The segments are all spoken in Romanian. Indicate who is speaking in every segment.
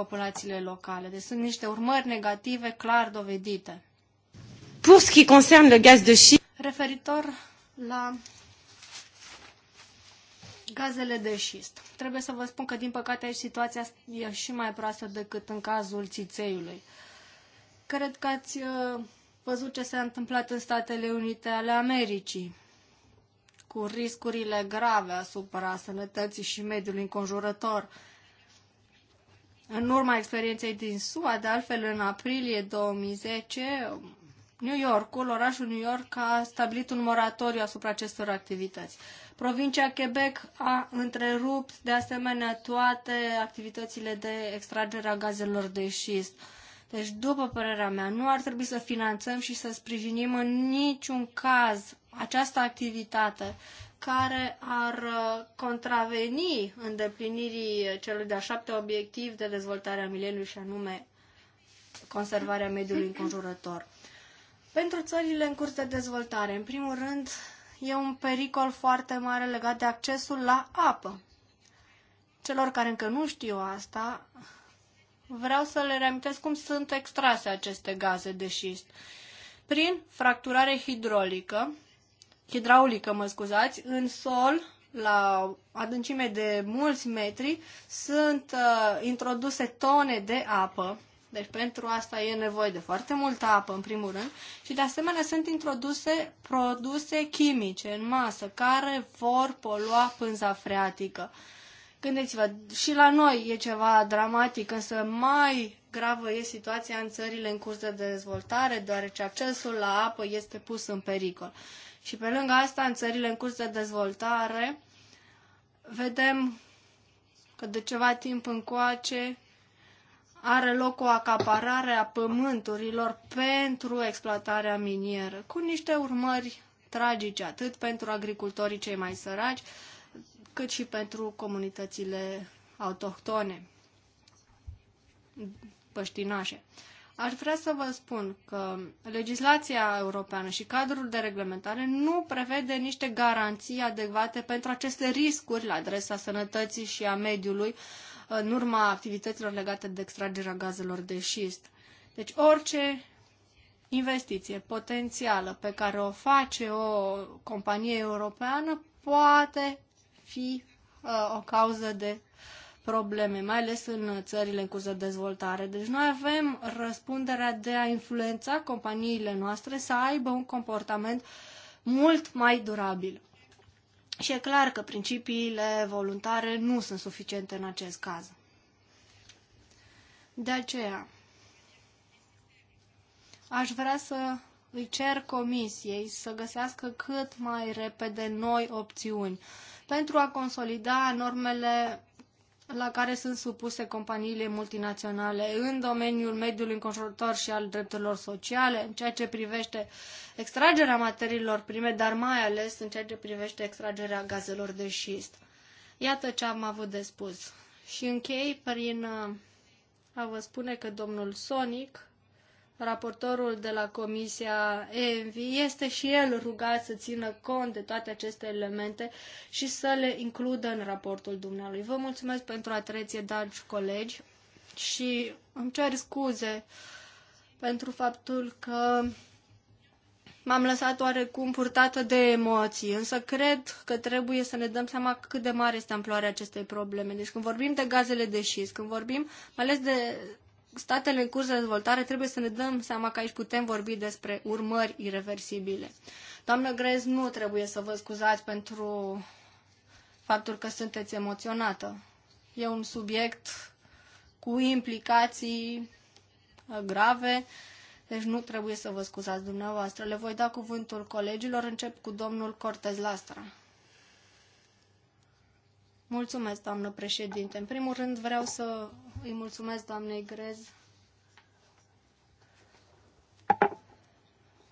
Speaker 1: populațiile locale. Deci sunt niște urmări negative clar dovedite. Pour ce qui concerne le gaz de schiste, referitor la gazele de șist. Trebuie să vă spun că, din păcate, aici situația e și mai proastă decât în cazul țițeiului. Cred că ați uh, văzut ce s-a întâmplat în Statele Unite ale Americii, cu riscurile grave asupra sănătății și mediului înconjurător. În urma experienței din SUA, de altfel în aprilie 2010, New Yorkul, orașul New York a stabilit un moratoriu asupra acestor activități. Provincia Quebec a întrerupt de asemenea toate activitățile de extragere a gazelor de șist. Deci, după părerea mea, nu ar trebui să finanțăm și să sprijinim în niciun caz această activitate care ar uh, contraveni îndeplinirii celui de-a șapte obiectiv de dezvoltare a mileniului și anume conservarea mediului înconjurător. Pentru țările în curs de dezvoltare, în primul rând, e un pericol foarte mare legat de accesul la apă. Celor care încă nu știu asta, vreau să le reamintesc cum sunt extrase aceste gaze de șist. Prin fracturare hidrolică, hidraulică, mă scuzați, în sol, la adâncime de mulți metri, sunt uh, introduse tone de apă. Deci pentru asta e nevoie de foarte multă apă, în primul rând, și de asemenea sunt introduse produse chimice în masă care vor polua pânza freatică. Gândiți-vă, și la noi e ceva dramatic, însă mai gravă e situația în țările în curs de dezvoltare, deoarece accesul la apă este pus în pericol. Și pe lângă asta, în țările în curs de dezvoltare, vedem că de ceva timp încoace are loc o acaparare a pământurilor pentru exploatarea minieră, cu niște urmări tragice, atât pentru agricultorii cei mai săraci, cât și pentru comunitățile autohtone, păștinașe. Aș vrea să vă spun că legislația europeană și cadrul de reglementare nu prevede niște garanții adecvate pentru aceste riscuri la adresa sănătății și a mediului în urma activităților legate de extragerea gazelor de șist. Deci orice investiție potențială pe care o face o companie europeană poate fi uh, o cauză de probleme, mai ales în țările în curs de dezvoltare. Deci noi avem răspunderea de a influența companiile noastre să aibă un comportament mult mai durabil. Și e clar că principiile voluntare nu sunt suficiente în acest caz. De aceea, aș vrea să îi cer comisiei să găsească cât mai repede noi opțiuni pentru a consolida normele la care sunt supuse companiile multinaționale în domeniul mediului înconjurător și al drepturilor sociale, în ceea ce privește extragerea materiilor prime, dar mai ales în ceea ce privește extragerea gazelor de șist. Iată ce am avut de spus. Și închei prin uh, a vă spune că domnul Sonic raportorul de la Comisia ENVI este și el rugat să țină cont de toate aceste elemente și să le includă în raportul dumnealui. Vă mulțumesc pentru atenție, dragi colegi, și îmi cer scuze pentru faptul că m-am lăsat oarecum purtată de emoții, însă cred că trebuie să ne dăm seama cât de mare este amploarea acestei probleme. Deci când vorbim de gazele de șist, când vorbim mai ales de statele în curs de dezvoltare trebuie să ne dăm seama că aici putem vorbi despre urmări irreversibile. Doamnă Grez, nu trebuie să vă scuzați pentru faptul că sunteți emoționată. E un subiect cu implicații uh, grave, deci nu trebuie să vă scuzați dumneavoastră. Le voi da cuvântul colegilor, încep cu domnul Cortez Lastra. Mulțumesc, doamnă președinte. În primul rând vreau să îi mulțumesc doamnei Grez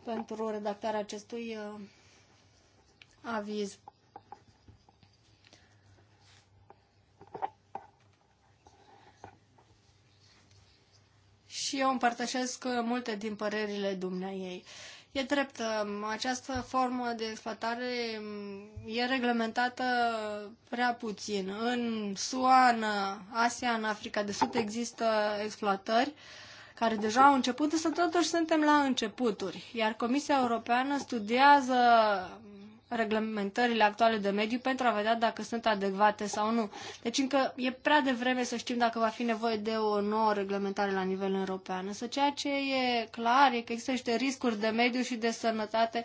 Speaker 1: pentru redactarea acestui uh, aviz. Și eu împărtășesc uh, multe din părerile dumneai ei. Uh, E drept, um, această formă de exploatare um, e reglementată prea puțin. În SUA, în Asia, în Africa de Sud există exploatări care deja au început, însă totuși suntem la începuturi. Iar Comisia Europeană studiază reglementările actuale de mediu pentru a vedea dacă sunt adecvate sau nu. Deci încă e prea devreme să știm dacă va fi nevoie de o nouă reglementare la nivel european. Însă ceea ce e clar e că există niște riscuri de mediu și de sănătate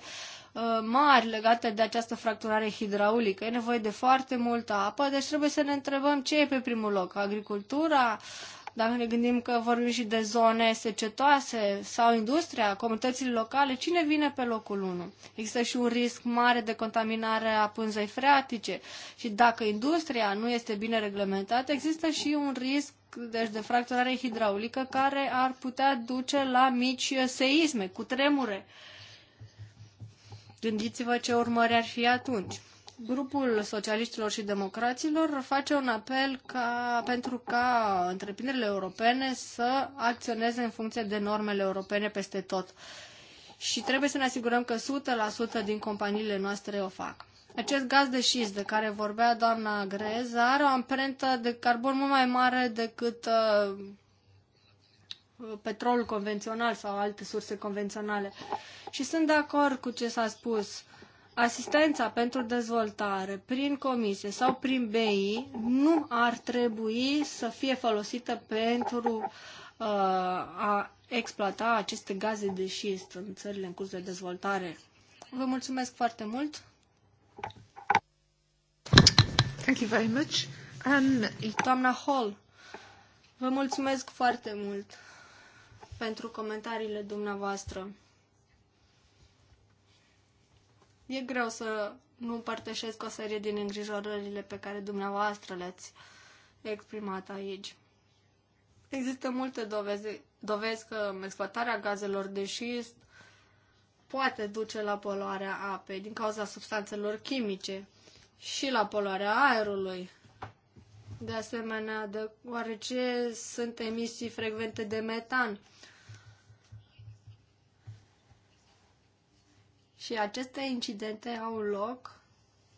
Speaker 1: uh, mari legate de această fracturare hidraulică. E nevoie de foarte multă apă, deci trebuie să ne întrebăm ce e pe primul loc, agricultura, uh, dacă ne gândim că vorbim și de zone secetoase sau industria, comunitățile locale, cine vine pe locul 1? Există și un risc mare de contaminare a pânzei freatice și dacă industria nu este bine reglementată, există și un risc deci de fracturare hidraulică care ar putea duce la mici seisme, cu tremure. Gândiți-vă ce urmări ar fi atunci grupul socialiștilor și democraților face un apel ca, pentru ca întreprinderile europene să acționeze în funcție de normele europene peste tot. Și trebuie să ne asigurăm că 100% din companiile noastre o fac. Acest gaz de șist de care vorbea doamna Grez are o amprentă de carbon mult mai mare decât uh, petrolul convențional sau alte surse convenționale. Și sunt de acord cu ce s-a spus uh, asistența pentru dezvoltare prin comisie sau prin BI nu ar trebui să fie folosită pentru uh, a exploata aceste gaze de șist în țările în curs de dezvoltare. Vă mulțumesc foarte mult! Thank you very much. Um... Doamna Hall, vă mulțumesc foarte mult pentru comentariile dumneavoastră. E greu să nu împărtășesc o serie din îngrijorările pe care dumneavoastră le-ați exprimat aici. Există multe dovezi, dovezi că exploatarea gazelor de șist poate duce la poluarea apei din cauza substanțelor chimice și la poluarea aerului. De asemenea, deoarece sunt emisii frecvente de metan Și aceste incidente au loc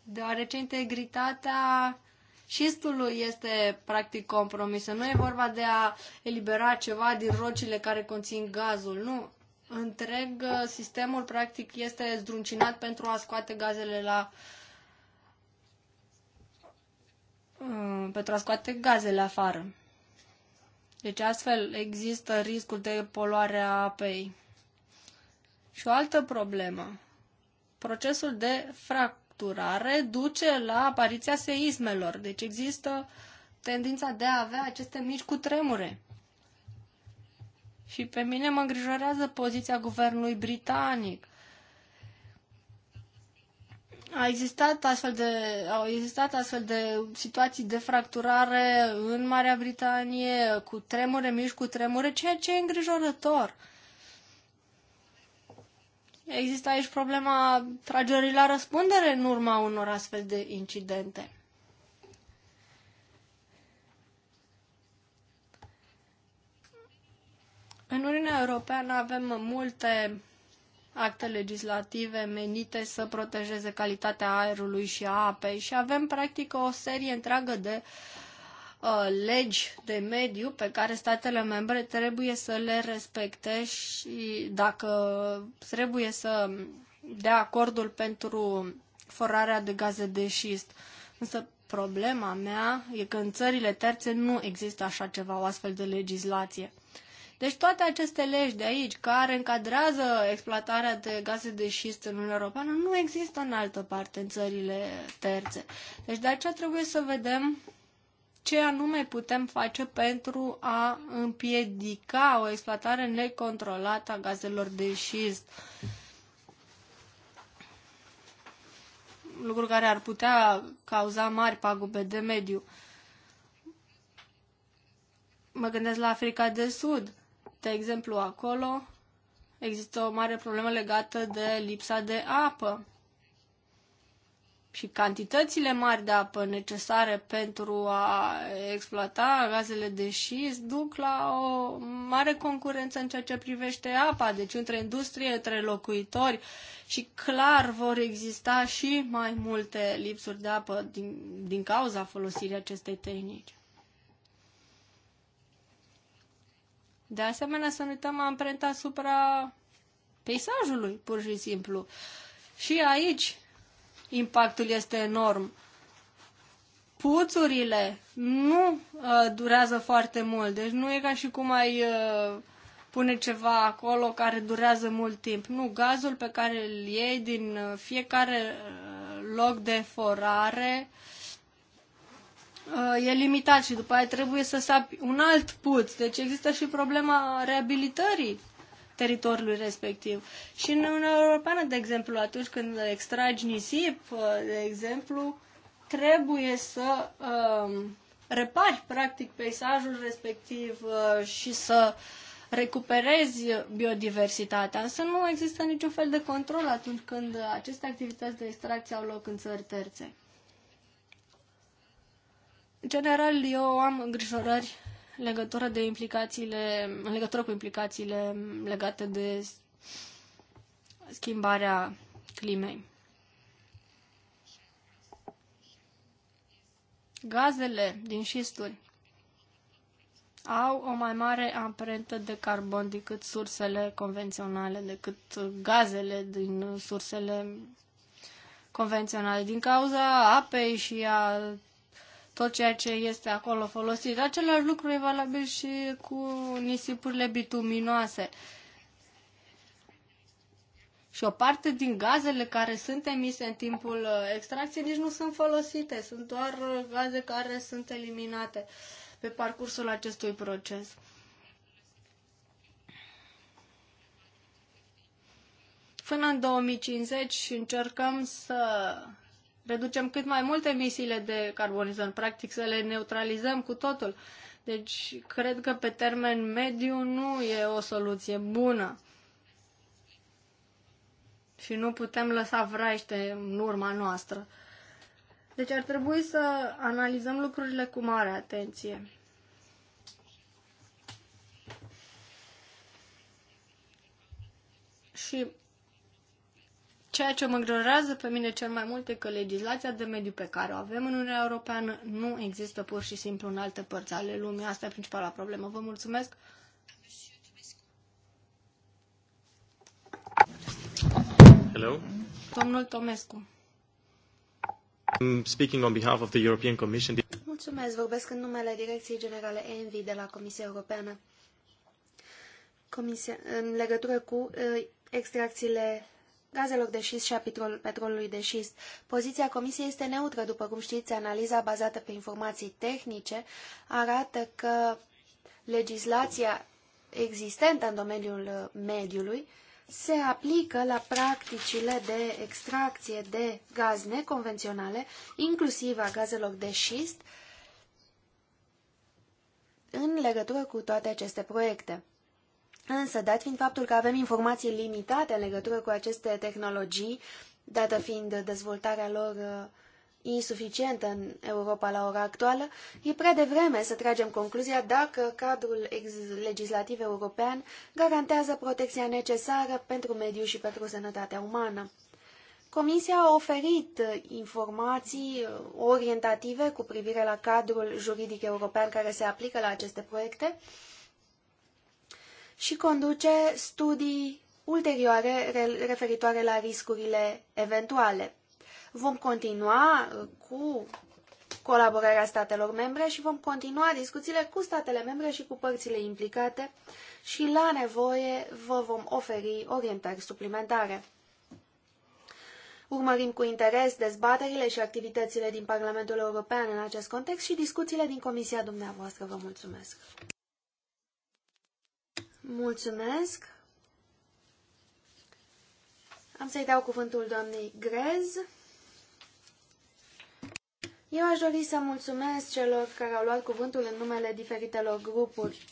Speaker 1: deoarece integritatea șistului este practic compromisă. Nu e vorba de a elibera ceva din rocile care conțin gazul, nu. Întreg uh, sistemul practic este zdruncinat pentru a scoate gazele la uh, pentru a scoate gazele afară. Deci astfel există riscul de poluare a apei. Și o altă problemă procesul de fracturare duce la apariția seismelor. Deci există tendința de a avea aceste mici cutremure. Și pe mine mă îngrijorează poziția guvernului britanic. A existat astfel de, au existat astfel de situații de fracturare în Marea Britanie, cu tremure mici, cu tremure, ceea ce e îngrijorător. Există aici problema tragerii la răspundere în urma unor astfel de incidente. În Uniunea Europeană avem multe acte legislative menite să protejeze calitatea aerului și a apei și avem practic o serie întreagă de Uh, legi de mediu pe care statele membre trebuie să le respecte și dacă trebuie să dea acordul pentru forarea de gaze de șist. Însă problema mea e că în țările terțe nu există așa ceva, o astfel de legislație. Deci toate aceste legi de aici care încadrează exploatarea de gaze de șist în Uniunea Europeană nu există în altă parte, în țările terțe. Deci de aceea trebuie să vedem ce anume putem face pentru a împiedica o exploatare necontrolată a gazelor de șist. Lucru care ar putea cauza mari pagube de mediu. Mă gândesc la Africa de Sud. De exemplu, acolo există o mare problemă legată de lipsa de apă și cantitățile mari de apă necesare pentru a exploata gazele de șist duc la o mare concurență în ceea ce privește apa, deci între industrie, între locuitori și clar vor exista și mai multe lipsuri de apă din, din cauza folosirii acestei tehnici. De asemenea, să nu uităm amprenta asupra peisajului, pur și simplu. Și aici impactul este enorm. Puțurile nu uh, durează foarte mult, deci nu e ca și cum ai uh, pune ceva acolo care durează mult timp. Nu, gazul pe care îl iei din uh, fiecare uh, loc de forare uh, e limitat și după aia trebuie să sapi un alt puț. Deci există și problema reabilitării teritoriului respectiv. Și în Uniunea Europeană, de exemplu, atunci când extragi nisip, uh, de exemplu, trebuie să um, repari, practic, peisajul respectiv uh, și să recuperezi biodiversitatea, însă nu există niciun fel de control atunci când aceste activități de extracție au loc în țări terțe. În general, eu am îngrijorări legătură de implicațiile, în legătură cu implicațiile legate de schimbarea climei. Gazele din șisturi au o mai mare amprentă de carbon decât sursele convenționale, decât gazele din sursele convenționale, din cauza apei și a tot ceea ce este acolo folosit. Același lucru e valabil și cu nisipurile bituminoase. Și o parte din gazele care sunt emise în timpul uh, extracției nici nu sunt folosite, sunt doar uh, gaze care sunt eliminate pe parcursul acestui proces. Până în 2050 încercăm să reducem cât mai mult emisiile de carbonizon, practic să le neutralizăm cu totul. Deci, cred că pe termen mediu nu e o soluție bună. Și nu putem lăsa vraiște în urma noastră. Deci ar trebui să analizăm lucrurile cu mare atenție. Și Ceea ce mă îngrijorează pe mine cel mai mult e că legislația de mediu pe care o avem în Uniunea Europeană nu există pur și simplu în alte părți ale lumii. Asta e principala problemă. Vă mulțumesc!
Speaker 2: Hello. Domnul Tomescu.
Speaker 3: I'm speaking on behalf of the European Commission.
Speaker 2: Mulțumesc, vorbesc în numele Direcției Generale ENVI de la Comisia Europeană. Comisia, în legătură cu uh, extracțiile gazelor de șist și a petrolului de șist. Poziția Comisiei este neutră, după cum știți, analiza bazată pe informații tehnice arată că legislația existentă în domeniul uh, mediului se aplică la practicile de extracție de gaz neconvenționale, inclusiv a gazelor de șist, în legătură cu toate aceste proiecte. Însă, dat fiind faptul că avem informații limitate în legătură cu aceste tehnologii, dată fiind dezvoltarea lor uh, insuficientă în Europa la ora actuală, e prea devreme să tragem concluzia dacă cadrul legislativ european garantează protecția necesară pentru mediu și pentru sănătatea umană. Comisia a oferit informații uh, orientative cu privire la cadrul juridic european care se aplică la aceste proiecte, și conduce studii ulterioare referitoare la riscurile eventuale. Vom continua uh, cu colaborarea statelor membre și vom continua discuțiile cu statele membre și cu părțile implicate și la nevoie vă vom oferi orientări suplimentare. Urmărim cu interes dezbaterile și activitățile din Parlamentul European în acest context și discuțiile din comisia dumneavoastră. Vă mulțumesc! Mulțumesc. Am să-i dau cuvântul doamnei Grez. Eu aș dori să mulțumesc celor care au luat cuvântul în numele diferitelor grupuri.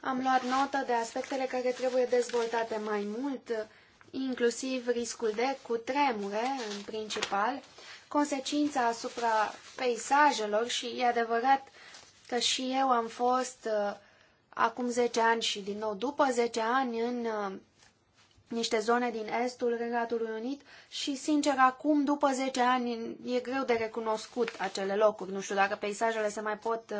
Speaker 2: Am luat notă de aspectele care trebuie dezvoltate mai mult, inclusiv riscul de cutremure, în principal, consecința asupra peisajelor și e adevărat că și eu am fost uh, acum 10 ani și din nou după 10 ani în uh, niște zone din estul Regatului Unit și, sincer, acum, după 10 ani, e greu de recunoscut acele locuri. Nu știu dacă peisajele se mai pot uh,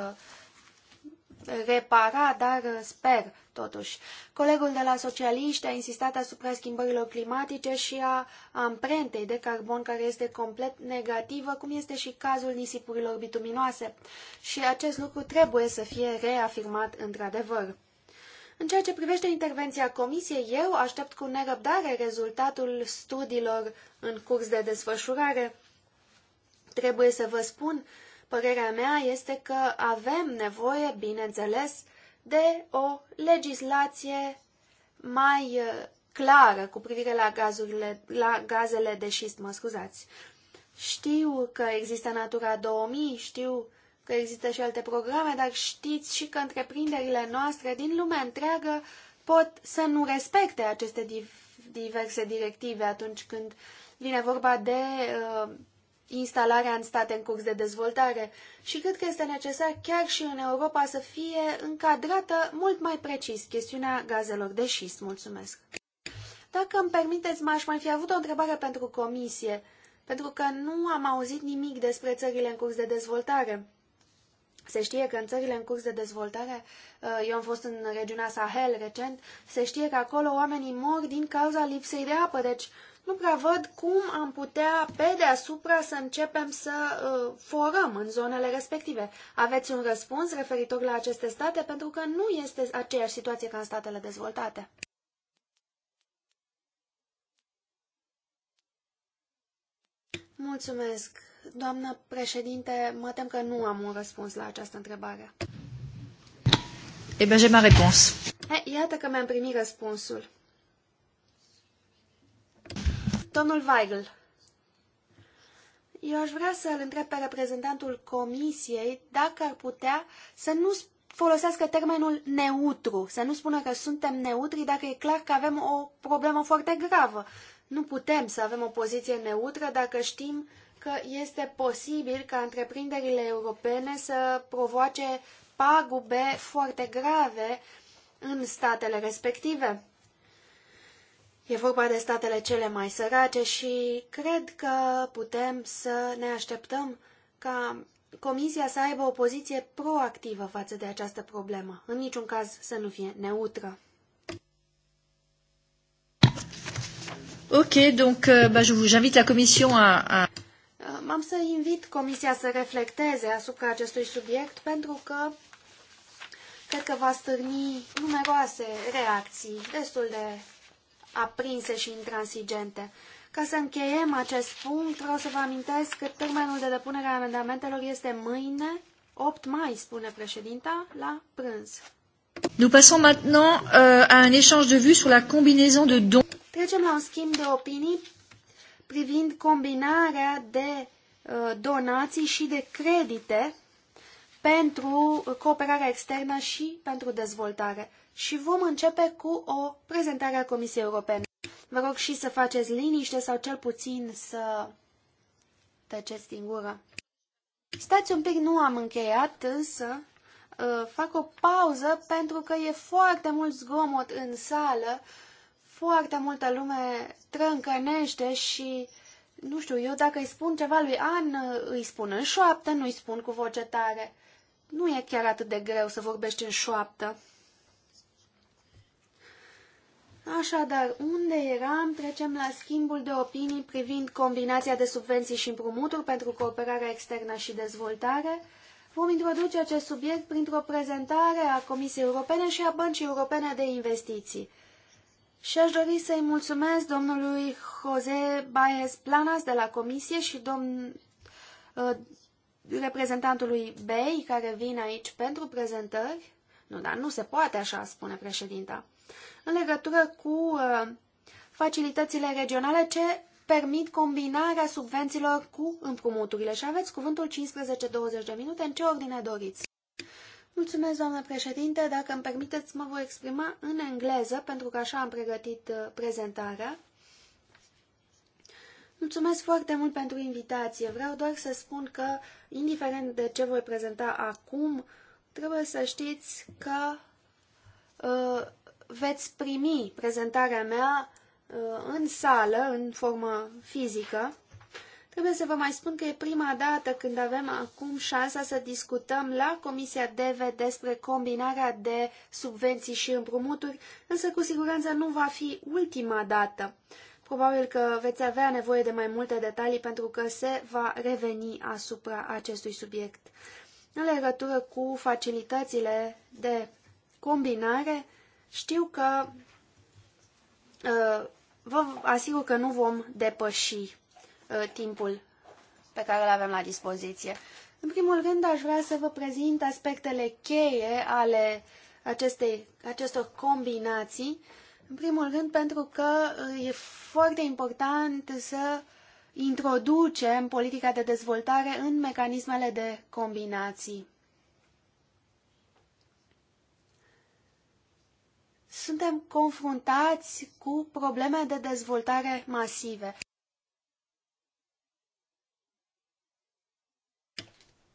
Speaker 2: repara, dar uh, sper totuși. Colegul de la socialiști a insistat asupra schimbărilor climatice și a amprentei de carbon care este complet negativă, cum este și cazul nisipurilor bituminoase. Și acest lucru trebuie să fie reafirmat într-adevăr. În ceea ce privește intervenția Comisiei, eu aștept cu nerăbdare rezultatul studiilor în curs de desfășurare. Trebuie să vă spun Părerea mea este că avem nevoie, bineînțeles, de o legislație mai uh, clară cu privire la, gazurile, la gazele de șist, mă scuzați. Știu că există Natura 2000, știu că există și alte programe, dar știți și că întreprinderile noastre din lumea întreagă pot să nu respecte aceste diverse directive atunci când vine vorba de uh, instalarea în state în curs de dezvoltare și cred că este necesar chiar și în Europa să fie încadrată mult mai precis chestiunea gazelor de șist. Mulțumesc! Dacă îmi permiteți, m-aș mai fi avut o întrebare pentru comisie, pentru că nu am auzit nimic despre țările în curs de dezvoltare. Se știe că în țările în curs de dezvoltare, eu am fost în regiunea Sahel recent, se știe că acolo oamenii mor din cauza lipsei de apă, deci nu prea văd cum am putea pe deasupra să începem să uh, forăm în zonele respective. Aveți un răspuns referitor la aceste state pentru că nu este aceeași situație ca în statele dezvoltate. Mulțumesc. Doamnă președinte, mă tem că nu am un răspuns la această întrebare.
Speaker 1: Eh bien, j'ai ma réponse.
Speaker 2: Eh, iată că mi-am primit răspunsul. Domnul Weigl, eu aș vrea să-l întreb pe reprezentantul Comisiei dacă ar putea să nu folosească termenul neutru, să nu spună că suntem neutri dacă e clar că avem o problemă foarte gravă. Nu putem să avem o poziție neutră dacă știm că este posibil ca întreprinderile europene să provoace pagube foarte grave în statele respective. E vorba de statele cele mai sărace și cred că putem să ne așteptăm ca Comisia să aibă o poziție proactivă față de această problemă, în niciun caz să nu fie neutră.
Speaker 1: Ok, donc euh, bah, je vous invite la Commission à... à...
Speaker 2: M-am uh, să invit Comisia să reflecteze asupra acestui subiect pentru că cred că va stârni numeroase reacții destul de aprinse și intransigente. Ca să încheiem acest punct, vreau să vă amintesc că termenul de depunere a amendamentelor este mâine, 8 mai, spune președinta, la prânz.
Speaker 1: Nous passons maintenant euh, à un échange de vues sur la combinaison de dons.
Speaker 2: Trecem la un schimb de opinii privind combinarea de uh, donații și de credite pentru cooperarea externă și pentru dezvoltare și vom începe cu o prezentare a Comisiei Europene. Vă rog și să faceți liniște sau cel puțin să tăceți din gură. Stați un pic, nu am încheiat, însă ă, fac o pauză pentru că e foarte mult zgomot în sală, foarte multă lume trâncănește și, nu știu, eu dacă îi spun ceva lui An, îi spun în șoaptă, nu îi spun cu voce tare. Nu e chiar atât de greu să vorbești în șoaptă. Așadar, unde eram, trecem la schimbul de opinii privind combinația de subvenții și împrumuturi pentru cooperarea externă și dezvoltare. Vom introduce acest subiect printr-o prezentare a Comisiei Europene și a Băncii Europene de Investiții. Și aș dori să-i mulțumesc domnului Jose Baez Planas de la Comisie și domn, ă, reprezentantului BEI care vine aici pentru prezentări. Nu, dar nu se poate așa, spune președinta în legătură cu uh, facilitățile regionale ce permit combinarea subvențiilor cu împrumuturile. Și aveți cuvântul 15-20 de minute, în ce ordine doriți. Mulțumesc, doamnă președinte. Dacă îmi permiteți, mă voi exprima în engleză, pentru că așa am pregătit uh, prezentarea. Mulțumesc foarte mult pentru invitație. Vreau doar să spun că, indiferent de ce voi prezenta acum, trebuie să știți că uh, veți primi prezentarea mea uh, în sală, în formă fizică. Trebuie să vă mai spun că e prima dată când avem acum șansa să discutăm la Comisia DV despre combinarea de subvenții și împrumuturi, însă cu siguranță nu va fi ultima dată. Probabil că veți avea nevoie de mai multe detalii pentru că se va reveni asupra acestui subiect. În legătură cu facilitățile de combinare, știu că uh, vă asigur că nu vom depăși uh, timpul pe care îl avem la dispoziție. În primul rând, aș vrea să vă prezint aspectele cheie ale acestei, acestor combinații. În primul rând, pentru că uh, e foarte important să introducem politica de dezvoltare în mecanismele de combinații. suntem confruntați cu probleme de dezvoltare masive.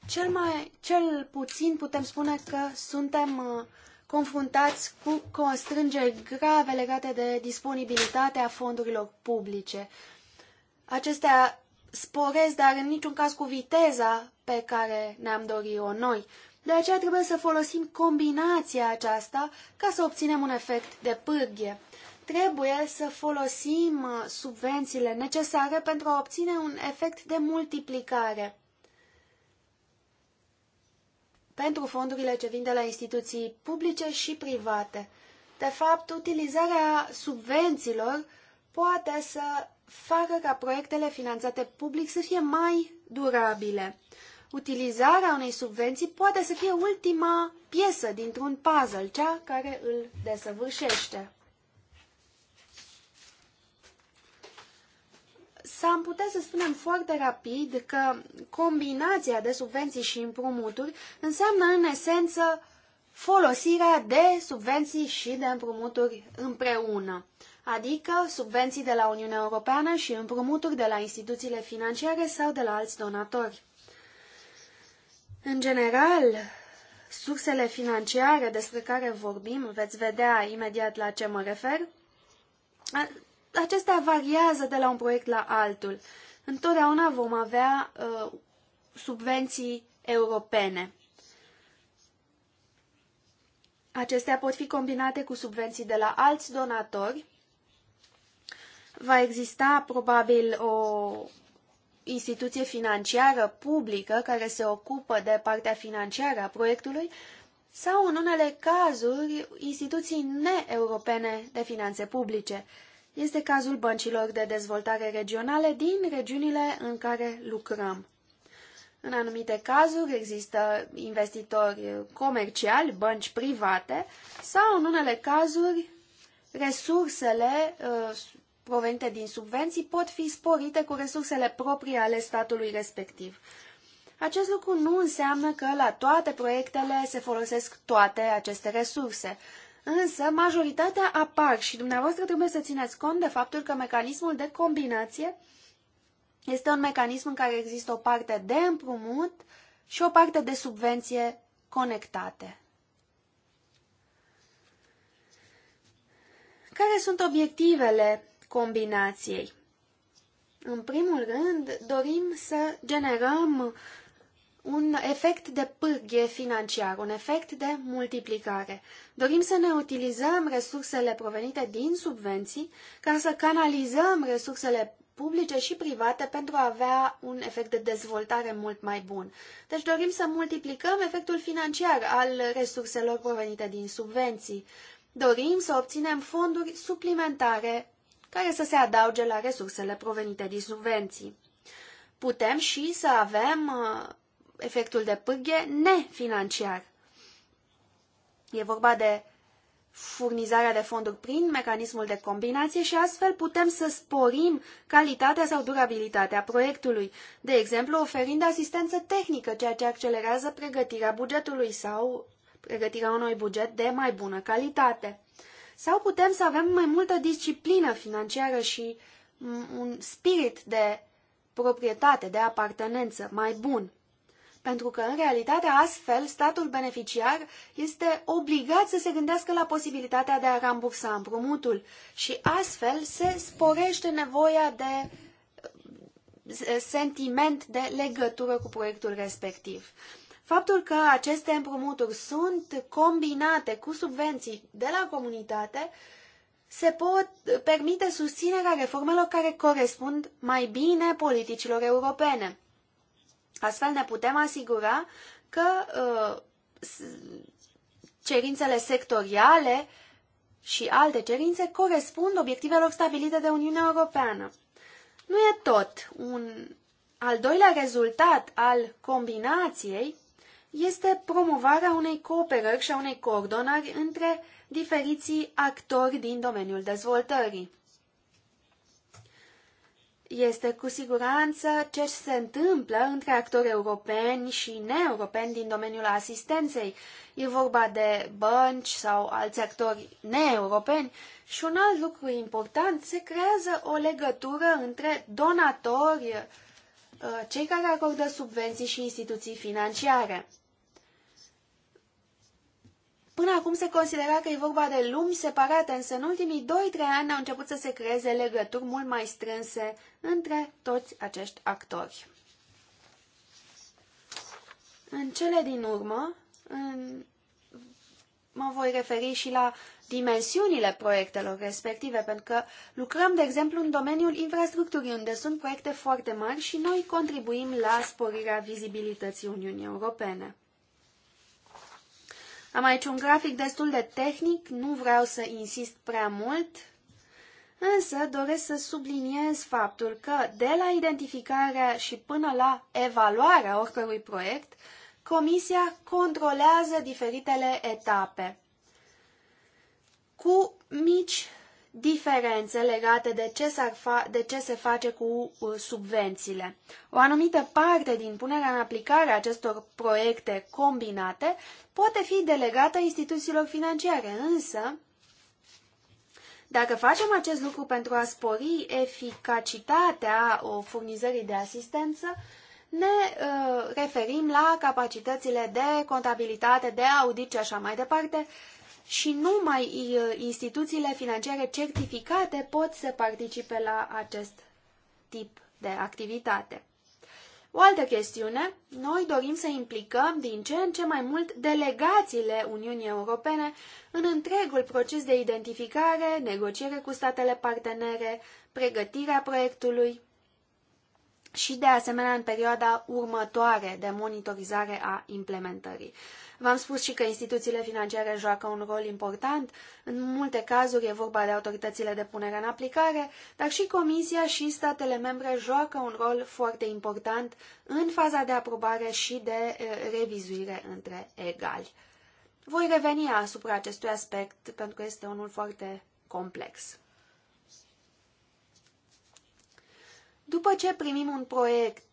Speaker 2: Cel, mai, cel puțin putem spune că suntem uh, confruntați cu constrângeri grave legate de disponibilitatea fondurilor publice. Acestea sporesc, dar în niciun caz cu viteza pe care ne-am dorit-o noi. De aceea trebuie să folosim combinația aceasta ca să obținem un efect de pârghie. Trebuie să folosim uh, subvențiile necesare pentru a obține un efect de multiplicare pentru fondurile ce vin de la instituții publice și private. De fapt, utilizarea subvențiilor poate să facă ca proiectele finanțate public să fie mai durabile utilizarea unei subvenții poate să fie ultima piesă dintr-un puzzle, cea care îl desăvârșește. s am putea să spunem foarte rapid că combinația de subvenții și împrumuturi înseamnă în esență folosirea de subvenții și de împrumuturi împreună, adică subvenții de la Uniunea Europeană și împrumuturi de la instituțiile financiare sau de la alți donatori. În general, sursele financiare despre care vorbim, veți vedea imediat la ce mă refer, acestea variază de la un proiect la altul. Întotdeauna vom avea uh, subvenții europene. Acestea pot fi combinate cu subvenții de la alți donatori. Va exista probabil o instituție financiară publică care se ocupă de partea financiară a proiectului sau, în unele cazuri, instituții neeuropene de finanțe publice. Este cazul băncilor de dezvoltare regionale din regiunile în care lucrăm. În anumite cazuri există investitori comerciali, bănci private sau, în unele cazuri, resursele uh, provenite din subvenții pot fi sporite cu resursele proprii ale statului respectiv. Acest lucru nu înseamnă că la toate proiectele se folosesc toate aceste resurse. Însă, majoritatea apar și dumneavoastră trebuie să țineți cont de faptul că mecanismul de combinație este un mecanism în care există o parte de împrumut și o parte de subvenție conectate. Care sunt obiectivele combinației. În primul rând, dorim să generăm un efect de pârghie financiar, un efect de multiplicare. Dorim să ne utilizăm resursele provenite din subvenții ca să canalizăm resursele publice și private pentru a avea un efect de dezvoltare mult mai bun. Deci dorim să multiplicăm efectul financiar al resurselor provenite din subvenții. Dorim să obținem fonduri suplimentare care să se adauge la resursele provenite din subvenții. Putem și să avem uh, efectul de pârghie nefinanciar. E vorba de furnizarea de fonduri prin mecanismul de combinație și astfel putem să sporim calitatea sau durabilitatea proiectului, de exemplu oferind asistență tehnică, ceea ce accelerează pregătirea bugetului sau pregătirea unui buget de mai bună calitate. Sau putem să avem mai multă disciplină financiară și un spirit de proprietate, de apartenență mai bun. Pentru că, în realitate, astfel, statul beneficiar este obligat să se gândească la posibilitatea de a rambursa împrumutul și astfel se sporește nevoia de sentiment de legătură cu proiectul respectiv. Faptul că aceste împrumuturi sunt combinate cu subvenții de la comunitate se pot permite susținerea reformelor care corespund mai bine politicilor europene. Astfel ne putem asigura că uh, cerințele sectoriale și alte cerințe corespund obiectivelor stabilite de Uniunea Europeană. Nu e tot. Un al doilea rezultat al combinației este promovarea unei cooperări și a unei coordonări între diferiții actori din domeniul dezvoltării. Este cu siguranță ce se întâmplă între actori europeni și neeuropeni din domeniul asistenței. E vorba de bănci sau alți actori neeuropeni și un alt lucru important, se creează o legătură între donatori, uh, cei care acordă subvenții și instituții financiare. Până acum se considera că e vorba de lumi separate, însă în ultimii 2-3 ani au început să se creeze legături mult mai strânse între toți acești actori. În cele din urmă, în... mă voi referi și la dimensiunile proiectelor respective, pentru că lucrăm, de exemplu, în domeniul infrastructurii, unde sunt proiecte foarte mari și noi contribuim la sporirea vizibilității Uniunii Europene. Am aici un grafic destul de tehnic, nu vreau să insist prea mult, însă doresc să subliniez faptul că de la identificarea și până la evaluarea oricărui proiect, Comisia controlează diferitele etape cu mici diferențe legate de ce, de ce se face cu uh, subvențiile. O anumită parte din punerea în aplicare a acestor proiecte combinate poate fi delegată instituțiilor financiare, însă dacă facem acest lucru pentru a spori eficacitatea o uh, furnizării de asistență, ne uh, referim la capacitățile de contabilitate, de audit și așa mai departe, și numai uh, instituțiile financiare certificate pot să participe la acest tip de activitate. O altă chestiune, noi dorim să implicăm din ce în ce mai mult delegațiile Uniunii Europene în întregul proces de identificare, negociere cu statele partenere, pregătirea proiectului și de asemenea în perioada următoare de monitorizare a implementării. V-am spus și că instituțiile financiare joacă un rol important, în multe cazuri e vorba de autoritățile de punere în aplicare, dar și Comisia și statele membre joacă un rol foarte important în faza de aprobare și de revizuire între egali. Voi reveni asupra acestui aspect pentru că este unul foarte complex. După ce primim un proiect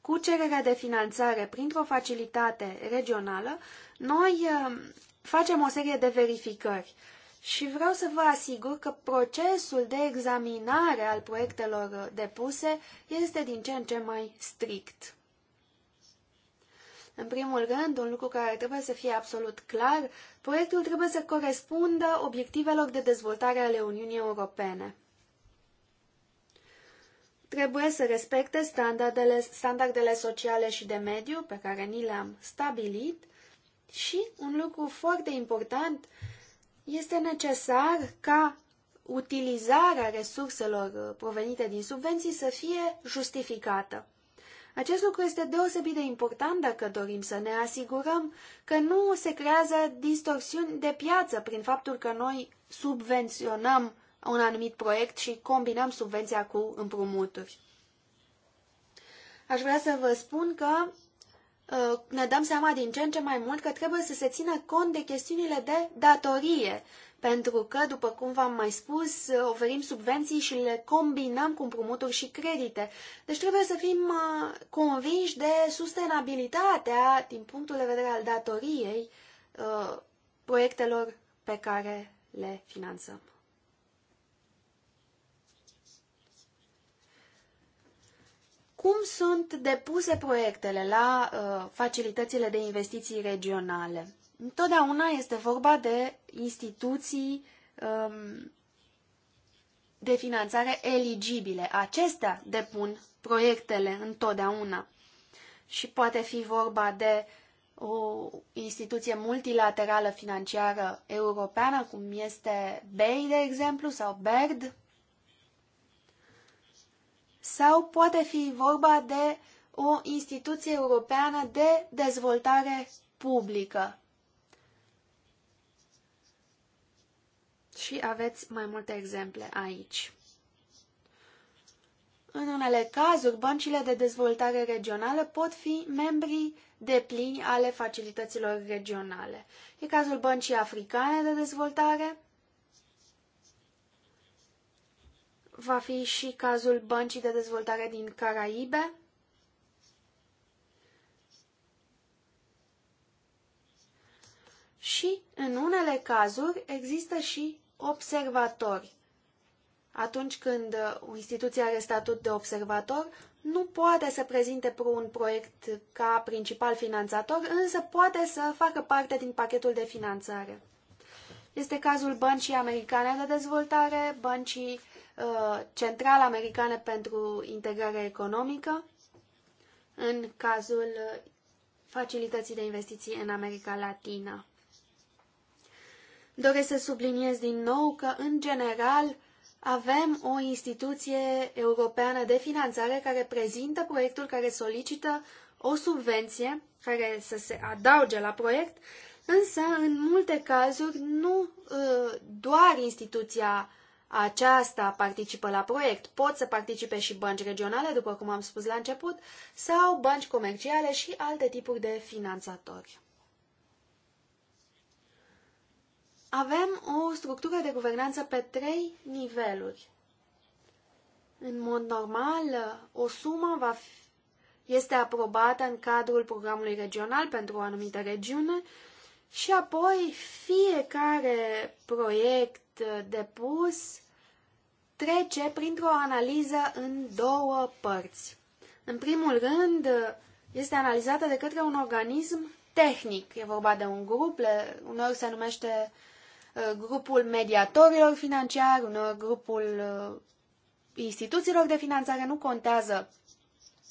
Speaker 2: cu cererea de finanțare printr-o facilitate regională, noi um, facem o serie de verificări și vreau să vă asigur că procesul de examinare al proiectelor uh, depuse este din ce în ce mai strict. În primul rând, un lucru care trebuie să fie absolut clar, proiectul trebuie să corespundă obiectivelor de dezvoltare ale Uniunii Europene trebuie să respecte standardele, standardele sociale și de mediu pe care ni le-am stabilit și un lucru foarte important este necesar ca utilizarea resurselor uh, provenite din subvenții să fie justificată. Acest lucru este deosebit de important dacă dorim să ne asigurăm că nu se creează distorsiuni de piață prin faptul că noi subvenționăm un anumit proiect și combinăm subvenția cu împrumuturi. Aș vrea să vă spun că uh, ne dăm seama din ce în ce mai mult că trebuie să se țină cont de chestiunile de datorie, pentru că, după cum v-am mai spus, uh, oferim subvenții și le combinăm cu împrumuturi și credite. Deci trebuie să fim uh, convinși de sustenabilitatea, din punctul de vedere al datoriei, proiectelor pe care le finanțăm. cum sunt depuse proiectele la uh, facilitățile de investiții regionale. Întotdeauna este vorba de instituții um, de finanțare eligibile. Acestea depun proiectele întotdeauna. Și poate fi vorba de o instituție multilaterală financiară europeană, cum este BEI, de exemplu, sau BERD, sau poate fi vorba de o instituție europeană de dezvoltare publică. Și aveți mai multe exemple aici. În unele cazuri, băncile de dezvoltare regională pot fi membrii de plini ale facilităților regionale. E cazul Băncii Africane de Dezvoltare, va fi și cazul Băncii de Dezvoltare din Caraibe. Și, în unele cazuri, există și observatori. Atunci când o instituție are statut de observator, nu poate să prezinte un proiect ca principal finanțator, însă poate să facă parte din pachetul de finanțare. Este cazul Băncii Americane de Dezvoltare, Băncii Uh, central Americană pentru Integrare Economică în cazul uh, Facilității de Investiții în America Latina. Doresc să subliniez din nou că, în general, avem o instituție europeană de finanțare care prezintă proiectul care solicită o subvenție care să se adauge la proiect, însă în multe cazuri nu uh, doar instituția aceasta participă la proiect, pot să participe și bănci regionale, după cum am spus la început, sau bănci comerciale și alte tipuri de finanțatori. Avem o structură de guvernanță pe trei niveluri. În mod normal, o sumă va fi, este aprobată în cadrul programului regional pentru o anumită regiune și apoi fiecare proiect depus trece printr-o analiză în două părți. În primul rând, este analizată de către un organism tehnic. E vorba de un grup, uneori se numește uh, grupul mediatorilor financiari, uneori grupul uh, instituțiilor de finanțare, nu contează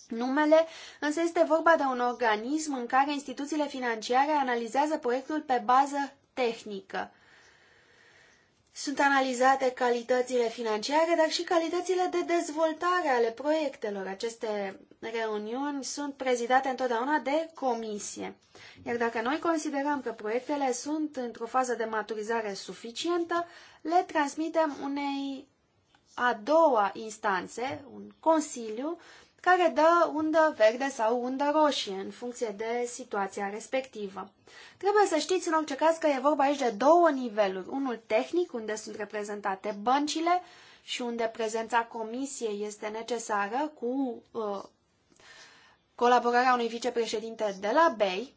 Speaker 2: numele, însă este vorba de un organism în care instituțiile financiare analizează proiectul pe bază tehnică. Sunt analizate calitățile financiare, dar și calitățile de dezvoltare ale proiectelor. Aceste reuniuni sunt prezidate întotdeauna de comisie. Iar dacă noi considerăm că proiectele sunt într-o fază de maturizare suficientă, le transmitem unei a doua instanțe, un consiliu, care dă undă verde sau undă roșie în funcție de situația respectivă. Trebuie să știți în orice caz că e vorba aici de două niveluri, unul tehnic, unde sunt reprezentate băncile și unde prezența comisiei este necesară cu uh, colaborarea unui vicepreședinte de la BEI,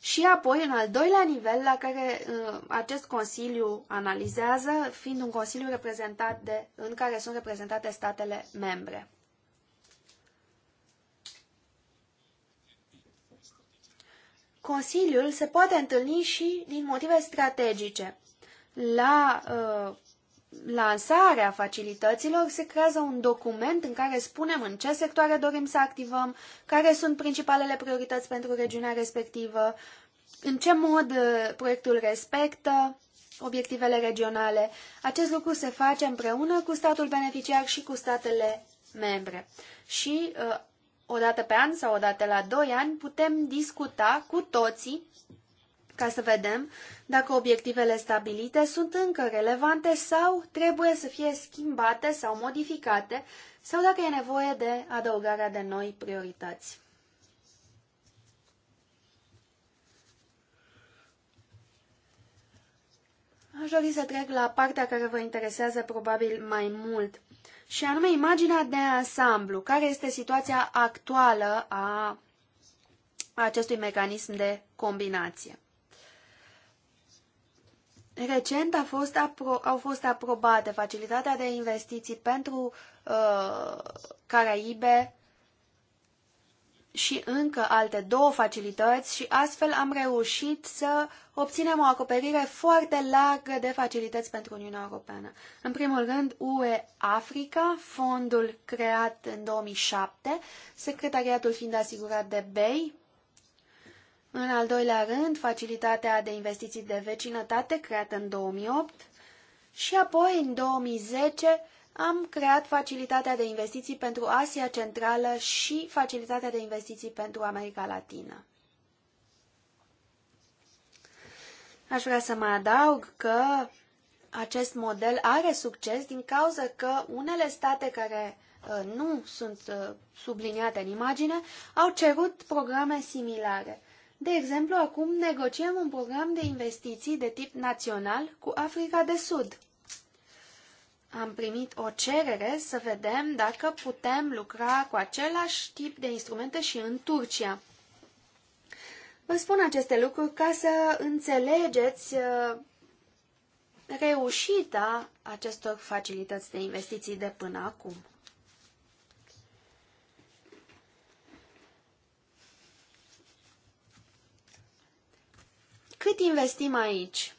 Speaker 2: și apoi, în al doilea nivel, la care uh, acest Consiliu analizează, fiind un Consiliu reprezentat de, în care sunt reprezentate statele membre. Consiliul se poate întâlni și din motive strategice. La uh, lansarea facilităților se creează un document în care spunem în ce sectoare dorim să activăm, care sunt principalele priorități pentru regiunea respectivă, în ce mod uh, proiectul respectă obiectivele regionale. Acest lucru se face împreună cu statul beneficiar și cu statele membre. Și uh, o dată pe an sau o dată la doi ani, putem discuta cu toții ca să vedem dacă obiectivele stabilite sunt încă relevante sau trebuie să fie schimbate sau modificate sau dacă e nevoie de adăugarea de noi priorități. Aș dori să trec la partea care vă interesează probabil mai mult și anume imaginea de ansamblu, care este situația actuală a acestui mecanism de combinație. Recent a fost apro- au fost aprobate facilitatea de investiții pentru uh, Caraibe și încă alte două facilități și astfel am reușit să obținem o acoperire foarte largă de facilități pentru Uniunea Europeană. În primul rând, UE Africa, fondul creat în 2007, secretariatul fiind asigurat de BEI. În al doilea rând, facilitatea de investiții de vecinătate creată în 2008 și apoi în 2010 am creat facilitatea de investiții pentru Asia Centrală și facilitatea de investiții pentru America Latină. Aș vrea să mai adaug că acest model are succes din cauza că unele state care uh, nu sunt uh, subliniate în imagine au cerut programe similare. De exemplu, acum negociem un program de investiții de tip național cu Africa de Sud am primit o cerere să vedem dacă putem lucra cu același tip de instrumente și în Turcia. Vă spun aceste lucruri ca să înțelegeți uh, reușita acestor facilități de investiții de până acum. Cât investim aici?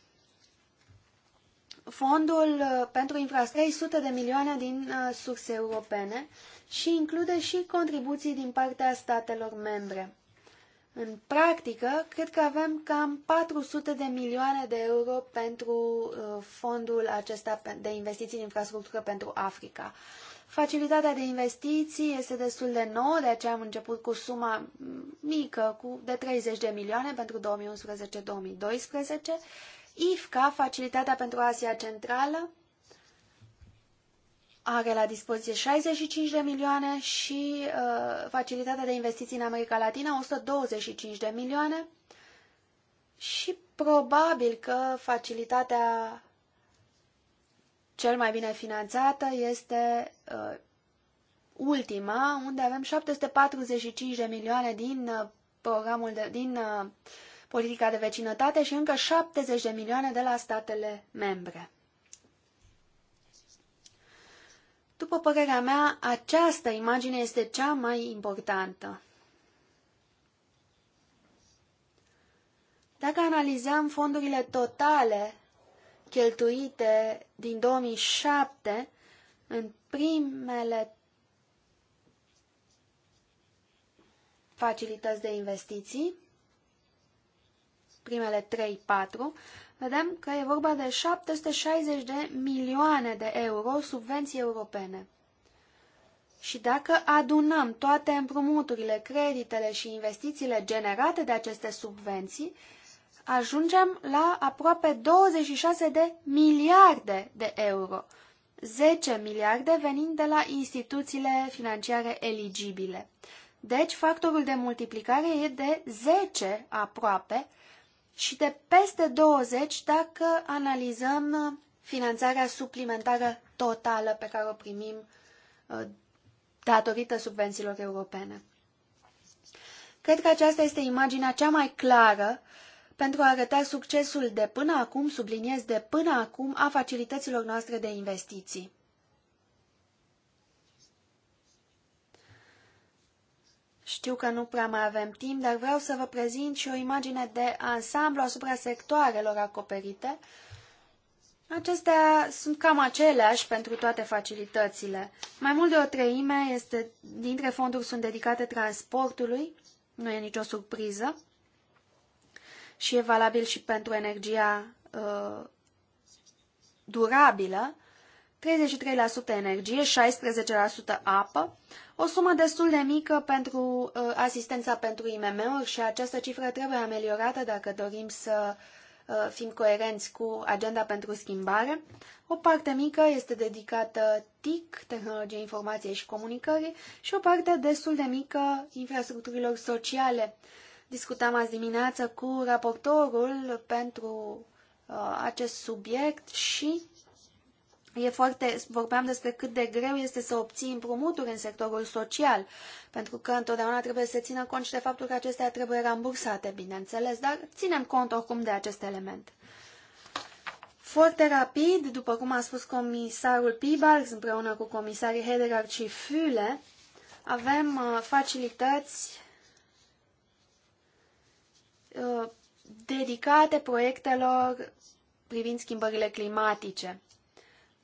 Speaker 2: fondul uh, pentru infrastructură 300 de milioane din uh, surse europene și include și contribuții din partea statelor membre. În practică, cred că avem cam 400 de milioane de euro pentru uh, fondul acesta de investiții în infrastructură pentru Africa. Facilitatea de investiții este destul de nouă, de aceea am început cu suma mică cu, de 30 de milioane pentru 2011-2012 IFCA, Facilitatea pentru Asia Centrală, are la dispoziție 65 de milioane și uh, Facilitatea de Investiții în America Latina 125 de milioane și probabil că facilitatea cel mai bine finanțată este uh, ultima, unde avem 745 de milioane din uh, programul de, din uh, politica de vecinătate și încă 70 de milioane de la statele membre. După părerea mea, această imagine este cea mai importantă. Dacă analizăm fondurile totale cheltuite din 2007, în primele facilități de investiții, primele 3-4, vedem că e vorba de 760 de milioane de euro subvenții europene. Și dacă adunăm toate împrumuturile, creditele și investițiile generate de aceste subvenții, ajungem la aproape 26 de miliarde de euro, 10 miliarde venind de la instituțiile financiare eligibile. Deci factorul de multiplicare e de 10 aproape, și de peste 20 dacă analizăm finanțarea suplimentară totală pe care o primim uh, datorită subvențiilor europene. Cred că aceasta este imaginea cea mai clară pentru a arăta succesul de până acum, subliniez de până acum, a facilităților noastre de investiții. Știu că nu prea mai avem timp, dar vreau să vă prezint și o imagine de ansamblu asupra sectoarelor acoperite. Acestea sunt cam aceleași pentru toate facilitățile. Mai mult de o treime este, dintre fonduri sunt dedicate transportului, nu e nicio surpriză, și e valabil și pentru energia uh, durabilă, 33% energie, 16% apă, o sumă destul de mică pentru uh, asistența pentru IMM-uri și această cifră trebuie ameliorată dacă dorim să uh, fim coerenți cu agenda pentru schimbare. O parte mică este dedicată TIC, tehnologie informației și comunicării, și o parte destul de mică infrastructurilor sociale. Discutam azi dimineață cu raportorul pentru uh, acest subiect și E foarte, vorbeam despre cât de greu este să obții împrumuturi în sectorul social, pentru că întotdeauna trebuie să țină cont și de faptul că acestea trebuie rambursate, bineînțeles, dar ținem cont oricum de acest element. Foarte rapid, după cum a spus comisarul Pibars împreună cu comisarii Hedegaard și Füle, avem uh, facilități uh, dedicate proiectelor privind schimbările climatice.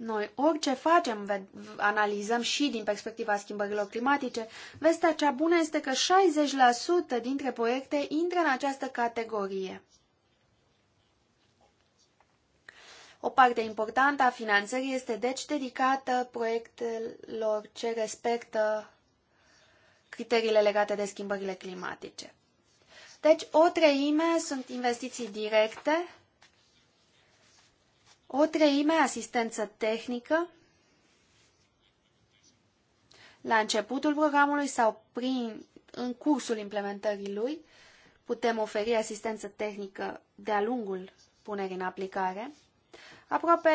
Speaker 2: Noi orice facem, analizăm și din perspectiva schimbărilor climatice, vestea cea bună este că 60% dintre proiecte intră în această categorie. O parte importantă a finanțării este deci dedicată proiectelor ce respectă criteriile legate de schimbările climatice. Deci, o treime sunt investiții directe o treime asistență tehnică la începutul programului sau prin, în cursul implementării lui. Putem oferi asistență tehnică de-a lungul punerii în aplicare. Aproape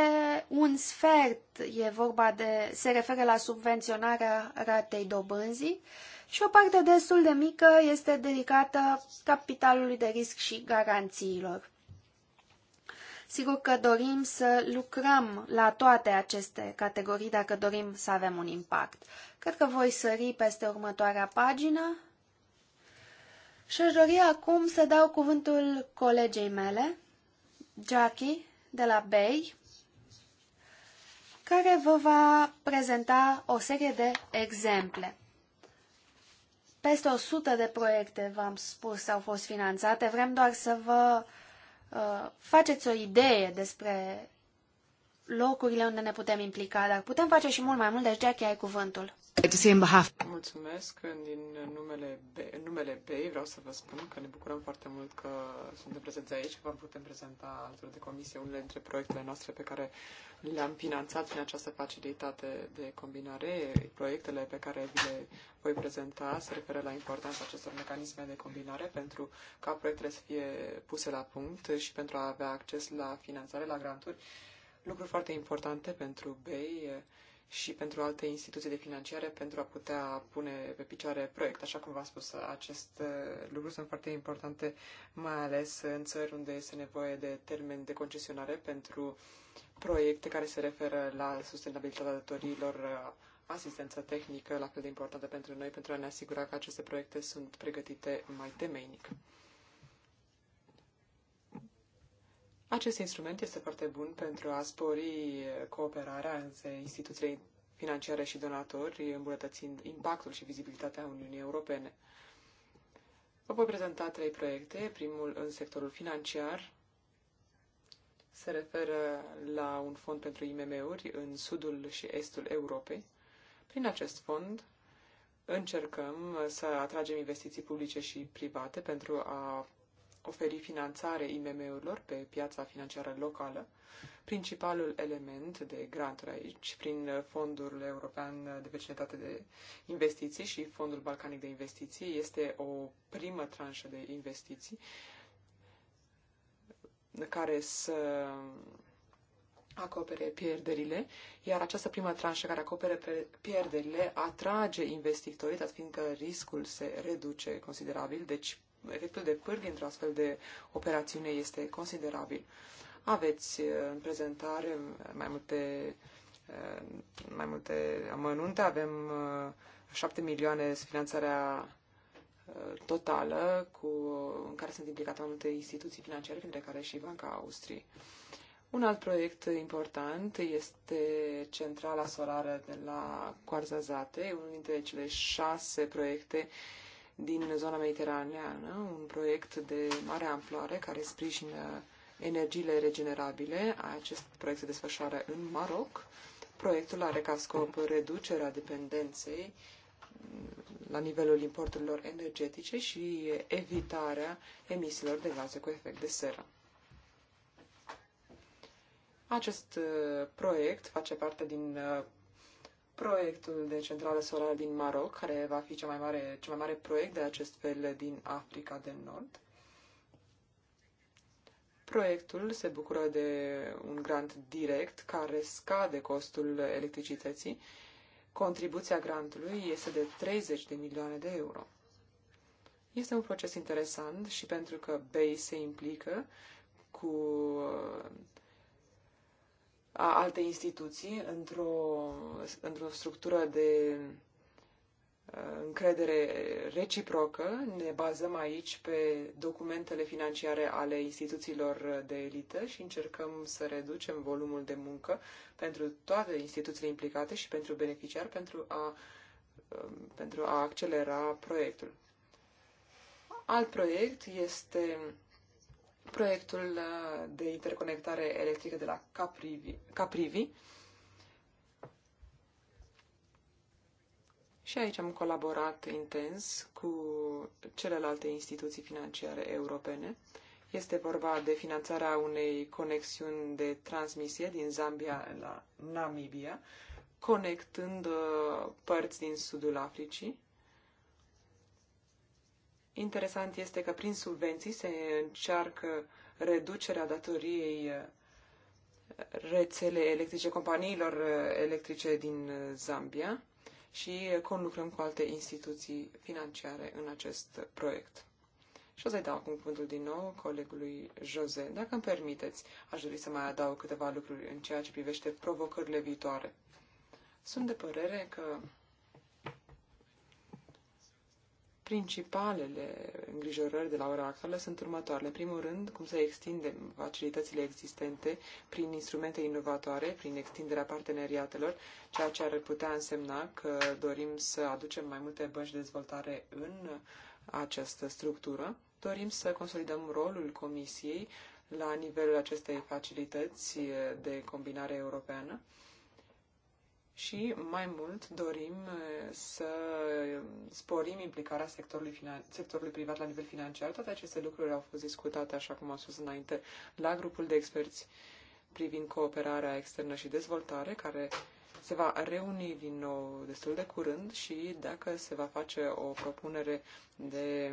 Speaker 2: un sfert e vorba de, se referă la subvenționarea ratei dobânzii și o parte destul de mică este dedicată capitalului de risc și garanțiilor. Sigur că dorim să lucrăm la toate aceste categorii dacă dorim să avem un impact. Cred că voi sări peste următoarea pagină și aș dori acum să dau cuvântul colegei mele, Jackie, de la Bay, care vă va prezenta o serie de exemple. Peste 100 de proiecte, v-am spus, au fost finanțate. Vrem doar să vă uh, Uh, faceți o idee despre locurile unde ne putem implica, dar putem face și mult mai mult, deci Jackie, ai cuvântul.
Speaker 3: Mulțumesc. Din numele, numele BEI vreau să vă spun că ne bucurăm foarte mult că suntem prezenți aici, că putem prezenta alături de comisie unele dintre proiectele noastre pe care le-am finanțat prin această facilitate de combinare. Proiectele pe care vi le voi prezenta se referă la importanța acestor mecanisme de combinare pentru ca proiectele să fie puse la punct și pentru a avea acces la finanțare, la granturi. Lucruri foarte importante pentru BEI și pentru alte instituții de financiare pentru a putea pune pe picioare proiect. Așa cum v-am spus, aceste lucruri sunt foarte importante, mai ales în țări unde este nevoie de termen de concesionare pentru proiecte care se referă la sustenabilitatea datoriilor, asistență tehnică, la fel de importantă pentru noi, pentru a ne asigura că aceste proiecte sunt pregătite mai temeinic. Acest instrument este foarte bun pentru a spori cooperarea între instituțiile financiare și donatori, îmbunătățind impactul și vizibilitatea Uniunii Europene. Vă voi prezenta trei proiecte. Primul în sectorul financiar se referă la un fond pentru IMM-uri în sudul și estul Europei. Prin acest fond încercăm să atragem investiții publice și private pentru a oferi finanțare IMM-urilor pe piața financiară locală, principalul element de granturi aici, prin Fondul European de Vecinătate de Investiții și Fondul Balcanic de Investiții, este o primă tranșă de investiții care să acopere pierderile, iar această prima tranșă care acopere pierderile atrage investitorii, dat fiindcă riscul se reduce considerabil, deci efectul de pârghi într-o astfel de operațiune este considerabil. Aveți uh, în prezentare uh, mai multe, uh, mai multe amănunte, avem 7 milioane finanțarea totală cu, în care sunt implicate mai multe instituții financiare, printre care și Banca Austriei. Un alt proiect important este centrala solară de la Coarzazate, unul dintre cele șase proiecte uh, din zona mediteraneană, un proiect de mare amploare care sprijină energiile regenerabile. Acest proiect se desfășoară în Maroc. Proiectul are ca scop reducerea dependenței la nivelul importurilor energetice și evitarea emisiilor de gaze cu efect de seră. Acest uh, proiect face parte din uh, proiectul de centrală solară din Maroc, care va fi cel mai mare, cel mai mare proiect de acest fel din Africa de Nord. Proiectul se bucură de un grant direct care scade costul electricității. Contribuția grantului este de 30 de milioane de euro. Este un proces interesant și pentru că BEI se implică cu alte instituții într-o, într-o structură de uh, încredere reciprocă. Ne bazăm aici pe documentele financiare ale instituțiilor de elită și încercăm să reducem volumul de muncă pentru toate instituțiile implicate și pentru beneficiari pentru a, um, pentru a accelera proiectul. Alt proiect este proiectul uh, de interconectare electrică de la Caprivi, Caprivi. Și aici am colaborat intens cu celelalte instituții financiare europene. Este vorba de finanțarea unei conexiuni de transmisie din Zambia la Namibia, conectând uh, părți din sudul Africii Interesant este că prin subvenții se încearcă reducerea datoriei uh, rețele electrice, companiilor uh, electrice din uh, Zambia și conlucrăm cu alte instituții financiare în acest proiect. Și o să-i dau acum cuvântul din nou colegului Jose. Dacă îmi permiteți, aș dori să mai adaug câteva lucruri în ceea ce privește provocările viitoare. Sunt de părere că Principalele îngrijorări de la ora actuală sunt următoarele. În primul rând, cum să extindem facilitățile existente prin instrumente inovatoare, prin extinderea parteneriatelor, ceea ce ar putea însemna că dorim să aducem mai multe bănci de dezvoltare în această structură. Dorim să consolidăm rolul Comisiei la nivelul acestei facilități de combinare europeană și, mai mult, dorim uh, să sporim implicarea sectorului, finan- sectorului privat la nivel financiar. Toate aceste lucruri au fost discutate, așa cum am spus înainte, la grupul de experți privind cooperarea externă și dezvoltare, care se va reuni din nou destul de curând și dacă se va face o propunere de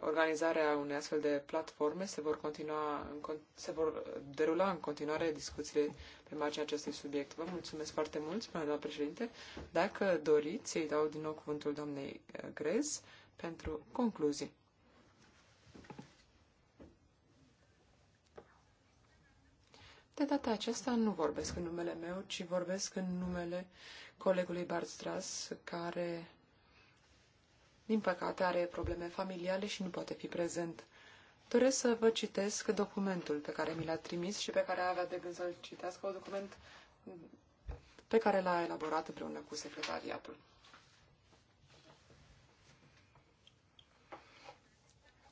Speaker 3: organizarea unei astfel de platforme se vor, continua în, se vor derula în continuare discuțiile pe marginea acestui subiect. Vă mulțumesc foarte mult, spune doamna președinte. Dacă doriți, îi dau din nou cuvântul doamnei uh, Grez pentru concluzii. De data aceasta nu vorbesc în numele meu, ci vorbesc în numele colegului Bart care din păcate are probleme familiale și nu poate fi prezent. Doresc să vă citesc documentul pe care mi l-a trimis și pe care avea de gând să-l citească, un document pe care l-a elaborat împreună cu secretariatul.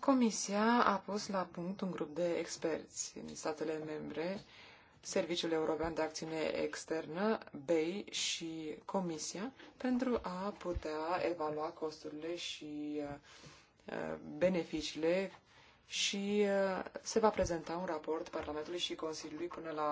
Speaker 3: Comisia a pus la punct un grup de experți din statele membre Serviciul European de Acțiune Externă, BEI și Comisia pentru a putea evalua costurile și uh, beneficiile și uh, se va prezenta un raport Parlamentului și Consiliului până la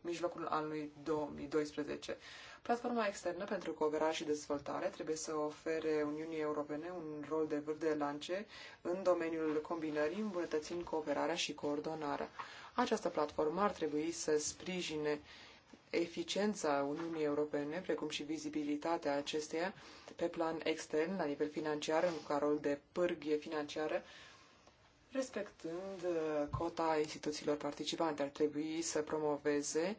Speaker 3: mijlocul anului 2012. Platforma externă pentru cooperare și dezvoltare trebuie să ofere Uniunii Europene un rol de vârf de lance în domeniul combinării, îmbunătățind cooperarea și coordonarea. Această platformă ar trebui să sprijine eficiența Uniunii Europene, precum și vizibilitatea acesteia pe plan extern, la nivel financiar, în ca rol de pârghie financiară, respectând uh, cota instituțiilor participante. Ar trebui să promoveze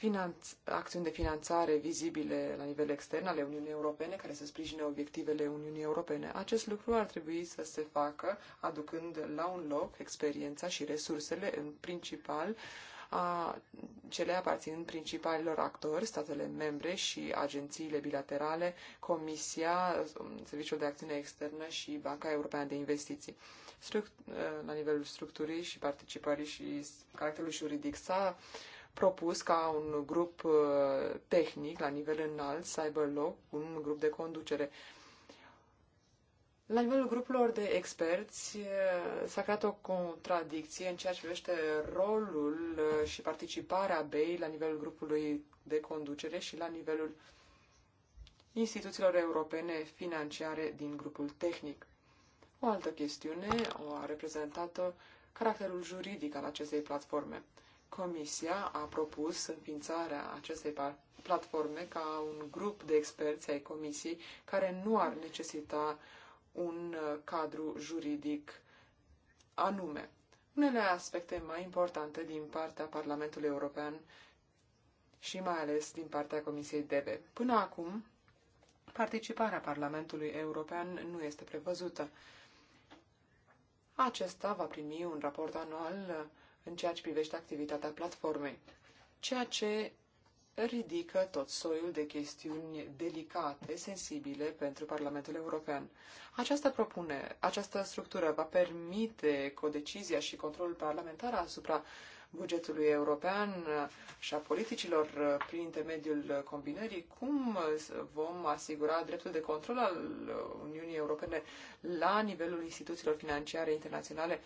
Speaker 3: finanț, acțiuni de finanțare vizibile la nivel extern ale Uniunii Europene, care să sprijine obiectivele Uniunii Europene. Acest lucru ar trebui să se facă aducând la un loc experiența și resursele, în principal, a cele aparținând principalilor actori, statele membre și agențiile bilaterale, Comisia, Serviciul de Acțiune Externă și Banca Europeană de Investiții. Struct, la nivelul structurii și participării și caracterului juridic s-a uh, propus ca un grup uh, tehnic la nivel înalt să aibă loc un grup de conducere. La nivelul grupurilor de experți uh, s-a creat o contradicție în ceea ce privește rolul uh, și participarea BEI la nivelul grupului de conducere și la nivelul instituțiilor europene financiare din grupul tehnic. O altă chestiune o a reprezentat caracterul juridic al acestei platforme. Comisia a propus înființarea acestei platforme ca un grup de experți ai Comisiei care nu ar necesita un uh, cadru juridic anume. Unele aspecte mai importante din partea Parlamentului European și mai ales din partea Comisiei DB. Până acum, participarea Parlamentului European nu este prevăzută. Acesta va primi un raport anual uh, în ceea ce privește activitatea platformei, ceea ce ridică tot soiul de chestiuni delicate, sensibile pentru Parlamentul European. Această propune, această structură va permite codecizia și controlul parlamentar asupra bugetului european și a politicilor prin intermediul combinării, cum vom asigura dreptul de control al Uniunii Europene la nivelul instituțiilor financiare internaționale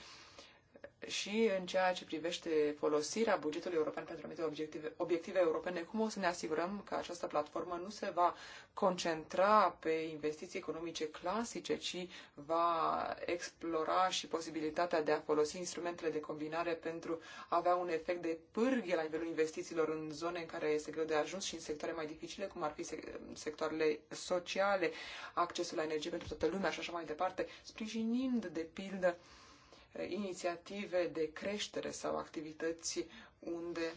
Speaker 3: și în ceea ce privește folosirea bugetului european pentru anumite obiective, obiective europene, cum o să ne asigurăm că această platformă nu se va concentra pe investiții economice clasice, ci va explora și posibilitatea de a folosi instrumentele de combinare pentru a avea un efect de pârghie la nivelul investițiilor în zone în care este greu de ajuns și în sectoare mai dificile, cum ar fi sectoarele sociale, accesul la energie pentru toată lumea și așa mai departe, sprijinind, de pildă, uh, inițiative de creștere sau activități unde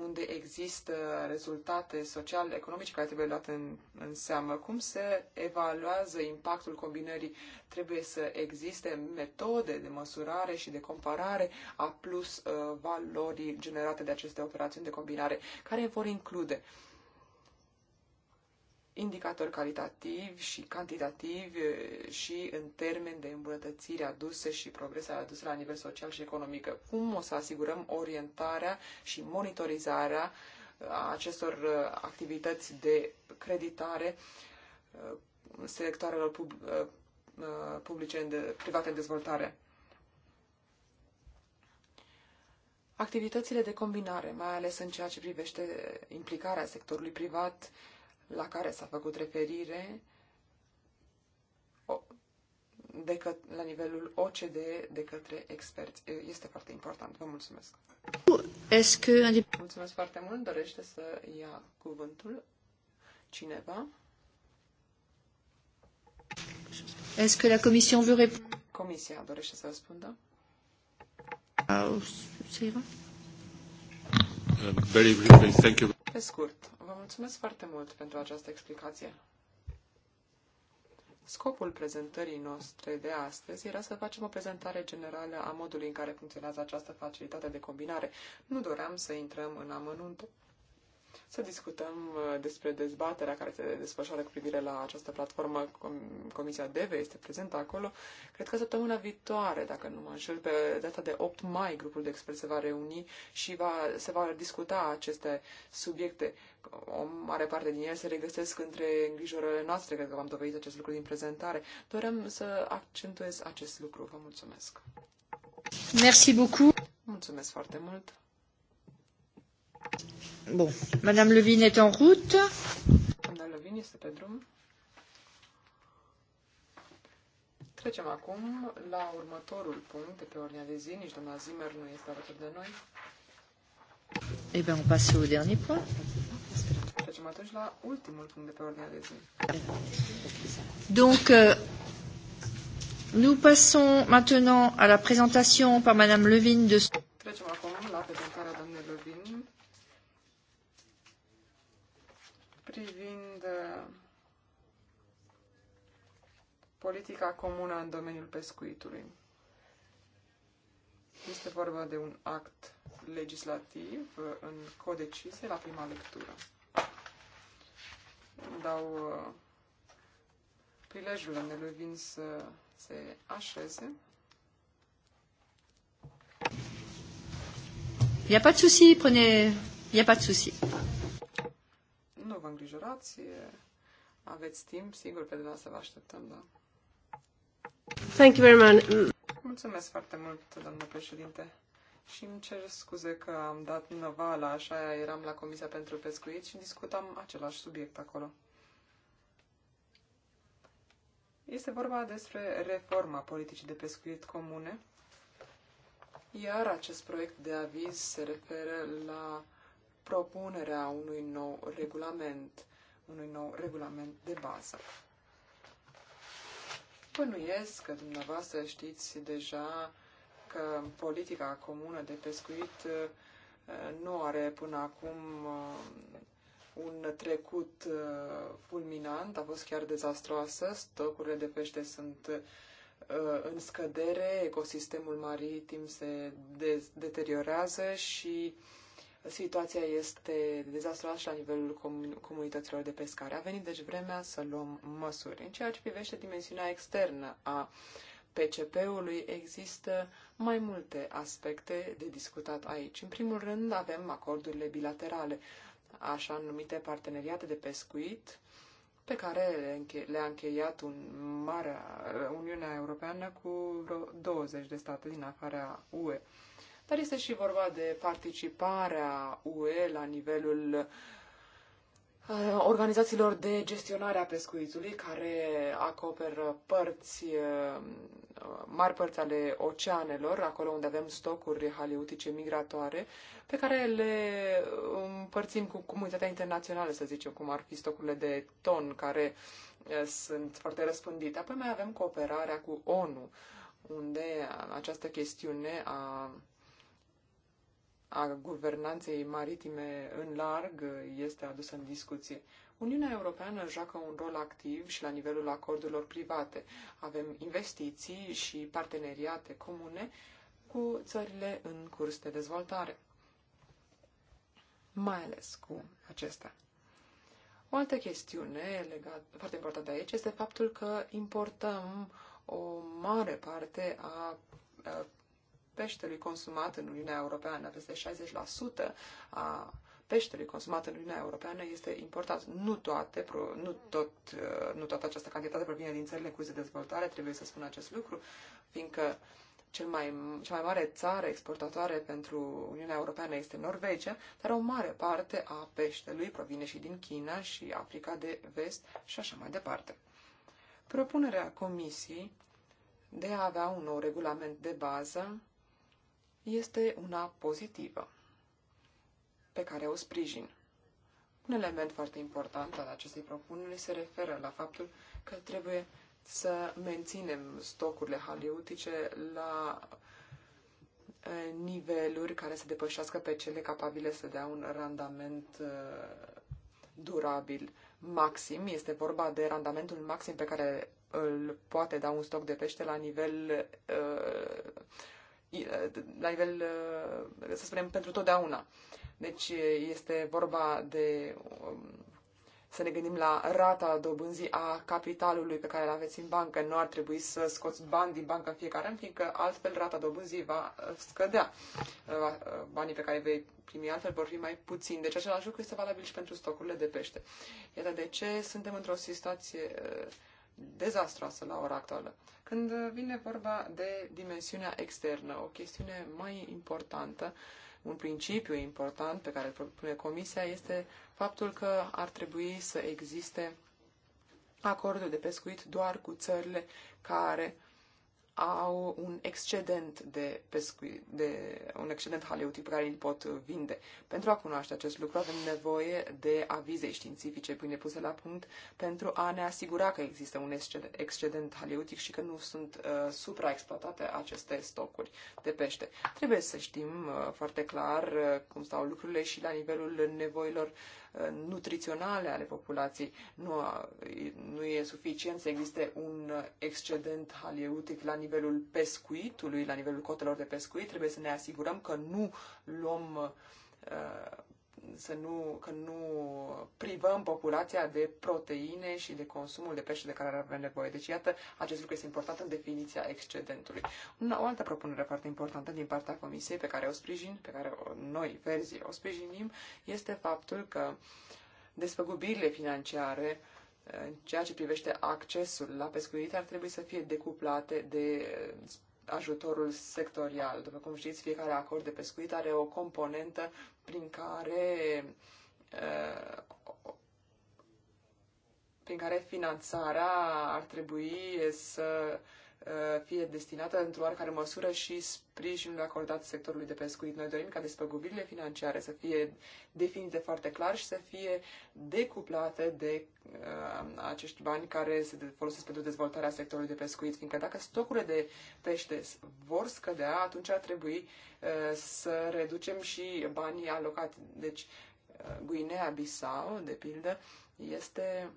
Speaker 3: unde există rezultate sociale, economice care trebuie luate în, în seamă. Cum se evaluează impactul combinării? Trebuie să existe metode de măsurare și de comparare a plus uh, valorii generate de aceste operațiuni de combinare, care vor include uh, indicatori calitativi și cantitativi și în termen de îmbunătățire aduse și progrese aduse la nivel social și economic. Cum o să asigurăm orientarea și monitorizarea acestor activități de creditare sectoarelor pub publice în de, private în dezvoltare? Activitățile de combinare, mai ales în ceea ce privește implicarea sectorului privat, uh, la care s-a făcut referire de că, la nivelul OCD de către experți. Este foarte important. Vă mulțumesc. Mulțumesc foarte mult. Dorește să ia cuvântul cineva?
Speaker 1: Est-ce que la commission veut répondre
Speaker 3: Comisia dorește să răspundă?
Speaker 1: Uh,
Speaker 3: very briefly, thank you. Pe scurt, vă mulțumesc foarte mult pentru această explicație. Scopul prezentării noastre de astăzi era să facem o prezentare generală a modului în care funcționează această facilitate de combinare. Nu doream să intrăm în amănunte să discutăm uh, despre dezbaterea care se desfășoară cu privire la această platformă. Comisia DEVE este prezentă acolo. Cred că săptămâna viitoare, dacă nu mă înșel, pe data de 8 mai, grupul de experți se va reuni și va, se va discuta aceste subiecte. O mare parte din ele se regăsesc între îngrijorările noastre, cred că v-am dovedit acest lucru din prezentare. Doream să accentuez acest lucru. Vă mulțumesc!
Speaker 1: Merci beaucoup.
Speaker 3: Mulțumesc foarte mult.
Speaker 1: Bun. Madame Levin este în route.
Speaker 3: Doamna Levin este pe drum. Trecem acum la următorul punct de pe ordinea de zi. Nici doamna Zimmer nu este alături de noi.
Speaker 1: Eh bien, on passe au dernier point.
Speaker 3: Trecem atunci la ultimul punct de pe ordinea de zi.
Speaker 1: Donc, euh, nous passons maintenant à la présentation par Madame Levin de...
Speaker 3: Trecem acum la prezentarea doamnei Levin privind uh, politica comună în domeniul pescuitului. Este vorba de un act legislativ uh, în codecise la prima lectură. Dau uh, prilejul domnului Vin să se așeze.
Speaker 1: Il n'y a pas de souci, prenez. Il n'y a pas de souci.
Speaker 3: Nu vă îngrijorați, aveți timp, sigur pe dumneavoastră vă așteptăm, da.
Speaker 1: Thank you very much.
Speaker 3: Mulțumesc foarte mult, doamnă președinte. Și îmi cer scuze că am dat năvala, așa eram la Comisia pentru Pescuit și discutam același subiect acolo. Este vorba despre reforma politicii de pescuit comune, iar acest proiect de aviz se referă la propunerea unui nou regulament, unui nou regulament de bază. Pănuiesc că dumneavoastră știți deja că politica comună de pescuit uh, nu are până acum uh, un trecut uh, fulminant, a fost chiar dezastroasă, stocurile de pește sunt în scădere, ecosistemul maritim se deteriorează și uh, situația este dezastroasă la nivelul comun- comunităților de pescare. A venit deci vremea să luăm măsuri. În ceea ce privește dimensiunea externă a PCP-ului există mai multe aspecte de discutat aici. În primul rând avem acordurile bilaterale, așa numite parteneriate de pescuit, pe care le-a încheiat un mare, Uniunea Europeană cu vreo 20 de state din afara UE dar este și vorba de participarea UE la nivelul uh, organizațiilor de gestionare a pescuitului care acoperă părți, uh, mari părți ale oceanelor, acolo unde avem stocuri haleutice migratoare, pe care le împărțim cu comunitatea internațională, să zicem, cum ar fi stocurile de ton, care uh, sunt foarte răspândite. Apoi mai avem cooperarea cu ONU, unde această chestiune a a guvernanței maritime în larg este adusă în discuție. Uniunea Europeană joacă un rol activ și la nivelul acordurilor private. Avem investiții și parteneriate comune cu țările în curs de dezvoltare, mai ales cu acestea. O altă chestiune legat, foarte importantă aici este faptul că importăm o mare parte a peștelui consumat în Uniunea Europeană, peste 60% a peștelui consumat în Uniunea Europeană este importat. Nu, toate, nu, tot, uh, nu toată această cantitate provine din țările cu de dezvoltare, trebuie să spun acest lucru, fiindcă cel mai, cea mai mare țară exportatoare pentru Uniunea Europeană este Norvegia, dar o mare parte a peștelui provine și din China și Africa de Vest și așa mai departe. Propunerea Comisiei de a avea un nou regulament de bază este una pozitivă, pe care o sprijin. Un element foarte important al acestei propuneri se referă la faptul că trebuie să menținem stocurile haliutice la niveluri care să depășească pe cele capabile să dea un randament durabil maxim. Este vorba de randamentul maxim pe care îl poate da un stoc de pește la nivel uh, la nivel, uh, să spunem, pentru totdeauna. Deci uh, este vorba de um, să ne gândim la rata dobânzii a capitalului pe care îl aveți în bancă. Nu ar trebui să scoți bani din bancă în fiecare an, fiindcă altfel rata dobânzii va uh, scădea. Banii pe care vei primi altfel vor fi mai puțini. Deci același lucru este valabil și pentru stocurile de pește. Iată de ce suntem într-o situație dezastroasă la ora actuală. Când vine vorba de dimensiunea externă, o chestiune mai importantă, un principiu important pe care îl propune Comisia este faptul că ar trebui să existe acorduri de pescuit doar cu țările care au un excedent de pescuit, de un excedent haleutic pe care îl pot vinde. Pentru a cunoaște acest lucru avem nevoie de avize științifice bine puse la punct pentru a ne asigura că există un excedent haleutic și că nu sunt uh, supraexploatate aceste stocuri de pește. Trebuie să știm uh, foarte clar uh, cum stau lucrurile și la nivelul nevoilor uh, nutriționale ale populației. Nu, nu e suficient să existe un excedent halieutic la nivelul pescuitului, la nivelul cotelor de pescuit. Trebuie să ne asigurăm că nu luăm uh, să nu, că nu privăm populația de proteine și de consumul de pește de care ar avea nevoie. Deci, iată, acest lucru este important în definiția excedentului. Una, o altă propunere foarte importantă din partea Comisiei, pe care o sprijin, pe care o, noi, verzi, o sprijinim, este faptul că despăgubirile financiare eh, în ceea ce privește accesul la pescuit ar trebui să fie decuplate de eh, ajutorul sectorial. După cum știți, fiecare acord de pescuit are o componentă prin care eh, prin care finanțarea ar trebui să Uh, fie destinată într-o oarecare măsură și sprijinul acordat sectorului de pescuit. Noi dorim ca despăgubirile financiare să fie definite foarte clar și să fie decuplate de uh, acești bani care se folosesc pentru dezvoltarea sectorului de pescuit, fiindcă dacă stocurile de pește vor scădea, atunci ar trebui uh, să reducem și banii alocați. Deci, uh, Guinea-Bissau, de pildă, este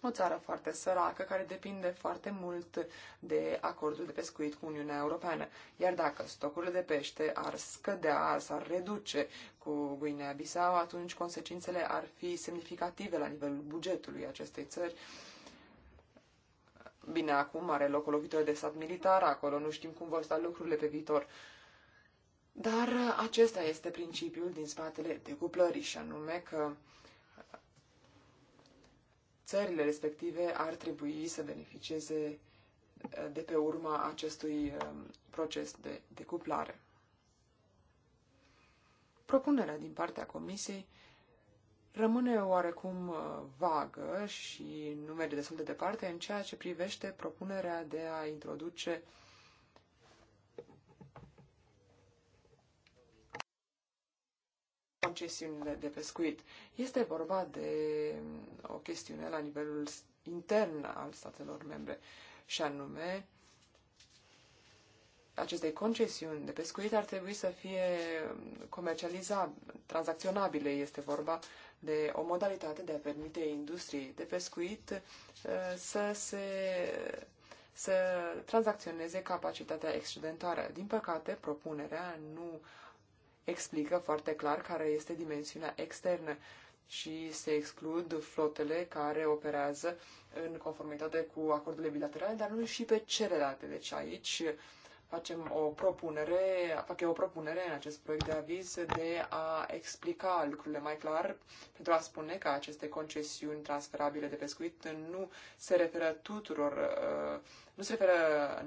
Speaker 3: o țară foarte săracă care depinde foarte mult de acordul de pescuit cu Uniunea Europeană. Iar dacă stocurile de pește ar scădea, s-ar reduce cu Guinea-Bissau, atunci consecințele ar fi semnificative la nivelul bugetului acestei țări. Bine, acum are loc o lovitură de stat militar acolo, nu știm cum vor sta lucrurile pe viitor. Dar acesta este principiul din spatele decuplării și anume că uh, țările respective ar trebui să beneficieze eh, de pe urma acestui eh, proces de decuplare. Propunerea din partea Comisiei rămâne oarecum eh, vagă și nu merge destul de departe în ceea ce privește propunerea de a introduce uh, concesiunile de pescuit. Este vorba de o chestiune la nivelul intern al statelor membre și anume aceste concesiuni de pescuit ar trebui să fie comercializabile, tranzacționabile. Este vorba de o modalitate de a permite industriei de pescuit uh, să se să tranzacționeze capacitatea excedentară. Din păcate, propunerea nu explică foarte clar care este dimensiunea externă și se exclud flotele care operează în conformitate cu acordurile bilaterale, dar nu și pe celelalte. Deci aici facem o propunere, fac eu o propunere în acest proiect de aviz de a explica lucrurile mai clar pentru a spune că aceste concesiuni transferabile de pescuit nu se referă tuturor, uh, nu se referă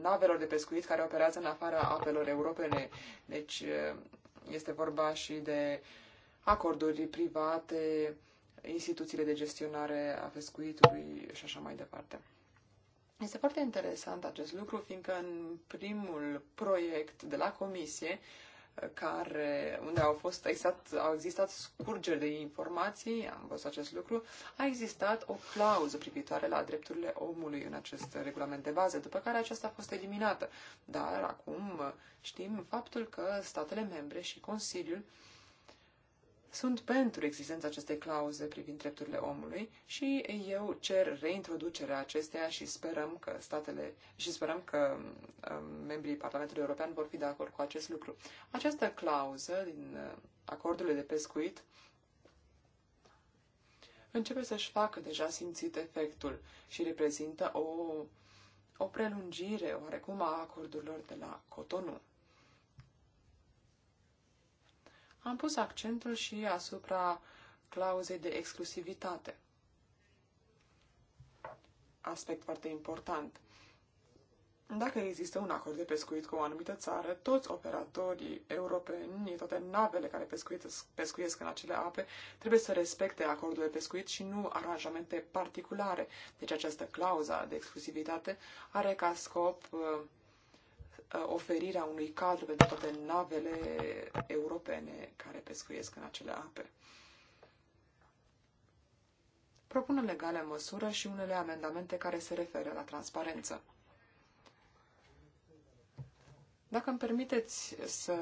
Speaker 3: navelor de pescuit care operează în afara apelor europene. Deci uh, este vorba și de acorduri private, instituțiile de gestionare a pescuitului și așa mai departe. Este foarte interesant acest lucru, fiindcă în primul proiect de la comisie care, unde au, fost, exact, au existat scurgeri de informații, am văzut acest lucru, a existat o clauză privitoare la drepturile omului în acest regulament de bază, după care aceasta a fost eliminată. Dar acum știm faptul că statele membre și Consiliul uh, sunt pentru existența acestei clauze privind drepturile omului și eu cer reintroducerea acesteia și sperăm că statele și sperăm că um, membrii Parlamentului European vor fi de acord cu acest lucru. Această clauză din uh, acordurile de pescuit începe să-și facă deja simțit efectul și reprezintă o, o prelungire oarecum a acordurilor de la Cotonou. am pus accentul și asupra clauzei de exclusivitate. Aspect foarte important. Dacă există un acord de pescuit cu o anumită țară, toți operatorii europeni, toate navele care pescuiesc, pescuiesc în acele ape, trebuie să respecte acordul de pescuit și nu aranjamente particulare. Deci această clauză de exclusivitate are ca scop uh, Uh, oferirea unui cadru pentru toate navele europene care pescuiesc în acele ape. Propun legale măsură și unele amendamente care se referă la transparență. Dacă îmi permiteți să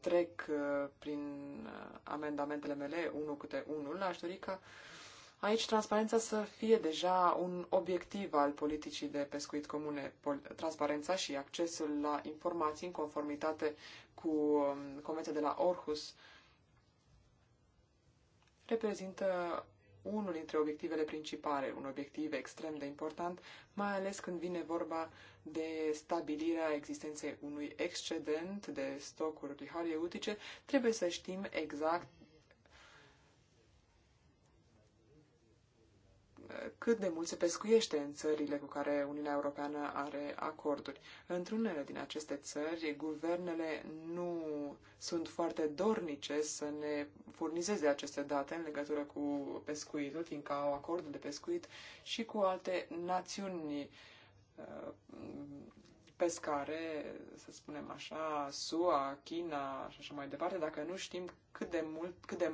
Speaker 3: trec uh, prin uh, amendamentele mele, unul câte unul, aș dori ca uh, Aici transparența să fie deja un obiectiv al politicii de pescuit comune, transparența și accesul la informații în conformitate cu um, Convenția de la Orhus reprezintă unul dintre obiectivele principale, un obiectiv extrem de important, mai ales când vine vorba de stabilirea existenței unui excedent de stocuri de lihariutice, trebuie să știm exact cât de mult se pescuiește în țările cu care Uniunea Europeană are acorduri. Într-unele din aceste țări, guvernele nu sunt foarte dornice să ne furnizeze aceste date în legătură cu pescuitul, fiindcă au acordul de pescuit și cu alte națiuni uh, pescare, să spunem așa, SUA, China și așa mai departe, dacă nu știm cât de mult, cât de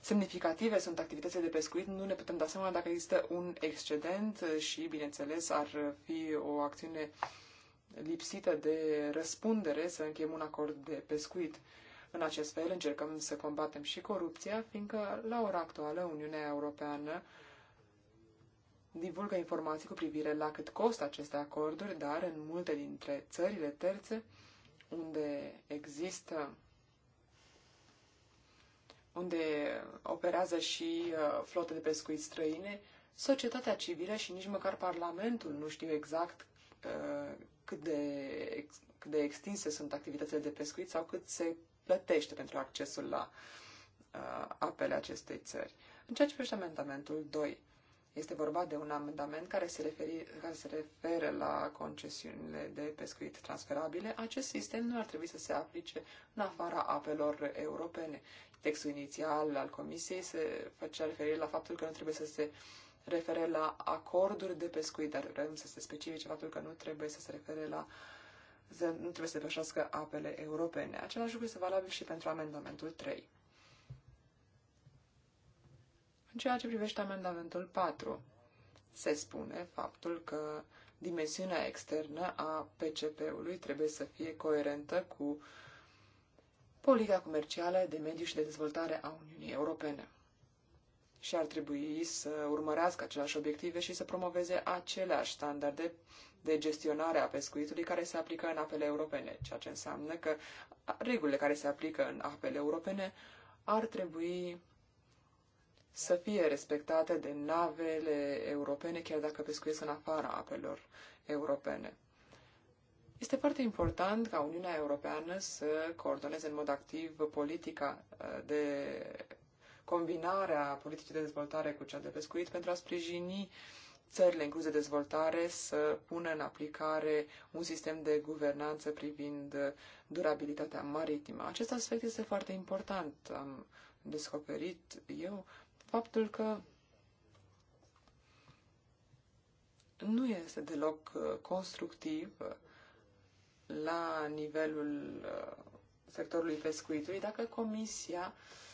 Speaker 3: semnificative sunt activitățile de pescuit, nu ne putem da seama dacă există un excedent și, bineînțeles, ar fi o acțiune lipsită de răspundere să încheiem un acord de pescuit. În acest fel încercăm să combatem și corupția, fiindcă la ora actuală Uniunea Europeană divulgă informații cu privire la cât costă aceste acorduri, dar în multe dintre țările terțe unde există unde operează și uh, flote de pescuit străine, societatea civilă și nici măcar Parlamentul nu știu exact uh, cât de, cât de extinse sunt activitățile de pescuit sau cât se plătește pentru accesul la uh, apele acestei țări. În ceea ce privește amendamentul 2, este vorba de un amendament care se, referi, care se referă la concesiunile de pescuit transferabile. Acest sistem nu ar trebui să se aplice în afara apelor europene textul inițial al Comisiei se făcea referire la faptul că nu trebuie să se refere la acorduri de pescuit, dar vrem să se specifice faptul că nu trebuie să se refere la să nu trebuie să depășească apele europene. Același lucru este valabil și pentru amendamentul 3. În ceea ce privește amendamentul 4, se spune faptul că dimensiunea externă a PCP-ului trebuie să fie coerentă cu uh, politica comercială de mediu și de dezvoltare a Uniunii Europene. Și ar trebui să urmărească aceleași obiective și să promoveze aceleași standarde de gestionare a pescuitului care se aplică în apele europene, ceea ce înseamnă că regulile care se aplică în apele europene ar trebui să fie respectate de navele europene, chiar dacă pescuiesc în afara apelor europene. Este foarte important ca Uniunea Europeană să coordoneze în mod activ politica uh, de combinare a politicii de dezvoltare cu cea de pescuit pentru a sprijini țările în curs de dezvoltare să pună în aplicare un sistem de guvernanță privind durabilitatea maritimă. Acest aspect este foarte important. Am descoperit eu faptul că nu este deloc uh, constructiv uh, la nivelul uh, sectorului pescuitului, dacă Comisia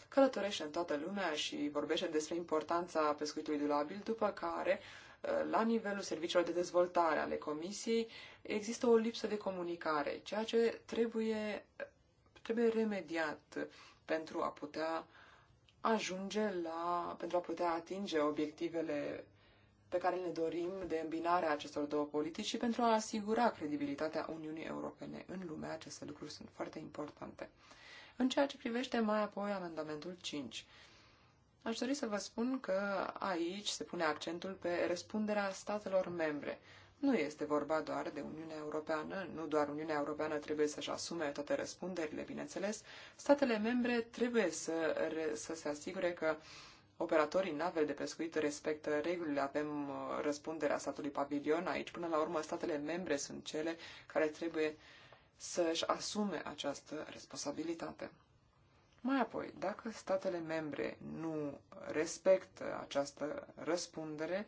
Speaker 3: călătorește în toată lumea și vorbește despre importanța pescuitului durabil, după care, uh, la nivelul serviciilor de dezvoltare ale Comisiei, există o lipsă de comunicare, ceea ce trebuie, trebuie remediat pentru a putea ajunge la, pentru a putea atinge obiectivele pe care ne dorim de îmbinarea acestor două politici și pentru a asigura credibilitatea Uniunii Europene în lume, aceste lucruri sunt foarte importante. În ceea ce privește mai apoi amendamentul 5, aș dori să vă spun că aici se pune accentul pe răspunderea statelor membre. Nu este vorba doar de Uniunea Europeană, nu doar Uniunea Europeană trebuie să-și asume toate răspunderile, bineînțeles. Statele membre trebuie să, să se asigure că uh, operatorii nave de pescuit respectă regulile, avem uh, răspunderea statului pavilion aici. Până la urmă, statele membre sunt cele care trebuie să-și asume această responsabilitate. Mai apoi, dacă statele membre nu respectă această răspundere,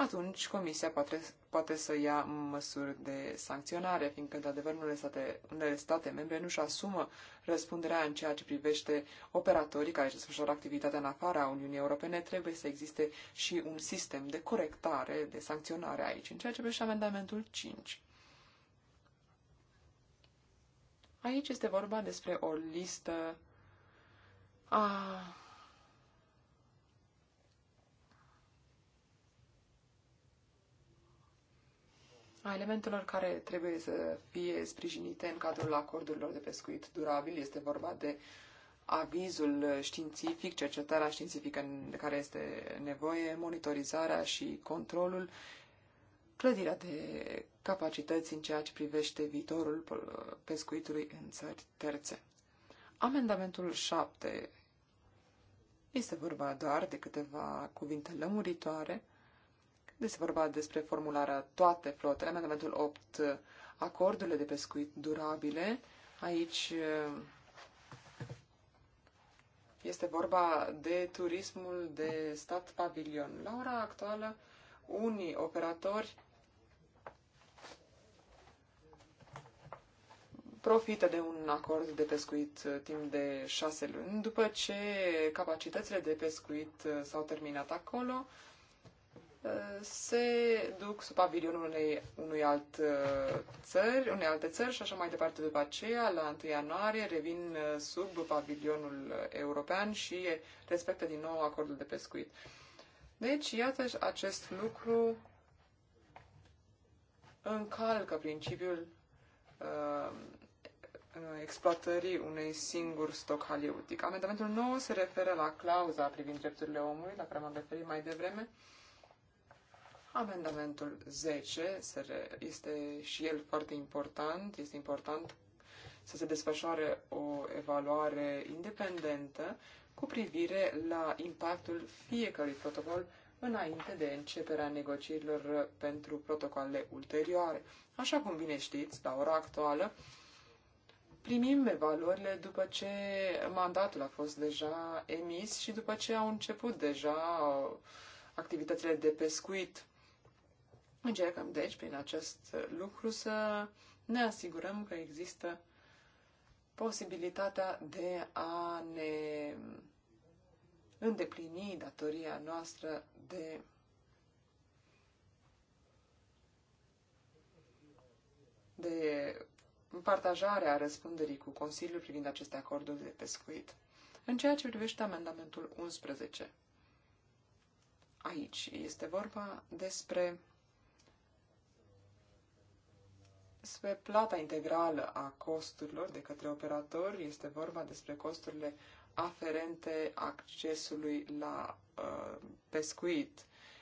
Speaker 3: atunci Comisia poate, poate să ia măsuri de sancționare, fiindcă, de adevăr, unele state, unele state membre nu își asumă răspunderea în ceea ce privește operatorii care își desfășoară activitatea în afara Uniunii Europene. Trebuie să existe și un sistem de corectare, de sancționare aici, în ceea ce privește amendamentul 5. Aici este vorba despre o listă a a elementelor care trebuie să fie sprijinite în cadrul acordurilor de pescuit durabil este vorba de avizul științific, cercetarea științifică de care este nevoie, monitorizarea și controlul, clădirea de capacități în ceea ce privește viitorul pescuitului în țări terțe. Amendamentul 7 este vorba doar de câteva cuvinte lămuritoare este deci vorba despre formularea toate flotele, amendamentul 8, acordurile de pescuit durabile. Aici eh, este vorba de turismul de stat pavilion. La ora actuală, unii operatori profită de un acord de pescuit eh, timp de șase luni, după ce capacitățile de pescuit eh, s-au terminat acolo, se duc sub pavilionul unei, unui alt uh, țări, unei alte țări și așa mai departe după aceea, la 1 ianuarie, revin uh, sub pavilionul uh, european și respectă din nou acordul de pescuit. Deci, iată, acest lucru încalcă principiul uh, exploatării unei singur stoc haliutic. Amendamentul 9 se referă la clauza privind drepturile omului, la care m-am referit mai devreme, uh, Amendamentul 10 este și el foarte important. Este important să se desfășoare o evaluare independentă cu privire la impactul fiecărui protocol înainte de începerea negocierilor pentru protocoale ulterioare. Așa cum bine știți, la ora actuală, primim evaluările după ce mandatul a fost deja emis și după ce au început deja activitățile de pescuit. Încercăm, deci, prin acest lucru să ne asigurăm că există posibilitatea de a ne îndeplini datoria noastră de de partajarea răspunderii cu Consiliul privind aceste acorduri de pescuit. În ceea ce privește amendamentul 11, aici este vorba despre spre plata integrală a costurilor de către operatori. Este vorba despre costurile aferente accesului la uh, pescuit,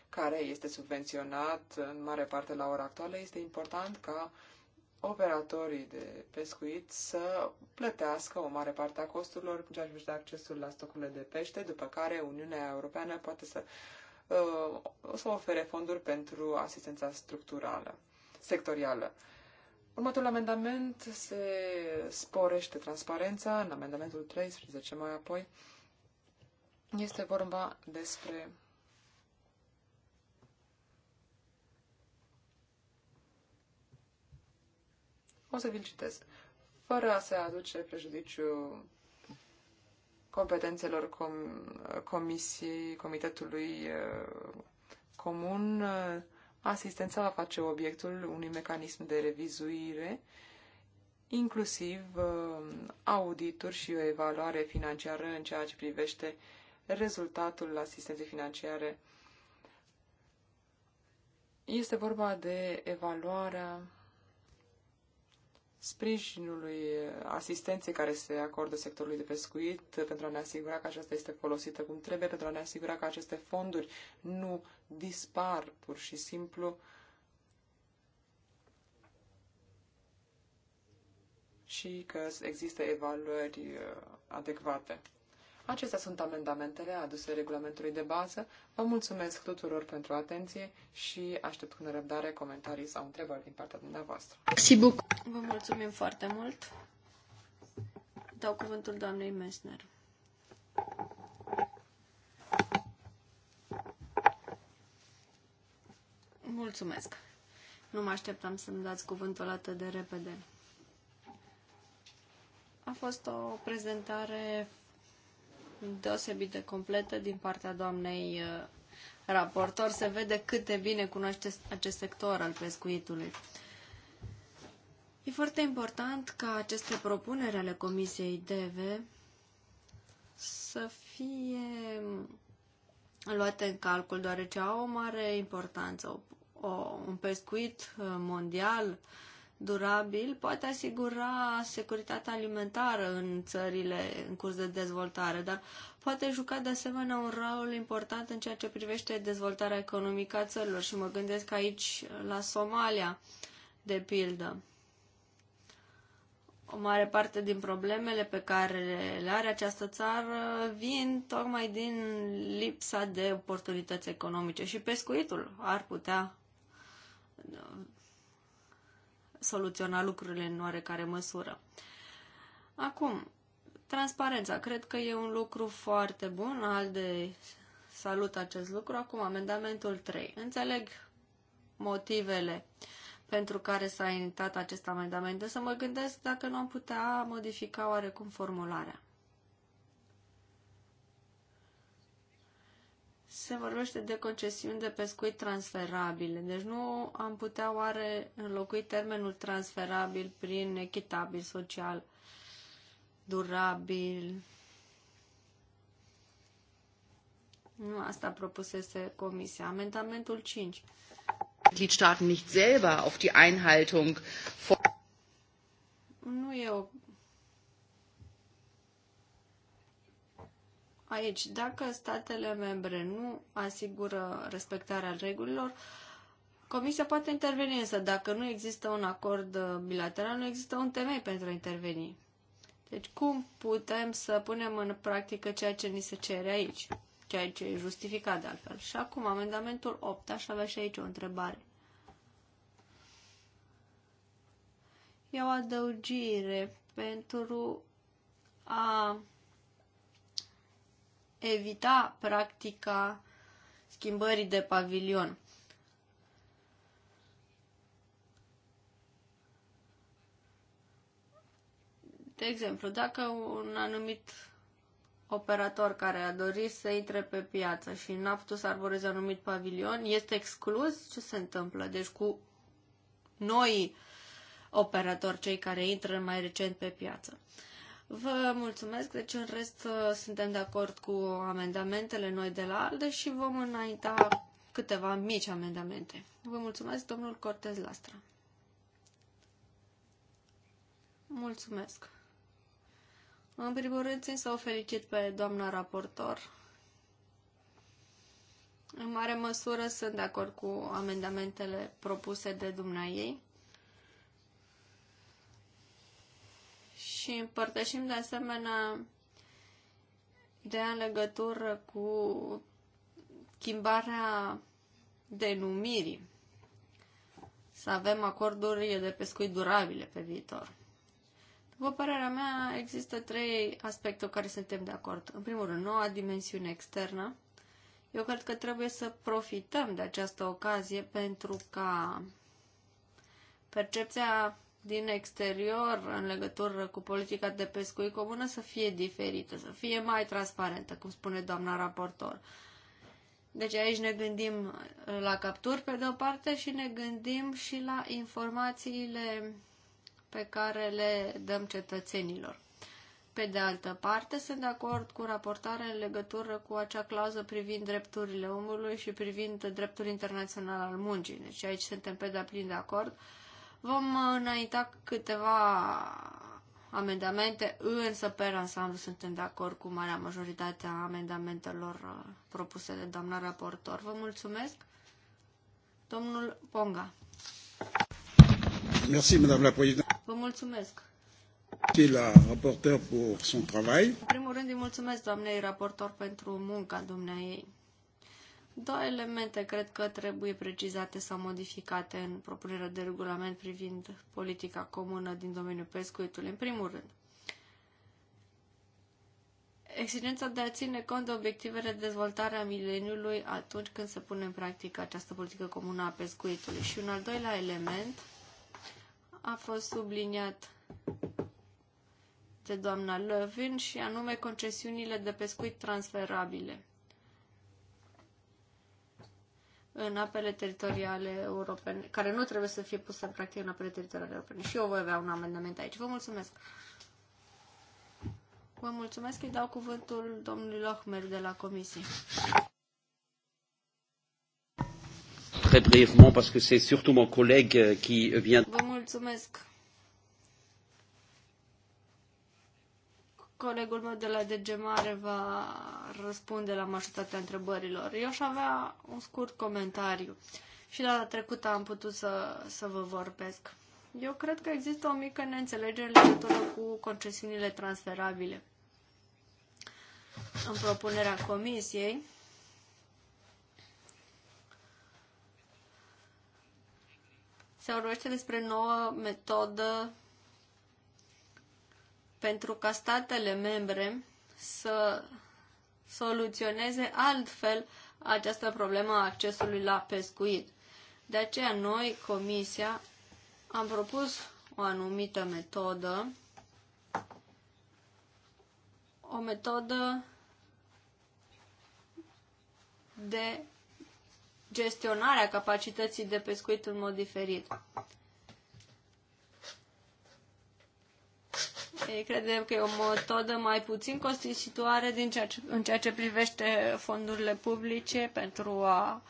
Speaker 3: care este subvenționat în mare parte la ora actuală. Este important ca operatorii de pescuit să plătească o mare parte a costurilor în ceea ce accesul la stocurile de pește, după care Uniunea Europeană poate să, uh, să ofere fonduri pentru asistența structurală, sectorială. Următorul amendament se sporește transparența în amendamentul 13 mai apoi. Este vorba despre O să vi citesc. Fără a se aduce prejudiciu competențelor com- comisiei, comitetului eh, comun, eh, Asistența va face obiectul unui mecanism de revizuire, inclusiv uh, audituri și o evaluare financiară în ceea ce privește rezultatul asistenței financiare. Este vorba de evaluarea sprijinului asistenței care se acordă sectorului de pescuit pentru a ne asigura că aceasta este folosită cum trebuie, pentru a ne asigura că aceste fonduri nu dispar pur și simplu și că există evaluări uh, adecvate. Acestea sunt amendamentele aduse regulamentului de bază. Vă mulțumesc tuturor pentru atenție și aștept cu nerăbdare comentarii sau întrebări din partea dumneavoastră.
Speaker 1: Merci Vă mulțumim foarte mult. Dau cuvântul doamnei Mesner. Mulțumesc. Nu mă așteptam să-mi dați cuvântul atât de repede. A fost o prezentare deosebit de completă din partea doamnei uh, raportor. Se vede cât de bine cunoaște acest sector al pescuitului. E foarte important ca aceste propuneri ale Comisiei DEVE să fie luate în calcul, deoarece au o mare importanță. O, o, un pescuit uh, mondial durabil poate asigura securitatea alimentară în țările în curs de dezvoltare, dar poate juca de asemenea un rol important în ceea ce privește dezvoltarea economică a țărilor și mă gândesc aici la Somalia, de pildă. O mare parte din problemele pe care le are această țară vin tocmai din lipsa de oportunități economice și pescuitul ar putea uh, soluționa lucrurile în oarecare măsură. Acum, transparența. Cred că e un lucru foarte bun, al de salut acest lucru. Acum, amendamentul 3. Înțeleg motivele uh, pentru care s-a initat acest amendament, de să mă gândesc dacă nu am putea modifica oarecum formularea. Se vorbește de concesiuni de pescuit transferabile, deci nu am putea oare înlocui termenul transferabil prin echitabil social, durabil. Nu asta propusese comisia. Amendamentul 5.
Speaker 2: Mitgliedstaaten nicht selber auf die Einhaltung von
Speaker 1: nu e o... Aici, dacă statele membre nu asigură respectarea regulilor, Comisia poate interveni, însă dacă nu există un acord uh, bilateral, nu există un temei pentru a interveni. Deci cum putem să punem în practică ceea ce ni se cere aici? ceea ce e justificat de altfel. Și acum, amendamentul 8, aș avea și aici o întrebare. E o adăugire pentru a evita practica schimbării de pavilion. De exemplu, dacă un anumit operator care a dorit să intre pe piață și n-a putut să arboreze anumit pavilion, este exclus? Ce se întâmplă? Deci cu noi operatori, cei care intră mai recent pe piață. Vă mulțumesc, deci în rest suntem de acord cu amendamentele noi de la ALDE și vom înainta câteva mici amendamente. Vă mulțumesc, domnul Cortez Lastra. Mulțumesc. În primul rând, țin să o felicit pe doamna raportor. În mare măsură sunt de acord cu amendamentele propuse de ei. și împărtășim de asemenea de în legătură cu schimbarea denumirii. Să avem acorduri de pescuit durabile pe viitor. După părerea mea, există trei aspecte cu care suntem de acord. În primul rând, noua dimensiune externă. Eu cred că trebuie să profităm de această ocazie pentru ca percepția din exterior în legătură cu politica de pescuit comună să fie diferită, să fie mai transparentă, cum spune doamna raportor. Deci aici ne gândim la capturi pe de o parte și ne gândim și la informațiile pe care le dăm cetățenilor. Pe de altă parte, sunt de acord cu raportarea în legătură cu acea clauză privind drepturile omului și privind dreptul internațional al muncii. Deci aici suntem pe deplin de acord. Vom înainta câteva amendamente, însă pe ansamblu suntem de acord cu marea majoritate a amendamentelor uh, propuse de doamna raportor. Vă mulțumesc. Domnul Ponga. Merci, Madame la Présidente. Vă mulțumesc! la raporteur pentru son travail. În primul rând îi mulțumesc doamnei raportor pentru munca dumneai. Două elemente cred că trebuie precizate sau modificate în propunerea de regulament privind politica comună din domeniul pescuitului. În primul rând, exigența de a ține cont de obiectivele de dezvoltare a mileniului atunci când se pune în practică această politică comună a pescuitului. Și un al doilea element, a fost subliniat de doamna Lövin și anume concesiunile de pescuit transferabile în apele teritoriale europene, care nu trebuie să fie puse în practică în apele teritoriale europene. Și eu voi avea un amendament aici. Vă mulțumesc! Vă mulțumesc, îi dau cuvântul domnului Lohmer de la Comisie.
Speaker 2: très brièvement parce que c'est surtout mon collègue euh, qui euh, vient.
Speaker 1: Vă mulțumesc. Colegul meu de la DG Mare va răspunde la majoritatea întrebărilor. Eu aș avea un scurt comentariu și la trecută am putut să, să vă vorbesc. Eu cred că există o mică neînțelegere legătură cu concesiunile transferabile. În propunerea comisiei, se vorbește despre nouă metodă pentru ca statele membre să soluționeze altfel această problemă a accesului la pescuit. De aceea noi, Comisia, am propus o anumită metodă, o metodă de gestionarea capacității de pescuit în mod diferit. Ei credem că e o metodă mai puțin costisitoare din ceea ce, în ceea ce privește fondurile publice pentru a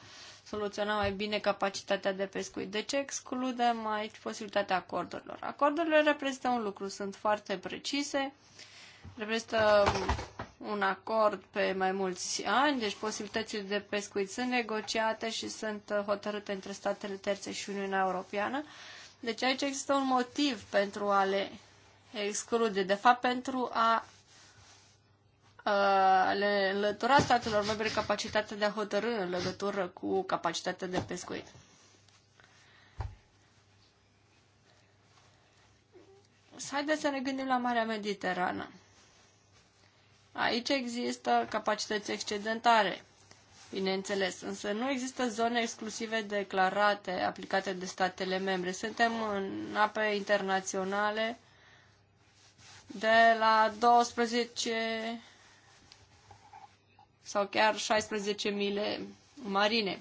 Speaker 1: soluționa mai bine capacitatea de pescuit. De deci, ce excludem aici posibilitatea acordurilor? Acordurile reprezintă un lucru, sunt foarte precise, reprezintă un acord pe mai mulți ani, deci posibilitățile de pescuit sunt negociate și sunt uh, hotărâte între statele terțe și Uniunea Europeană. Deci aici există un motiv pentru a le exclude, de fapt pentru a, uh, le înlătura statelor membre capacitatea de a hotărâ în legătură cu capacitatea de pescuit. Haideți să ne gândim la Marea Mediterană. Aici există capacități excedentare, bineînțeles, însă nu există zone exclusive declarate, aplicate de statele membre. Suntem în ape internaționale de la 12 sau chiar 16 mile marine.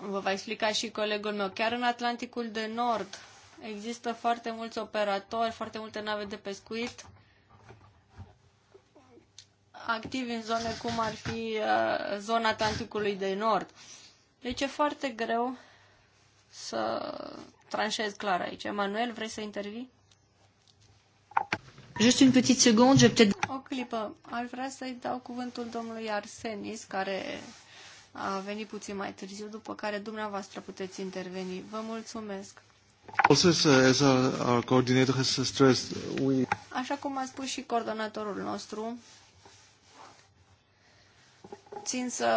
Speaker 1: Vă va explica și colegul meu. Chiar în Atlanticul de Nord există foarte mulți operatori, foarte multe nave de pescuit activi în zone cum ar fi uh, zona Atlanticului de Nord. Deci e foarte greu să tranșez clar aici. Emanuel, vrei să intervii? Just une petite seconde, je peut O clipă. Ar vrea să-i dau cuvântul domnului Arsenis, care a venit puțin mai târziu, după care dumneavoastră puteți interveni. Vă mulțumesc.
Speaker 2: Also, uh, as our coordinator has stressed, we...
Speaker 1: Așa cum a spus și coordonatorul nostru, țin să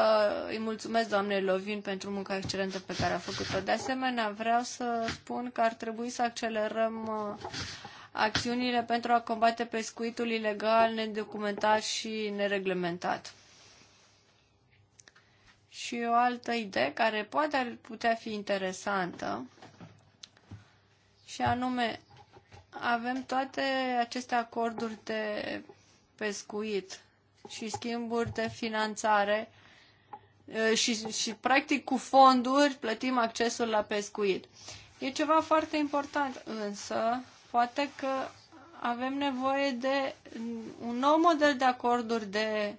Speaker 1: îi mulțumesc doamnei Lovin pentru munca excelentă pe care a făcut-o. De asemenea, vreau să spun că ar trebui să accelerăm uh, acțiunile pentru a combate pescuitul ilegal, nedocumentat și nereglementat. Și o altă idee care poate ar putea fi interesantă, și anume, avem toate aceste acorduri de pescuit și schimburi de finanțare și, și practic cu fonduri plătim accesul la pescuit. E ceva foarte important, însă poate că avem nevoie de un nou model de acorduri de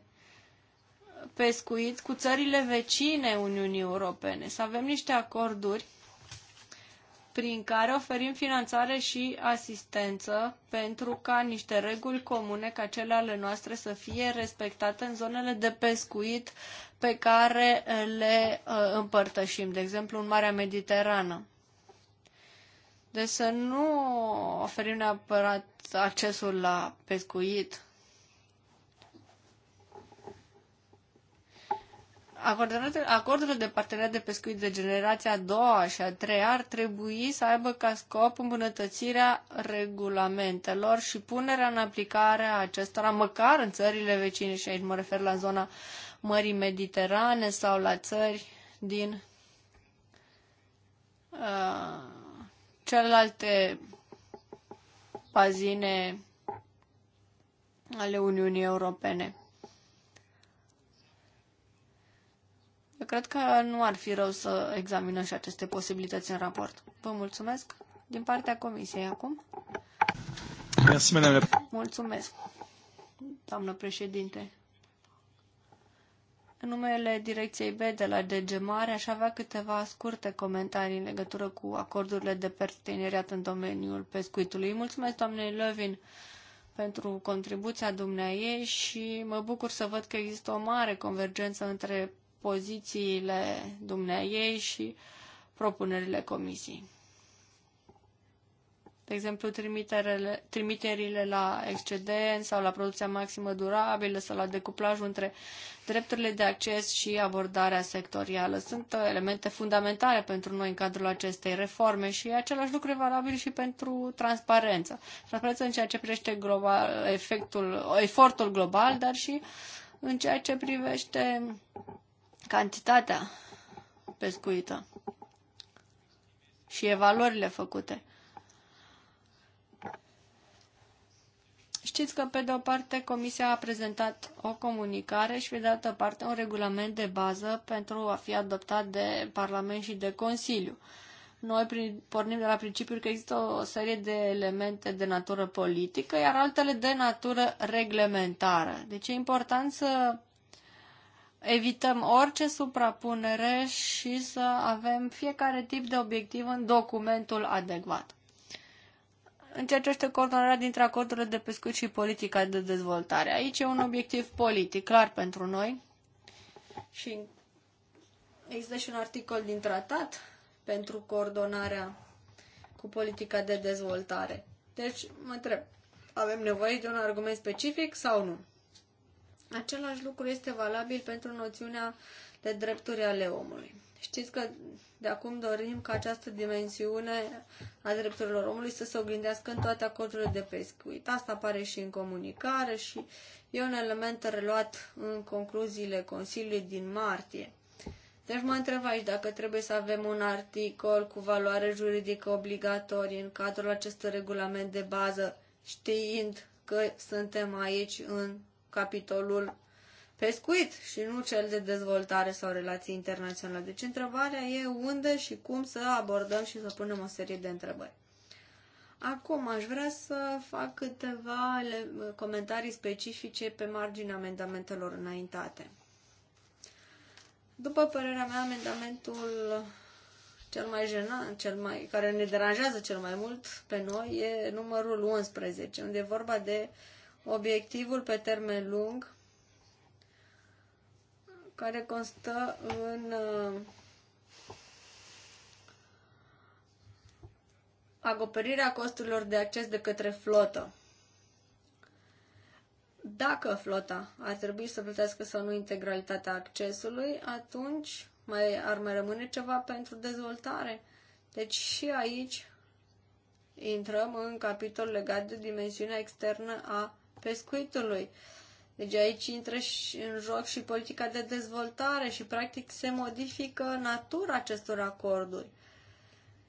Speaker 1: pescuit cu țările vecine Uniunii Europene, să avem niște acorduri prin care oferim finanțare și asistență pentru ca niște reguli comune ca cele ale noastre să fie respectate în zonele de pescuit pe care le uh, împărtășim, de exemplu în Marea Mediterană. Deci să nu oferim neapărat accesul la pescuit Acordurile de parteneriat de pescuit de generația a doua și a treia ar trebui să aibă ca scop îmbunătățirea regulamentelor și punerea în aplicare a acestora, măcar în țările vecine, și aici mă refer la zona Mării Mediterane sau la țări din uh, celelalte bazine ale Uniunii Europene. Eu cred că nu ar fi rău să examinăm și aceste posibilități în raport. Vă mulțumesc din partea Comisiei acum.
Speaker 2: Mulțumesc,
Speaker 1: mulțumesc doamnă președinte. În numele Direcției B de la DG Mare aș avea câteva scurte comentarii în legătură cu acordurile de parteneriat în domeniul pescuitului. Mulțumesc doamnei Lövin pentru contribuția dumneaei și mă bucur să văd că există o mare convergență între pozițiile dumneaei și propunerile comisiei. De exemplu, trimiterile la excedent sau la producția maximă durabilă sau la decuplajul între drepturile de acces și abordarea sectorială. Sunt uh, elemente fundamentale pentru noi în cadrul acestei reforme și același lucru e valabil și pentru transparență. Transparență în ceea ce privește global, efectul, efortul global, dar și în ceea ce privește cantitatea pescuită și evaluările făcute. Știți că, pe de o parte, Comisia a prezentat o comunicare și, pe de altă parte, un regulament de bază pentru a fi adoptat de Parlament și de Consiliu. Noi pornim de la principiul că există o serie de elemente de natură politică, iar altele de natură reglementară. Deci e important să evităm orice suprapunere și să avem fiecare tip de obiectiv în documentul adecvat. În ceea ce coordonarea dintre acordurile de pescuit și politica de dezvoltare. Aici e un obiectiv politic clar pentru noi și există și un articol din tratat pentru coordonarea cu politica de dezvoltare. Deci, mă întreb, avem nevoie de un argument specific sau nu? Același lucru este valabil pentru noțiunea de drepturi ale omului. Știți că de acum dorim ca această dimensiune a drepturilor omului să se oglindească în toate acordurile de pescuit. Asta apare și în comunicare și e un element reluat în concluziile Consiliului din martie. Deci mă întreb aici dacă trebuie să avem un articol cu valoare juridică obligatorie în cadrul acestui regulament de bază, știind că suntem aici în capitolul pescuit și nu cel de dezvoltare sau relații internaționale. Deci întrebarea e unde și cum să abordăm și să punem o serie de întrebări. Acum aș vrea să fac câteva comentarii specifice pe marginea amendamentelor înaintate. După părerea mea, amendamentul cel mai jenant, cel mai, care ne deranjează cel mai mult pe noi, e numărul 11, unde e vorba de uh, obiectivul pe termen lung care constă în uh, acoperirea costurilor de acces de către flotă. Dacă flota ar trebui să plătească sau nu integralitatea accesului, atunci mai ar mai rămâne ceva pentru dezvoltare. Deci și aici intrăm în capitol legat de dimensiunea externă a pescuitului. Deci aici intră și în joc și politica de dezvoltare și practic se modifică natura acestor acorduri.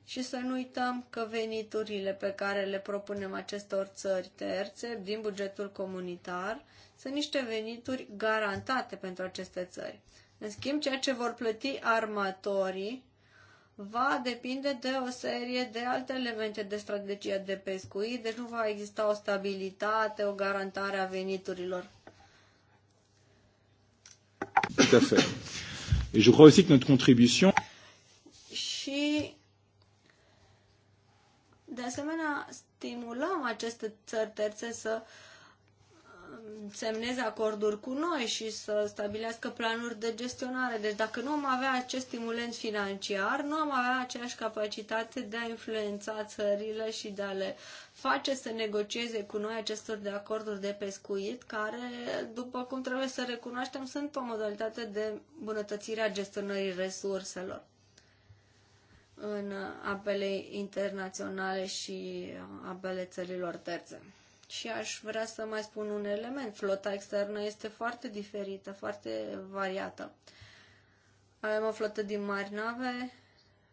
Speaker 1: Și să nu uităm că veniturile pe care le propunem acestor țări terțe din bugetul comunitar sunt niște venituri garantate pentru aceste țări. În schimb, ceea ce vor plăti armatorii va depinde de o serie de alte elemente de strategie de pescuit, deci nu va exista o stabilitate, o garantare a veniturilor. Tout à fait. Et je crois aussi que notre contribution... Și, de asemenea, stimulăm aceste țări terțe să uh, semneze acorduri cu noi și să stabilească planuri de gestionare. Deci dacă nu am avea acest stimulent financiar, nu am avea aceeași capacitate de a influența țările și de a le face să negocieze cu noi acestor de acorduri de pescuit, care, după cum trebuie să recunoaștem, sunt o modalitate de bunătățire a gestionării resurselor în apele internaționale și apele țărilor terțe. Și aș vrea să mai spun un element. Flota externă este foarte diferită, foarte variată. Avem o flotă din mari nave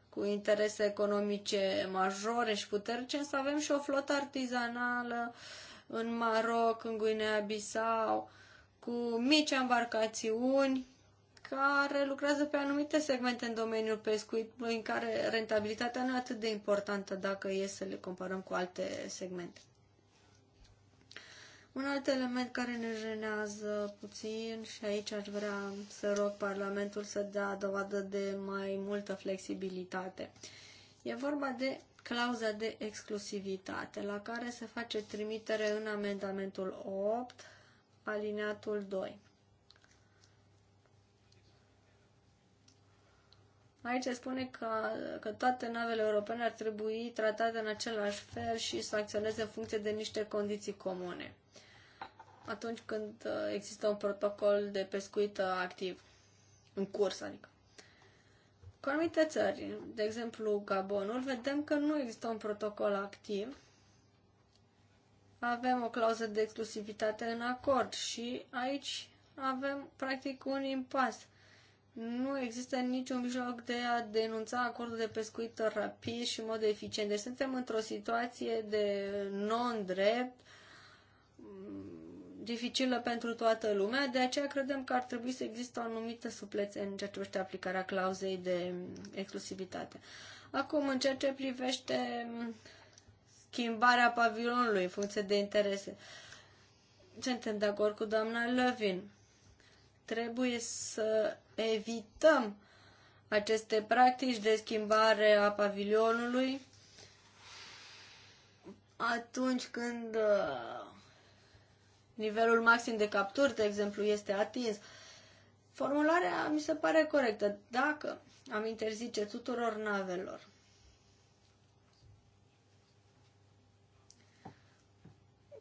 Speaker 1: cu interese economice majore și puternice, însă avem și o flotă artizanală în Maroc, în Guinea-Bissau, cu mici embarcațiuni care lucrează pe anumite segmente în domeniul pescuit, în care rentabilitatea nu e atât de importantă dacă e să le comparăm cu alte segmente. Un alt element care ne jenează puțin și aici aș vrea să rog Parlamentul să dea dovadă de mai multă flexibilitate. E vorba de clauza de exclusivitate, la care se face trimitere în amendamentul 8, alineatul 2. Aici se spune că, că toate navele europene ar trebui tratate în același fel și să acționeze în funcție de niște condiții comune atunci când uh, există un protocol de pescuit activ, în curs, adică. Cu anumite țări, de exemplu Gabonul, vedem că nu există un protocol activ. Avem o clauză de exclusivitate în acord și aici avem practic un impas. Nu există niciun mijloc de a denunța acordul de pescuit rapid și în mod eficient. Deci suntem într-o situație de non-drept, dificilă pentru toată lumea, de aceea credem că ar trebui să există o anumită suplețe în ceea ce privește aplicarea clauzei de exclusivitate. Acum, în ceea ce privește schimbarea pavilonului în funcție de interese, suntem de acord cu doamna Levin. Trebuie să evităm aceste practici de schimbare a pavilionului atunci când uh, nivelul maxim de capturi, de exemplu, este atins. Formularea mi se pare corectă. Dacă am interzice tuturor navelor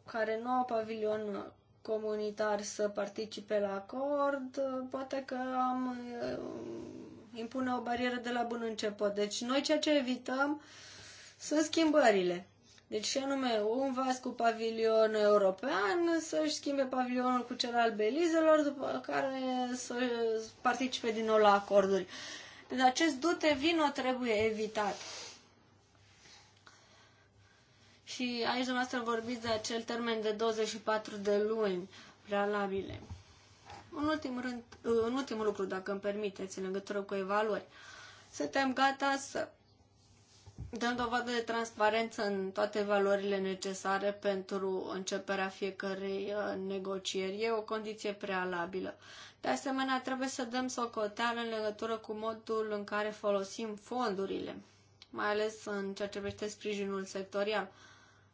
Speaker 1: care nu au pavilion comunitar să participe la acord, poate că am uh, impune o barieră de la bun început. Deci noi ceea ce evităm sunt schimbările. Deci și anume, un vas cu pavilion european să-și schimbe pavilionul cu cel al Belizelor, după care să participe din nou la acorduri. Deci acest dute vino trebuie evitat. Și aici dumneavoastră vorbiți de acel termen de 24 de luni prealabile. În ultimul, rând, în ultimul lucru, dacă îmi permiteți, în legătură cu evaluări. Suntem gata să dăm dovadă de transparență în toate valorile necesare pentru începerea fiecărei uh, negocieri. E o condiție prealabilă. De asemenea, trebuie să dăm socoteală în legătură cu modul în care folosim fondurile, mai ales în ceea ce privește sprijinul sectorial,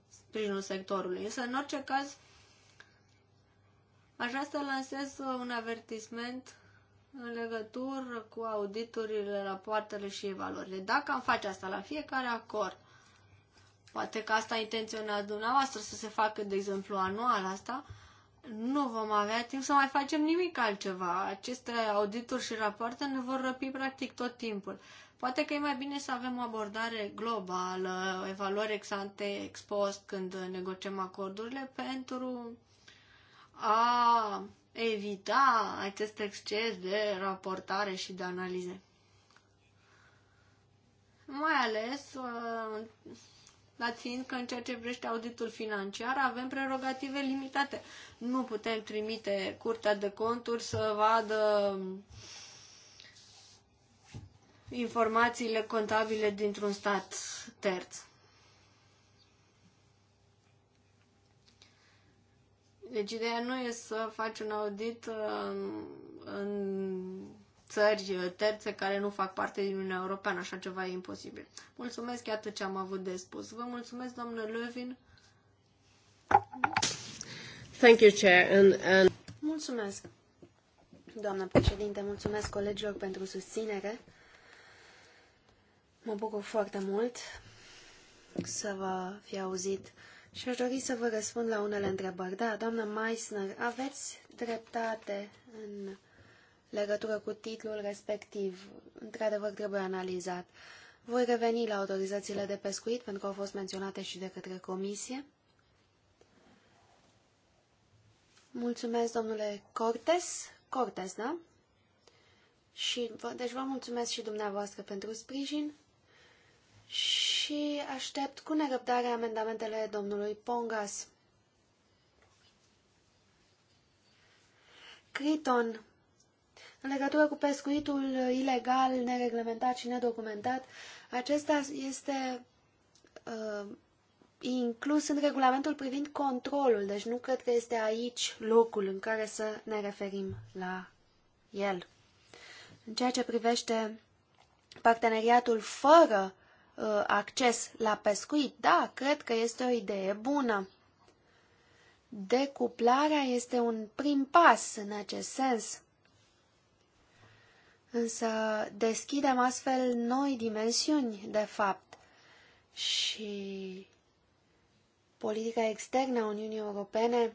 Speaker 1: sprijinul sectorului. Însă, în orice caz, aș vrea să lansez un avertisment în legătură cu auditurile, rapoartele și evaluările. Dacă am face asta la fiecare acord, poate că asta intenționați dumneavoastră să se facă, de exemplu, anual asta, nu vom avea timp să mai facem nimic altceva. Aceste audituri și rapoarte ne vor răpi practic tot timpul. Poate că e mai bine să avem o abordare globală, evaluări ex ante, ex post, când negociem acordurile, pentru a evita acest exces de raportare și de analize. Mai ales, la uh, fiind că în ceea ce vrește auditul financiar avem prerogative limitate. Nu putem trimite curtea de conturi să vadă informațiile contabile dintr-un stat terț. Deci ideea nu e să faci un audit uh, în țări uh, terțe care nu fac parte din Uniunea Europeană. Așa ceva e imposibil. Mulțumesc, iată ce am avut de spus. Vă
Speaker 2: mulțumesc, domnule Lövin.
Speaker 1: Thank you, Chair. And, and...
Speaker 2: Mulțumesc, doamnă președinte. Mulțumesc colegilor pentru susținere. Mă bucur foarte mult să vă fi auzit și aș dori să vă răspund la unele întrebări. Da, doamnă Meissner, aveți dreptate în legătură cu titlul respectiv. Într-adevăr, trebuie analizat. Voi reveni la autorizațiile de pescuit, pentru că au fost menționate și de către comisie. Mulțumesc, domnule Cortes. Cortes, da? Și, deci vă mulțumesc și dumneavoastră pentru sprijin și aștept cu nerăbdare amendamentele domnului Pongas. Criton, în legătură cu pescuitul ilegal, nereglementat și nedocumentat, acesta este uh, inclus în regulamentul privind controlul, deci nu cred că este aici locul în care să ne referim la el. În ceea ce privește parteneriatul fără Uh, acces la pescuit. Da, cred că este o idee bună. Decuplarea este un prim pas în acest sens. Însă deschidem astfel noi dimensiuni, de fapt, și politica externă a Uniunii Europene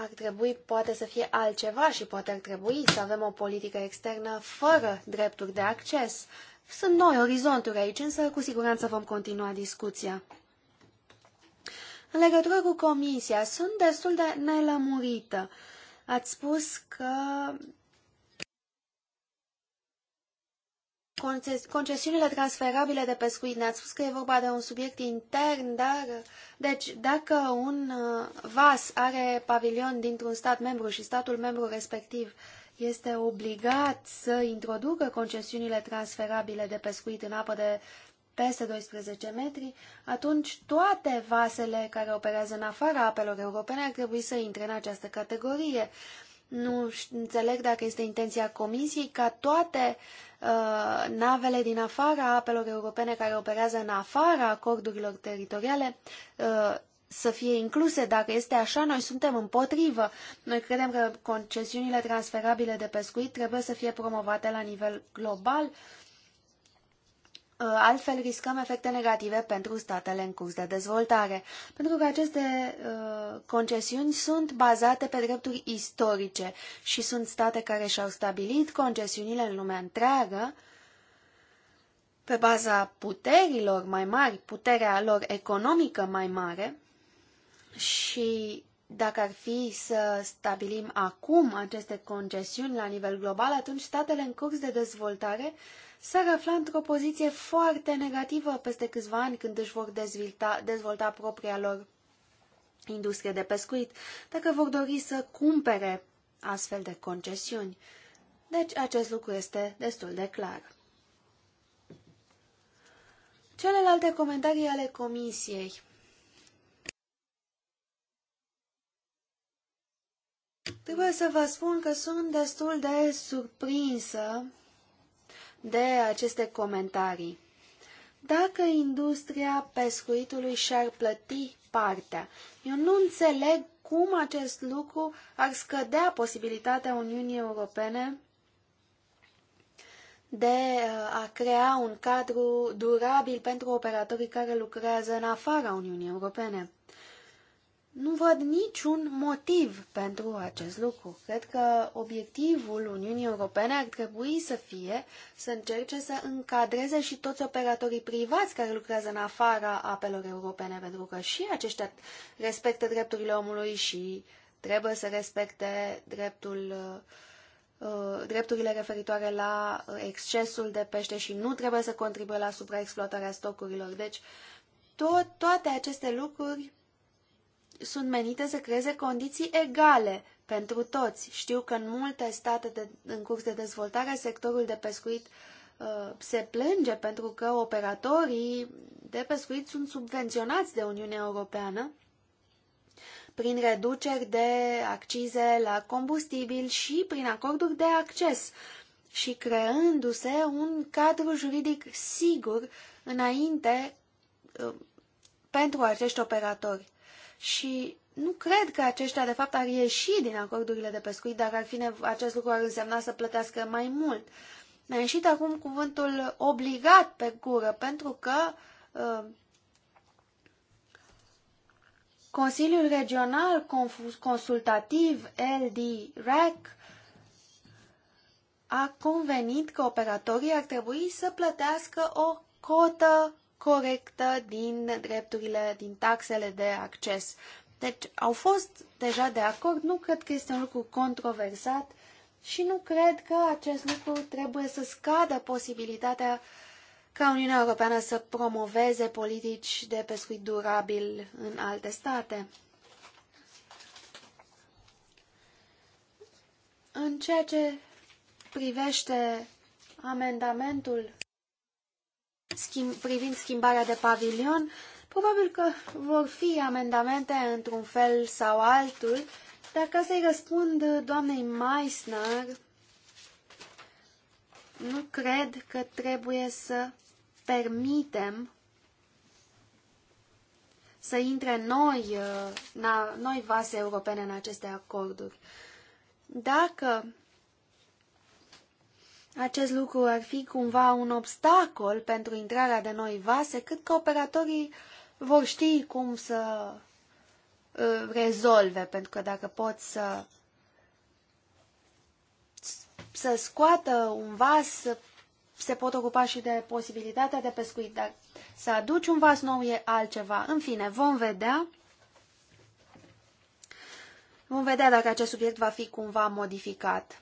Speaker 2: ar trebui poate să fie altceva și poate ar trebui să avem o politică externă fără drepturi de acces. Sunt noi orizonturi aici, însă cu siguranță vom continua discuția. În legătură cu comisia, sunt destul de nelămurită. Ați spus că concesiunile transferabile de pescuit. Ne-ați spus că e vorba de un subiect intern, dar deci dacă un uh, vas are pavilion dintr-un stat membru și statul membru respectiv este obligat să introducă concesiunile transferabile de pescuit în apă de peste 12 metri, atunci toate vasele care operează în afara apelor europene ar trebui să intre în această categorie. Nu înțeleg dacă este intenția Comisiei ca toate uh, Uh, navele din afara apelor europene care operează în afara acordurilor teritoriale uh, să fie incluse. Dacă este așa, noi suntem împotrivă. Noi credem că concesiunile transferabile de pescuit trebuie să fie promovate la nivel global Uh, altfel riscăm efecte negative pentru statele în curs de dezvoltare, pentru că aceste uh, concesiuni sunt bazate pe drepturi istorice și sunt state care și-au stabilit concesiunile în lumea întreagă pe baza puterilor mai mari, puterea lor economică mai mare și dacă ar fi să stabilim acum aceste concesiuni la nivel global, atunci statele în curs de dezvoltare s-ar afla într-o poziție foarte negativă peste câțiva ani când își vor dezvolta, dezvolta propria lor industrie de pescuit, dacă vor dori să cumpere astfel de concesiuni. Deci acest lucru este destul de clar. Celelalte comentarii ale comisiei. Trebuie să vă spun că sunt destul de surprinsă de aceste comentarii. Dacă industria pescuitului și-ar plăti partea, eu nu înțeleg cum acest lucru ar scădea posibilitatea Uniunii Europene de uh, a crea un cadru durabil pentru operatorii care lucrează în afara Uniunii Europene. Nu văd niciun motiv pentru acest lucru. Cred că obiectivul Uniunii Europene ar trebui să fie să încerce să încadreze și toți operatorii privați care lucrează în afara apelor europene, pentru că și aceștia respectă drepturile omului și trebuie să respecte dreptul, uh, drepturile referitoare la excesul de pește și nu trebuie să contribuie la supraexploatarea stocurilor. Deci, tot, toate aceste lucruri sunt menite să creeze condiții egale pentru toți. Știu că în multe state de, în curs de dezvoltare sectorul de pescuit uh, se plânge pentru că operatorii de pescuit sunt subvenționați de Uniunea Europeană prin reduceri de accize la combustibil și prin acorduri de acces și creându-se un cadru juridic sigur înainte uh, pentru acești operatori și nu cred că aceștia de fapt ar ieși din acordurile de pescuit, dacă ar fi acest lucru ar însemna să plătească mai mult. mi a ieșit acum cuvântul obligat pe gură, pentru că uh, Consiliul Regional Consultativ LD-REC a convenit că operatorii ar trebui să plătească o cotă corectă din drepturile, din taxele de acces. Deci au fost deja de acord, nu cred că este un lucru controversat și nu cred că acest lucru trebuie să scadă posibilitatea ca Uniunea Europeană să promoveze politici de pescuit durabil în alte state. În ceea ce privește amendamentul schimb, privind schimbarea de pavilion, probabil că vor fi amendamente într-un fel sau altul, dar ca să-i răspund doamnei Meissner, nu cred că trebuie să permitem să intre noi, uh, na, noi vase europene în aceste acorduri. Dacă acest lucru ar fi cumva un obstacol pentru intrarea de noi vase, cât că operatorii vor ști cum să uh, rezolve, pentru că dacă pot să să scoată un vas, se pot ocupa și de posibilitatea de pescuit, dar să aduci un vas nou e altceva. În fine, vom vedea. Vom vedea dacă acest subiect va fi cumva modificat.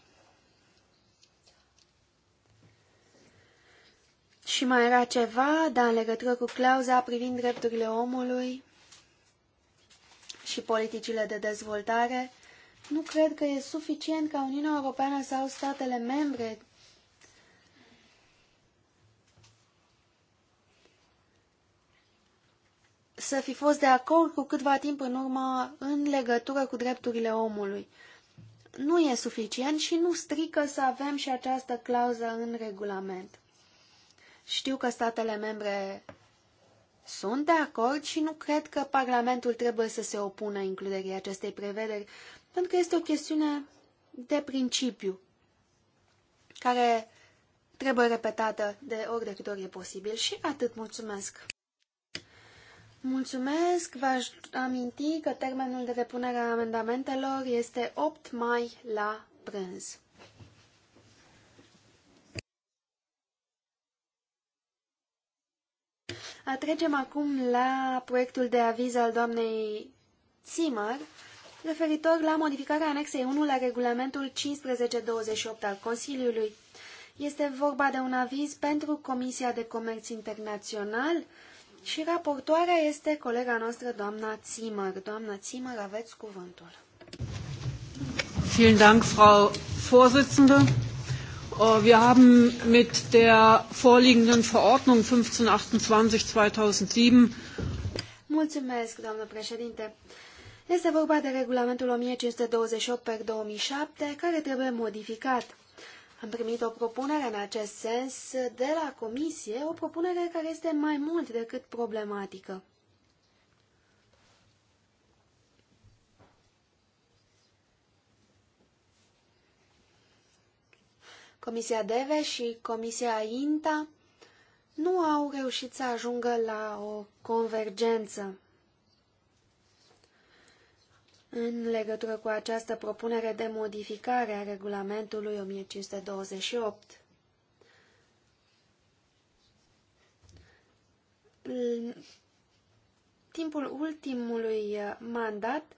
Speaker 2: Și mai era ceva, dar în legătură cu clauza privind drepturile omului și politicile de dezvoltare, nu cred că e suficient ca Uniunea Europeană sau statele membre să fi fost de acord cu câtva timp în urmă în legătură cu drepturile omului. Nu e suficient și nu strică să avem și această clauză în regulament. Știu că statele membre sunt de acord și nu cred că Parlamentul trebuie să se opună includerii acestei prevederi, pentru că este o chestiune de principiu care trebuie repetată de ori de câte ori e posibil și atât mulțumesc. Mulțumesc, v-aș aminti că termenul de depunere a amendamentelor este 8 mai la prânz. Trecem acum la proiectul de aviz al doamnei Zimmer referitor la modificarea anexei 1 la regulamentul 1528 al Consiliului. Este vorba de un aviz pentru Comisia de Comerț Internațional și raportoarea este colega noastră, doamna Zimmer. Doamna Zimmer, aveți cuvântul.
Speaker 1: Vielen Dank, Frau Vorsitzende.
Speaker 3: Äh, wir haben mit der vorliegenden Verordnung 1528-2007
Speaker 2: Mulțumesc, doamnă președinte. Este vorba de regulamentul 1528 2007, care trebuie modificat. Am primit o propunere în acest sens de la Comisie, o propunere care este mai mult decât problematică. Comisia DEVE și Comisia INTA nu au reușit să ajungă la o convergență în legătură cu această propunere de modificare a regulamentului 1528. În timpul ultimului mandat,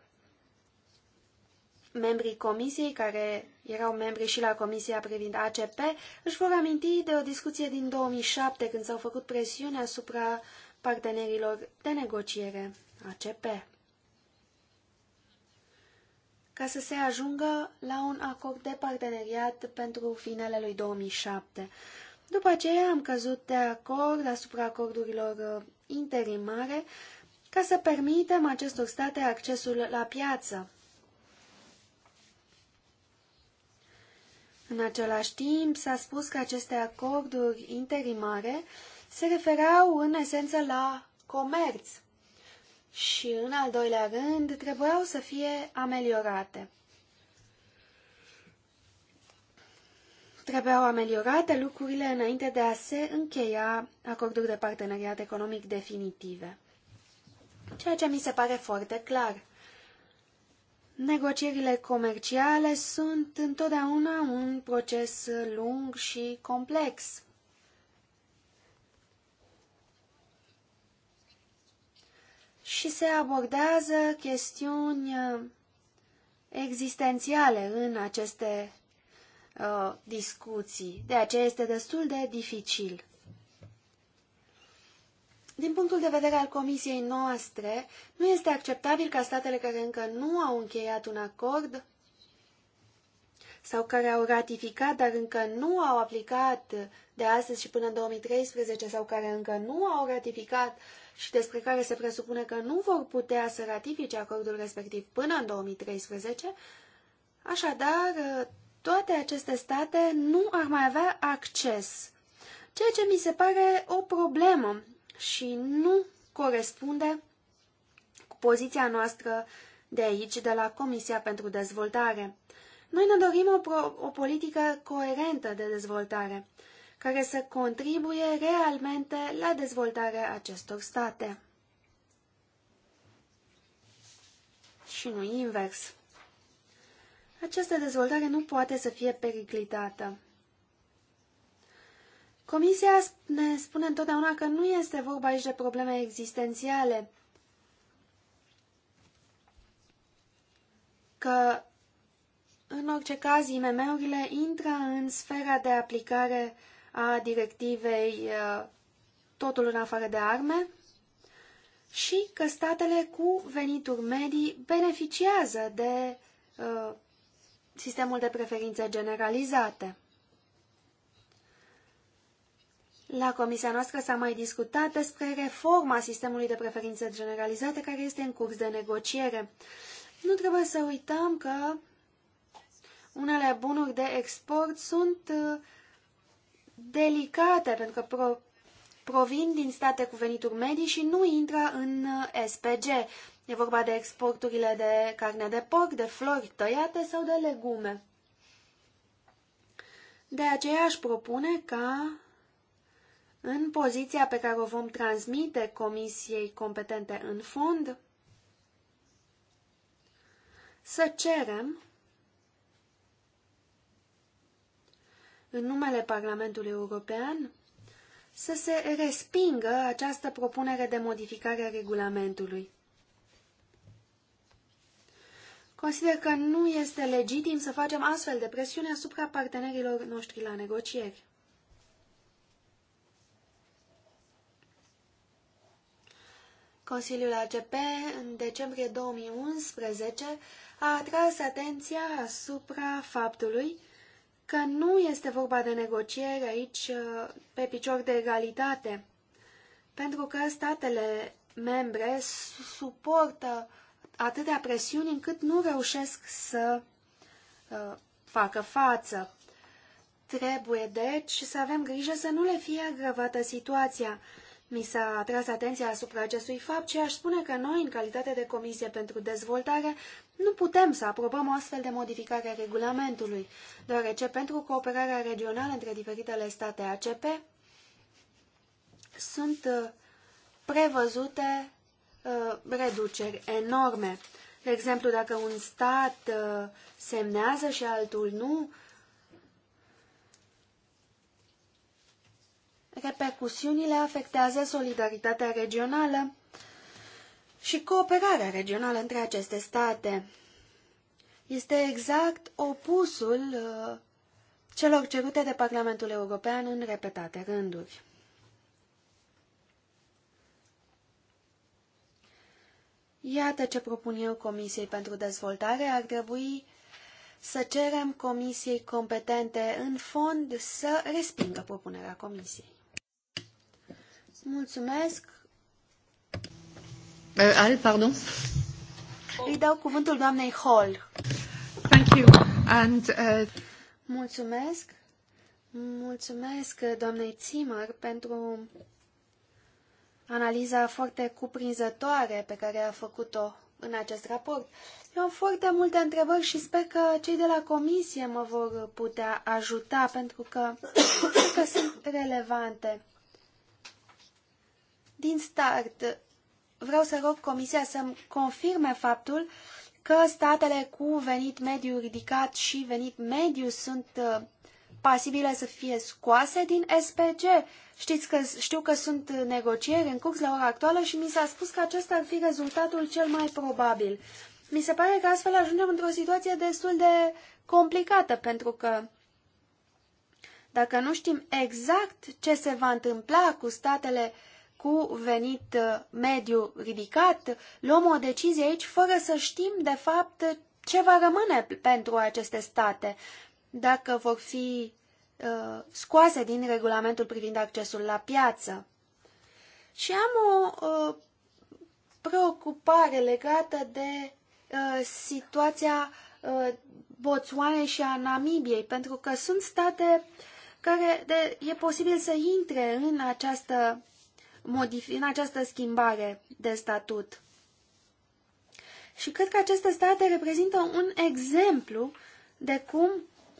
Speaker 2: membrii comisiei care erau membri și la Comisia privind ACP, își vor aminti de o discuție din 2007 când s-au făcut presiune asupra partenerilor de negociere ACP ca să se ajungă la un acord de parteneriat pentru finele lui 2007. După aceea am căzut de acord asupra acordurilor uh, interimare ca să permitem acestor state accesul la piață. În același timp, s-a spus că aceste acorduri interimare se refereau în esență la comerț și, în al doilea rând, trebuiau să fie ameliorate. Trebuiau ameliorate lucrurile înainte de a se încheia acorduri de parteneriat economic definitive. Ceea ce mi se pare foarte clar. Negocierile comerciale sunt întotdeauna un proces lung și complex. Și se abordează chestiuni uh, existențiale în aceste uh, discuții. De aceea este destul de dificil. Din punctul de vedere al comisiei noastre, nu este acceptabil ca statele care încă nu au încheiat un acord sau care au ratificat, dar încă nu au aplicat de astăzi și până în 2013, sau care încă nu au ratificat și despre care se presupune că nu vor putea să ratifice acordul respectiv până în 2013, așadar, toate aceste state nu ar mai avea acces. Ceea ce mi se pare o problemă, și nu corespunde cu poziția noastră de aici, de la Comisia pentru Dezvoltare. Noi ne dorim o, pro, o politică coerentă de dezvoltare, care să contribuie realmente la dezvoltarea acestor state. Și nu invers. Această dezvoltare nu poate să fie periclitată. Comisia ne spune întotdeauna că nu este vorba aici de probleme existențiale, că în orice caz IMM-urile intră în sfera de aplicare a directivei uh, totul în afară de arme și că statele cu venituri medii beneficiază de uh, sistemul de preferințe generalizate. La comisia noastră s-a mai discutat despre reforma sistemului de preferințe generalizate care este în curs de negociere. Nu trebuie să uităm că unele bunuri de export sunt uh, delicate pentru că pro provin din state cu venituri medii și nu intră în uh, SPG. E vorba de exporturile de carne de porc, de flori tăiate sau de legume. De aceea aș propune ca în poziția pe care o vom transmite comisiei competente în fond, să cerem în numele Parlamentului European să se respingă această propunere de modificare a regulamentului. Consider că nu este legitim să facem astfel de presiune asupra partenerilor noștri la negocieri. Consiliul ACP, în decembrie 2011, a atras atenția asupra faptului că nu este vorba de negocieri aici uh, pe picior de egalitate, pentru că statele membre suportă atâtea presiuni încât nu reușesc să uh, facă față. Trebuie, deci, să avem grijă să nu le fie agravată situația mi s-a atras atenția asupra acestui fapt și aș spune că noi, în calitate de Comisie pentru Dezvoltare, nu putem să aprobăm o astfel de modificare a regulamentului, deoarece pentru cooperarea regională între diferitele state ACP sunt uh, prevăzute uh, reduceri enorme. De exemplu, dacă un stat uh, semnează și altul nu, Repercusiunile afectează solidaritatea regională și cooperarea regională între aceste state. Este exact opusul uh, celor cerute de Parlamentul European în repetate rânduri. Iată ce propun eu Comisiei pentru Dezvoltare. Ar trebui să cerem Comisiei competente în fond să respingă propunerea Comisiei. Mulțumesc. Uh, Al, pardon. Îi dau cuvântul doamnei Hall. Thank you. And, uh... Mulțumesc. Mulțumesc uh, doamnei Zimmer pentru analiza foarte cuprinzătoare pe care a făcut-o în acest raport. Eu am foarte multe întrebări și sper că cei de la comisie mă vor putea ajuta pentru că, că sunt relevante. Din start, vreau să rog Comisia să-mi confirme faptul că statele cu venit mediu ridicat și venit mediu sunt uh, pasibile să fie scoase din SPG. Știți că, știu că sunt negocieri în curs la ora actuală și mi s-a spus că acesta ar fi rezultatul cel mai probabil. Mi se pare că astfel ajungem într-o situație destul de complicată, pentru că dacă nu știm exact ce se va întâmpla cu statele cu venit uh, mediu ridicat, luăm o decizie aici fără să știm, de fapt, ce va rămâne pentru aceste state, dacă vor fi uh, scoase din regulamentul privind accesul la piață. Și am o uh, preocupare legată de uh, situația uh, Botswanei și a Namibiei, pentru că sunt state care de, e posibil să intre în această în această schimbare de statut. Și cred că aceste state reprezintă un exemplu de cum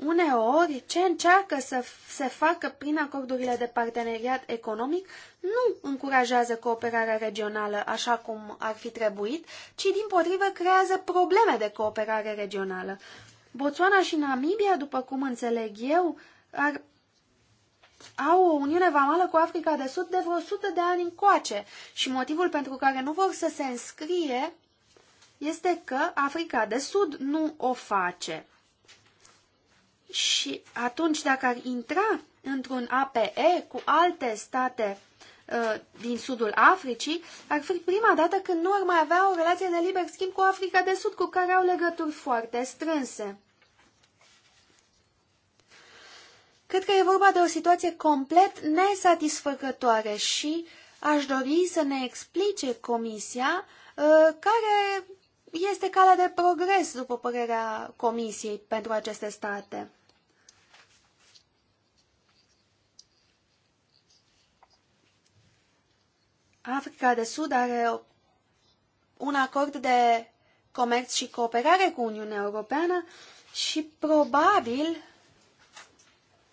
Speaker 2: uneori ce încearcă să se facă prin acordurile de parteneriat economic nu încurajează cooperarea regională așa cum ar fi trebuit, ci din potrivă creează probleme de cooperare regională. Botswana și Namibia, după cum înțeleg eu, ar au o uniune vamală cu Africa de Sud de vreo 100 de ani încoace și motivul pentru care nu vor să se înscrie este că Africa de Sud nu o face. Și atunci dacă ar intra într-un APE cu alte state uh, din sudul Africii, ar fi prima dată când nu ar mai avea o relație de liber schimb cu Africa de Sud, cu care au legături foarte strânse. Cred că e vorba de o situație complet nesatisfăcătoare și aș dori să ne explice Comisia uh, care este calea de progres, după părerea Comisiei, pentru aceste state. Africa de Sud are un acord de comerț și cooperare cu Uniunea Europeană și probabil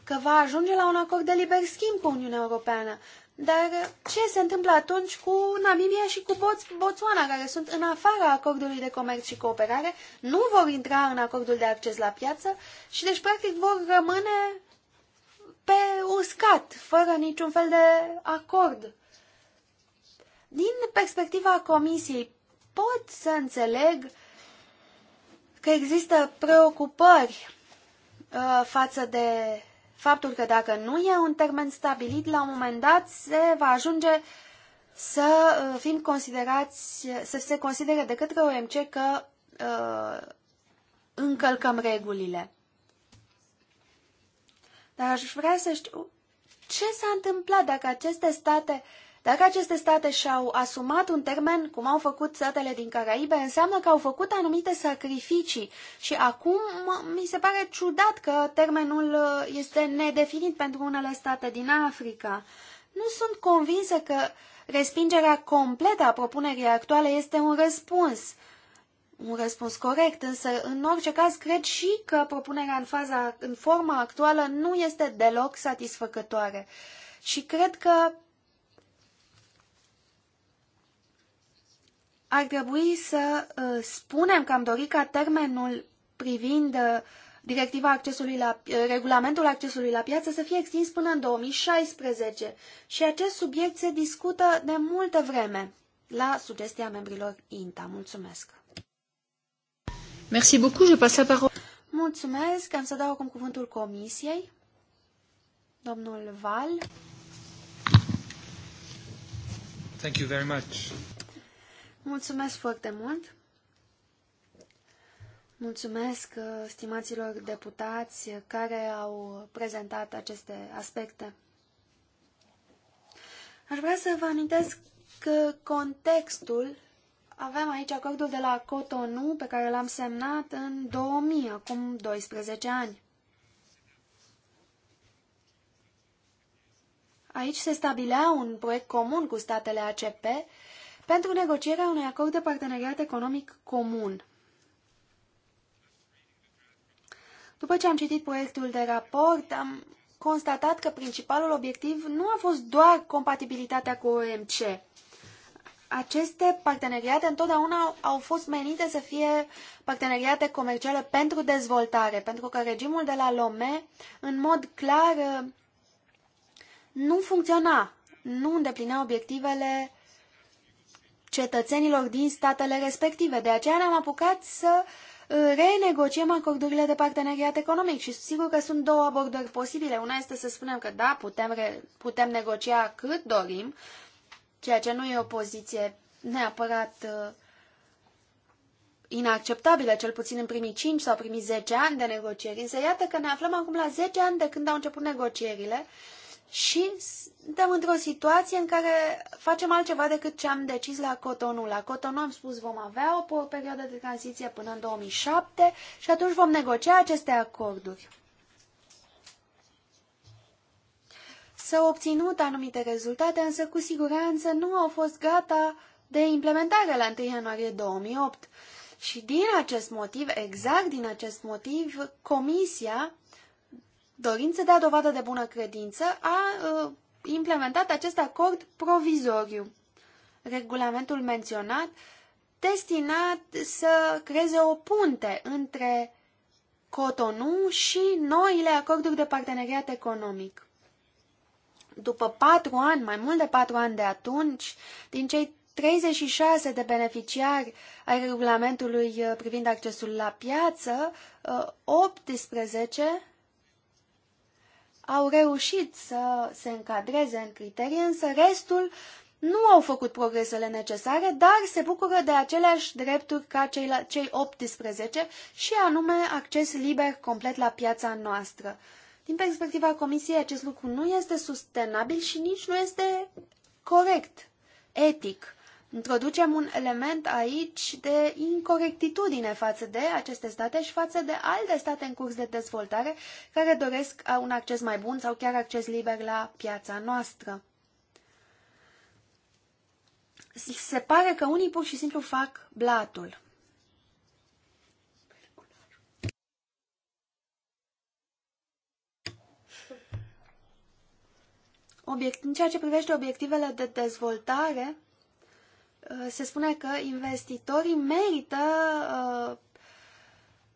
Speaker 2: că va ajunge la un acord de liber schimb cu Uniunea Europeană. Dar ce se întâmplă atunci cu Namibia și cu Botswana, care sunt în afara acordului de comerț și cooperare, nu vor intra în acordul de acces la piață și deci practic vor rămâne pe uscat, fără niciun fel de acord. Din perspectiva Comisiei, pot să înțeleg că există preocupări uh, față de faptul că dacă nu e un termen stabilit, la un moment dat se va ajunge să uh, fim considerați, să se considere de către OMC că uh, încălcăm regulile. Dar aș vrea să știu ce s-a întâmplat dacă aceste state dacă aceste state și-au asumat un termen, cum au făcut statele din Caraibe, înseamnă că au făcut anumite sacrificii și acum mi se pare ciudat că termenul uh, este nedefinit pentru unele state din Africa. Nu sunt convinsă că respingerea completă a propunerii actuale este un răspuns. Un răspuns corect, însă în orice caz cred și că propunerea în, faza, în forma actuală nu este deloc satisfăcătoare. Și cred că ar trebui să uh, spunem că am dorit ca termenul privind uh, directiva accesului la, uh, regulamentul accesului la piață să fie extins până în 2016 și acest subiect se discută de multă vreme la sugestia membrilor INTA. Mulțumesc! Merci beaucoup, je passe la parole. Mulțumesc, am să dau acum cuvântul comisiei. Domnul Val. Thank you very much. Mulțumesc foarte mult! Mulțumesc uh, stimaților deputați care au prezentat aceste aspecte. Aș vrea să vă amintesc că contextul avem aici acordul de la Cotonou pe care l-am semnat în 2000, acum 12 ani. Aici se stabilea un proiect comun cu statele ACP pentru negocierea unui acord de parteneriat economic comun. După ce am citit proiectul de raport, am constatat că principalul obiectiv nu a fost doar compatibilitatea cu OMC. Aceste parteneriate întotdeauna au fost menite să fie parteneriate comerciale pentru dezvoltare, pentru că regimul de la Lome, în mod clar, nu funcționa, nu îndeplinea obiectivele cetățenilor din statele respective. De aceea ne-am apucat să uh, renegociem acordurile de parteneriat economic și sigur că sunt două abordări posibile. Una este să spunem că da, putem, putem negocia cât dorim, ceea ce nu e o poziție neapărat uh, inacceptabilă, cel puțin în primii 5 sau primii 10 ani de negocieri. Însă iată că ne aflăm acum la 10 ani de când au început negocierile și suntem într-o situație în care facem altceva decât ce am decis la Cotonou. La Cotonou am spus vom avea o, o perioadă de tranziție până în 2007 și atunci vom negocia aceste acorduri. S-au obținut anumite rezultate, însă cu siguranță nu au fost gata de implementare la 1 ianuarie 2008. Și din acest motiv, exact din acest motiv, Comisia dorință de a dovadă de bună credință, a uh, implementat acest acord provizoriu. Regulamentul menționat destinat să creeze o punte între Cotonou și noile acorduri de parteneriat economic. După patru ani, mai mult de patru ani de atunci, din cei 36 de beneficiari ai regulamentului ă, privind accesul la piață, 18 ă, au reușit să se încadreze în criterii, însă restul nu au făcut progresele necesare, dar se bucură de aceleași drepturi ca cei, la, cei 18 și anume acces liber complet la piața noastră. Din perspectiva Comisiei, acest lucru nu este sustenabil și nici nu este corect, etic. Introducem un element aici de incorectitudine față de aceste state și față de alte state în curs de dezvoltare care doresc un acces mai bun sau chiar acces liber la piața noastră. Se pare că unii pur și simplu fac blatul. Obiect, în ceea ce privește obiectivele de dezvoltare, Uh, se spune că investitorii merită uh,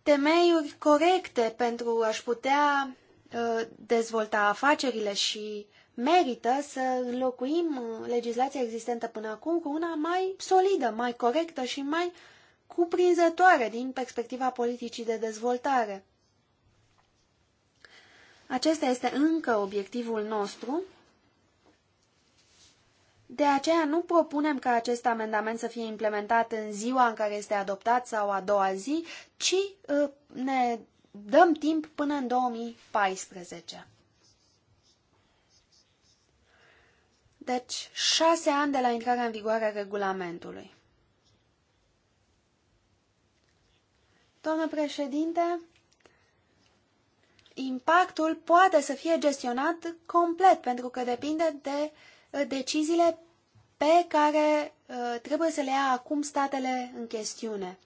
Speaker 2: temeiuri corecte pentru a-și putea uh, dezvolta afacerile și merită să înlocuim legislația existentă până acum cu una mai solidă, mai corectă și mai cuprinzătoare din perspectiva politicii de dezvoltare. Acesta este încă obiectivul nostru de aceea nu propunem ca acest amendament să fie implementat în ziua în care este adoptat sau a doua zi, ci ă, ne dăm timp până în 2014. Deci, șase ani de la intrarea în vigoare a regulamentului. Domnul președinte, impactul poate să fie gestionat complet, pentru că depinde de uh, Uh, deciziile pe care uh, trebuie să le ia acum statele în chestiune,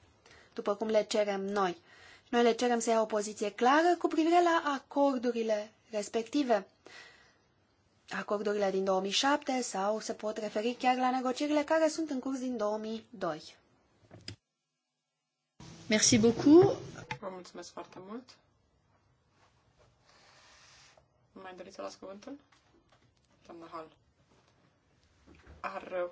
Speaker 2: după cum le cerem noi. Noi le cerem să ia o poziție clară cu privire la acordurile respective. Acordurile din 2007 sau se pot referi chiar la negocierile care sunt în curs din 2002. Merci beaucoup. Vă
Speaker 3: mulțumesc foarte mult. Mai doriți să las cuvântul? Doamna Hall. Ar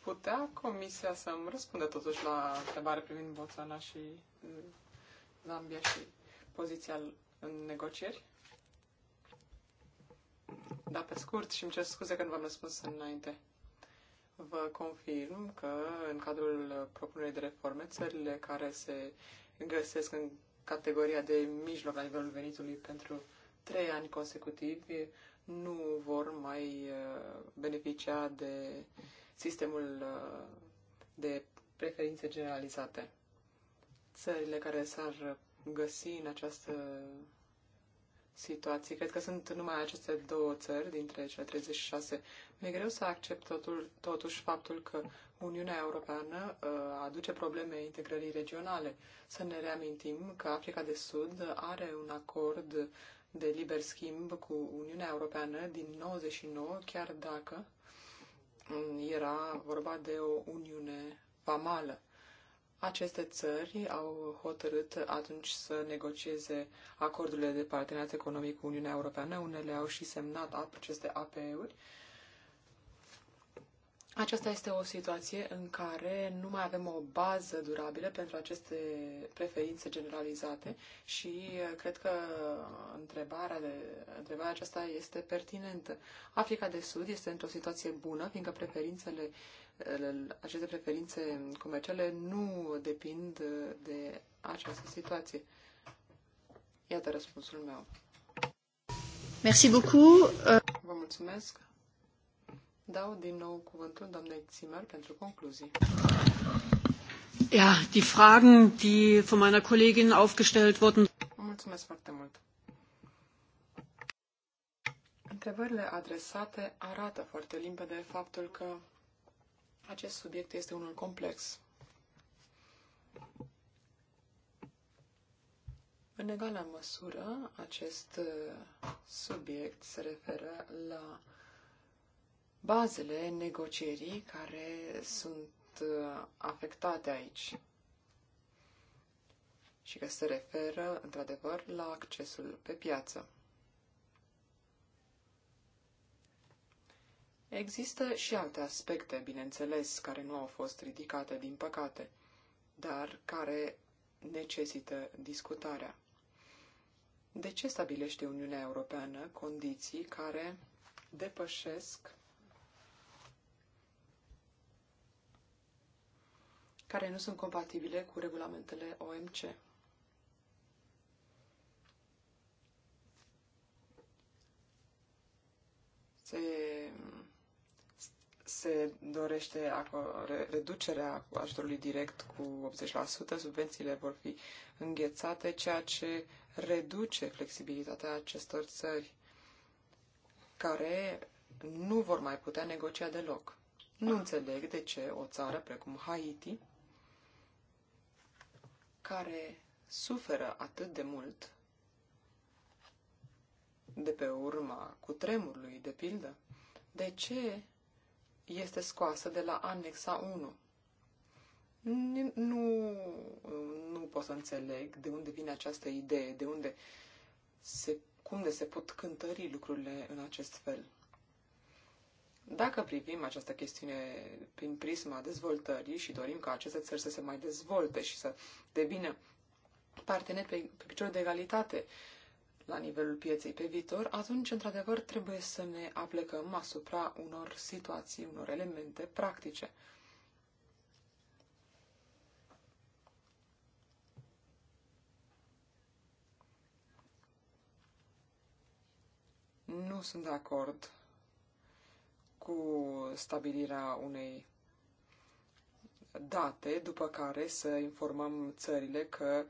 Speaker 3: putea comisia să-mi răspundă totuși la întrebare privind Botswana și uh, Zambia și poziția în negocieri? Da, pe scurt și îmi cer scuze că nu v-am răspuns înainte. Vă confirm că în cadrul propunerii de reforme, țările care se găsesc în categoria de mijloc la nivelul venitului pentru trei ani consecutivi nu vor mai uh, beneficia de sistemul uh, de preferințe generalizate. Țările care s-ar găsi în această situație, cred că sunt numai aceste două țări dintre cele 36. Mi-e greu să accept totul, totuși faptul că Uniunea Europeană uh, aduce probleme integrării regionale. Să ne reamintim că Africa de Sud are un acord de liber schimb cu Uniunea Europeană din 99, chiar dacă mm, era vorba de o uniune vamală. Aceste țări au hotărât atunci să negocieze acordurile de parteneriat economic cu Uniunea Europeană. Unele au și semnat aceste APE-uri aceasta este o situație în care nu mai avem o bază durabilă pentru aceste preferințe generalizate și eh, cred că întrebarea, de, întrebarea aceasta este pertinentă. Africa de Sud este într-o situație bună, fiindcă preferințele, eh, aceste preferințe comerciale nu depind eh, de această situație. Iată răspunsul meu.
Speaker 1: Merci beaucoup.
Speaker 3: Vă mulțumesc. Dau din nou cuvântul doamnei Zimmer pentru concluzii.
Speaker 1: Ja, die Fragen, die von meiner
Speaker 3: Kollegin aufgestellt wurden. Mulțumesc foarte mult. Întrebările adresate arată foarte limpede faptul că acest subiect este unul complex. În egală măsură, acest uh, subiect se referă la bazele negocierii care sunt uh, afectate aici și că se referă, într-adevăr, la accesul pe piață. Există și alte aspecte, bineînțeles, care nu au fost ridicate, din păcate, dar care necesită discutarea. De ce stabilește Uniunea Europeană condiții care depășesc care nu sunt compatibile cu regulamentele OMC. Se, se dorește reducerea ajutorului direct cu 80%, subvențiile vor fi înghețate, ceea ce reduce flexibilitatea acestor țări care nu vor mai putea negocia deloc. Nu înțeleg de ce o țară precum Haiti care suferă atât de mult de pe urma tremurului, de pildă, de ce este scoasă de la anexa 1? Nu, nu pot să înțeleg de unde vine această idee, de unde se, cum de se pot cântări lucrurile în acest fel. Dacă privim această chestiune prin prisma dezvoltării și dorim ca aceste țări să se mai dezvolte și să devină parteneri pe, pe picior de egalitate la nivelul pieței pe viitor, atunci, într-adevăr, trebuie să ne aplecăm asupra unor situații, unor elemente practice. Nu sunt de acord cu stabilirea unei date după care să informăm țările că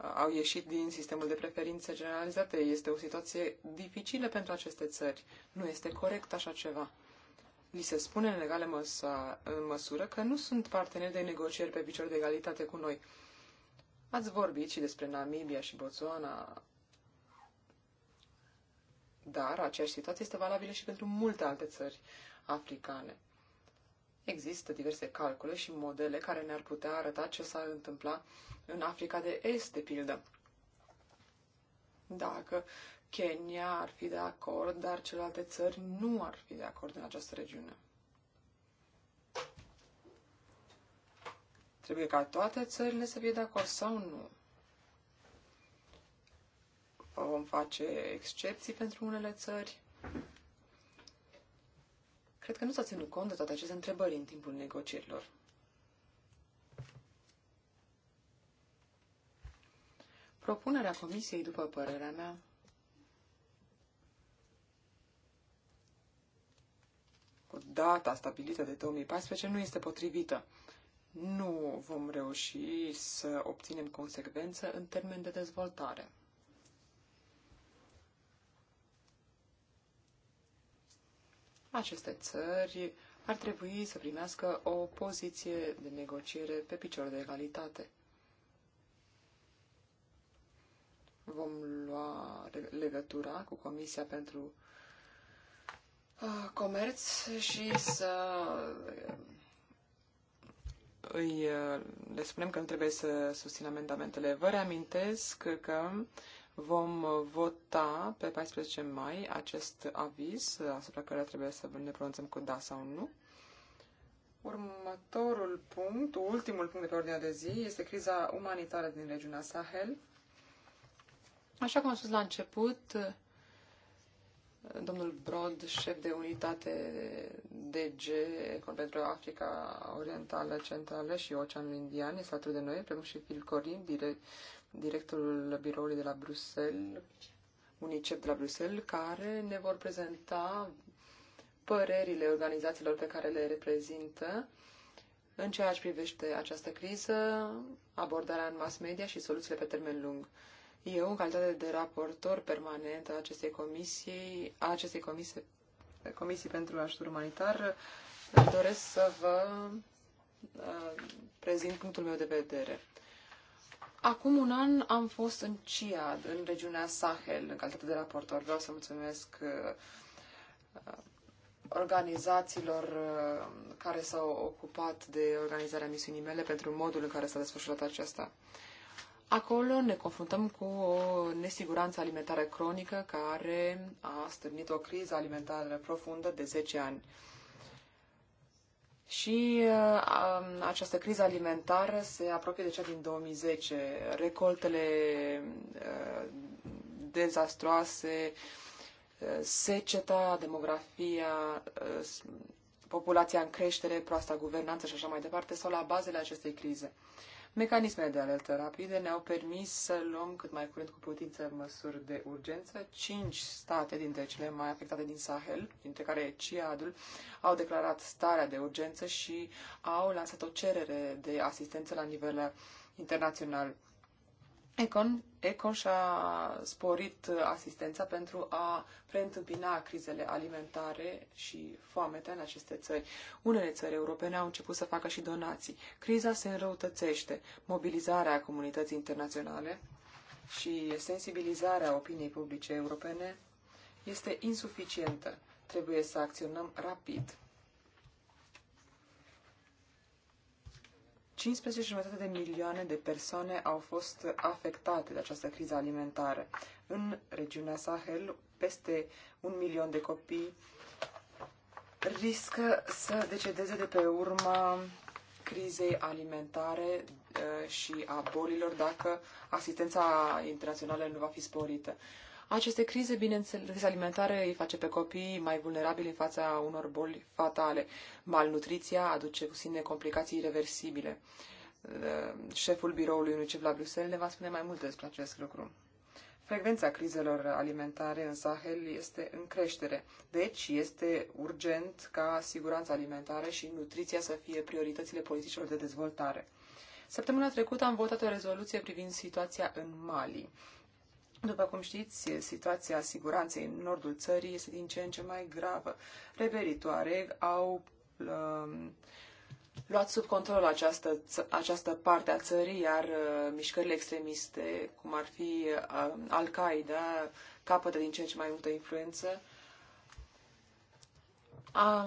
Speaker 3: uh, au ieșit din sistemul de preferințe generalizate. Este o situație dificilă pentru aceste țări. Nu este corect așa ceva. Li se spune în legale măsa, în măsură că nu sunt parteneri de negocieri pe picior de egalitate cu noi. Ați vorbit și despre Namibia și Botswana, dar aceeași situație este valabilă și pentru multe alte țări africane. Există diverse calcule și modele care ne-ar putea arăta ce s-ar întâmpla în Africa de Est, de pildă. Dacă Kenya ar fi de acord, dar celelalte țări nu ar fi de acord în această regiune. Trebuie ca toate țările să fie de acord sau nu vom face excepții pentru unele țări. Cred că nu s-a ținut cont de toate aceste întrebări în timpul negocierilor. Propunerea comisiei, după părerea mea, cu data stabilită de 2014 nu este potrivită. Nu vom reuși să obținem consecvență în termen de dezvoltare. aceste țări ar trebui să primească o poziție de negociere pe picior de egalitate. Vom lua legătura cu Comisia pentru uh, Comerț și să uh, îi, uh, le spunem că nu trebuie să susțin amendamentele. Vă reamintesc că Vom uh, vota pe 14 mai acest aviz asupra care trebuie să ne pronunțăm cu da sau nu. Următorul punct, ultimul punct de pe ordinea de zi, este criza umanitară din regiunea Sahel. Așa cum am spus la început, domnul Brod, șef de unitate DG pentru Africa Orientală, Centrală și Oceanul Indian, este alături de noi, precum și Phil Corin, direct, directorul biroului de la Bruxelles, UNICEF de la Bruxelles, care ne vor prezenta părerile organizațiilor pe care le reprezintă în ceea ce privește această criză, abordarea în mass media și soluțiile pe termen lung. Eu, în calitate de raportor permanent a acestei comisii, a acestei comisii, comisii pentru ajutor umanitar, doresc să vă uh, prezint punctul meu de vedere. Acum un an am fost în CIAD, în regiunea Sahel, în calitate de raportor. Vreau să mulțumesc uh, uh, organizațiilor uh, care s-au ocupat de organizarea misiunii mele pentru modul în care s-a desfășurat aceasta. Acolo ne confruntăm cu o nesiguranță alimentară cronică care a stârnit o criză alimentară profundă de 10 ani. Și uh, această criză alimentară se apropie de cea din 2010. Recoltele uh, dezastroase, uh, seceta, demografia, populația în creștere, proasta guvernanță și așa mai departe, sau la bazele acestei crize. Mecanismele de alertă rapide ne-au permis să luăm cât mai curând cu putință măsuri de urgență. Cinci state dintre cele mai afectate din Sahel, dintre care Ciadul, au declarat starea de urgență și au lansat o cerere de asistență la nivel internațional. Econ, Econ și-a sporit asistența pentru a preîntâmpina crizele alimentare și foamete în aceste țări. Unele țări europene au început să facă și donații. Criza se înrăutățește. Mobilizarea comunității internaționale și sensibilizarea opiniei publice europene este insuficientă. Trebuie să acționăm rapid. 15,5 de milioane de persoane au fost afectate de această criză alimentară. În regiunea Sahel, peste un milion de copii riscă să decedeze de pe urma crizei alimentare eh, și a bolilor dacă asistența internațională nu va fi sporită. Aceste crize, bineînțeles, alimentare îi face pe copii mai vulnerabili în fața unor boli fatale. Malnutriția aduce cu sine complicații irreversibile. Eh, șeful biroului UNICEF la Bruxelles ne va spune mai multe despre acest lucru. Frecvența crizelor alimentare în Sahel este în creștere, deci este urgent ca siguranța alimentară și nutriția să fie prioritățile politicilor de dezvoltare. Săptămâna trecută am votat o rezoluție privind situația în Mali. După cum știți, situația siguranței în nordul țării este din ce în ce mai gravă. Reveritoare au um, luat sub control această, această parte a țării, iar uh, mișcările extremiste, cum ar fi uh, Al-Qaeda, capătă din ce în ce mai multă influență.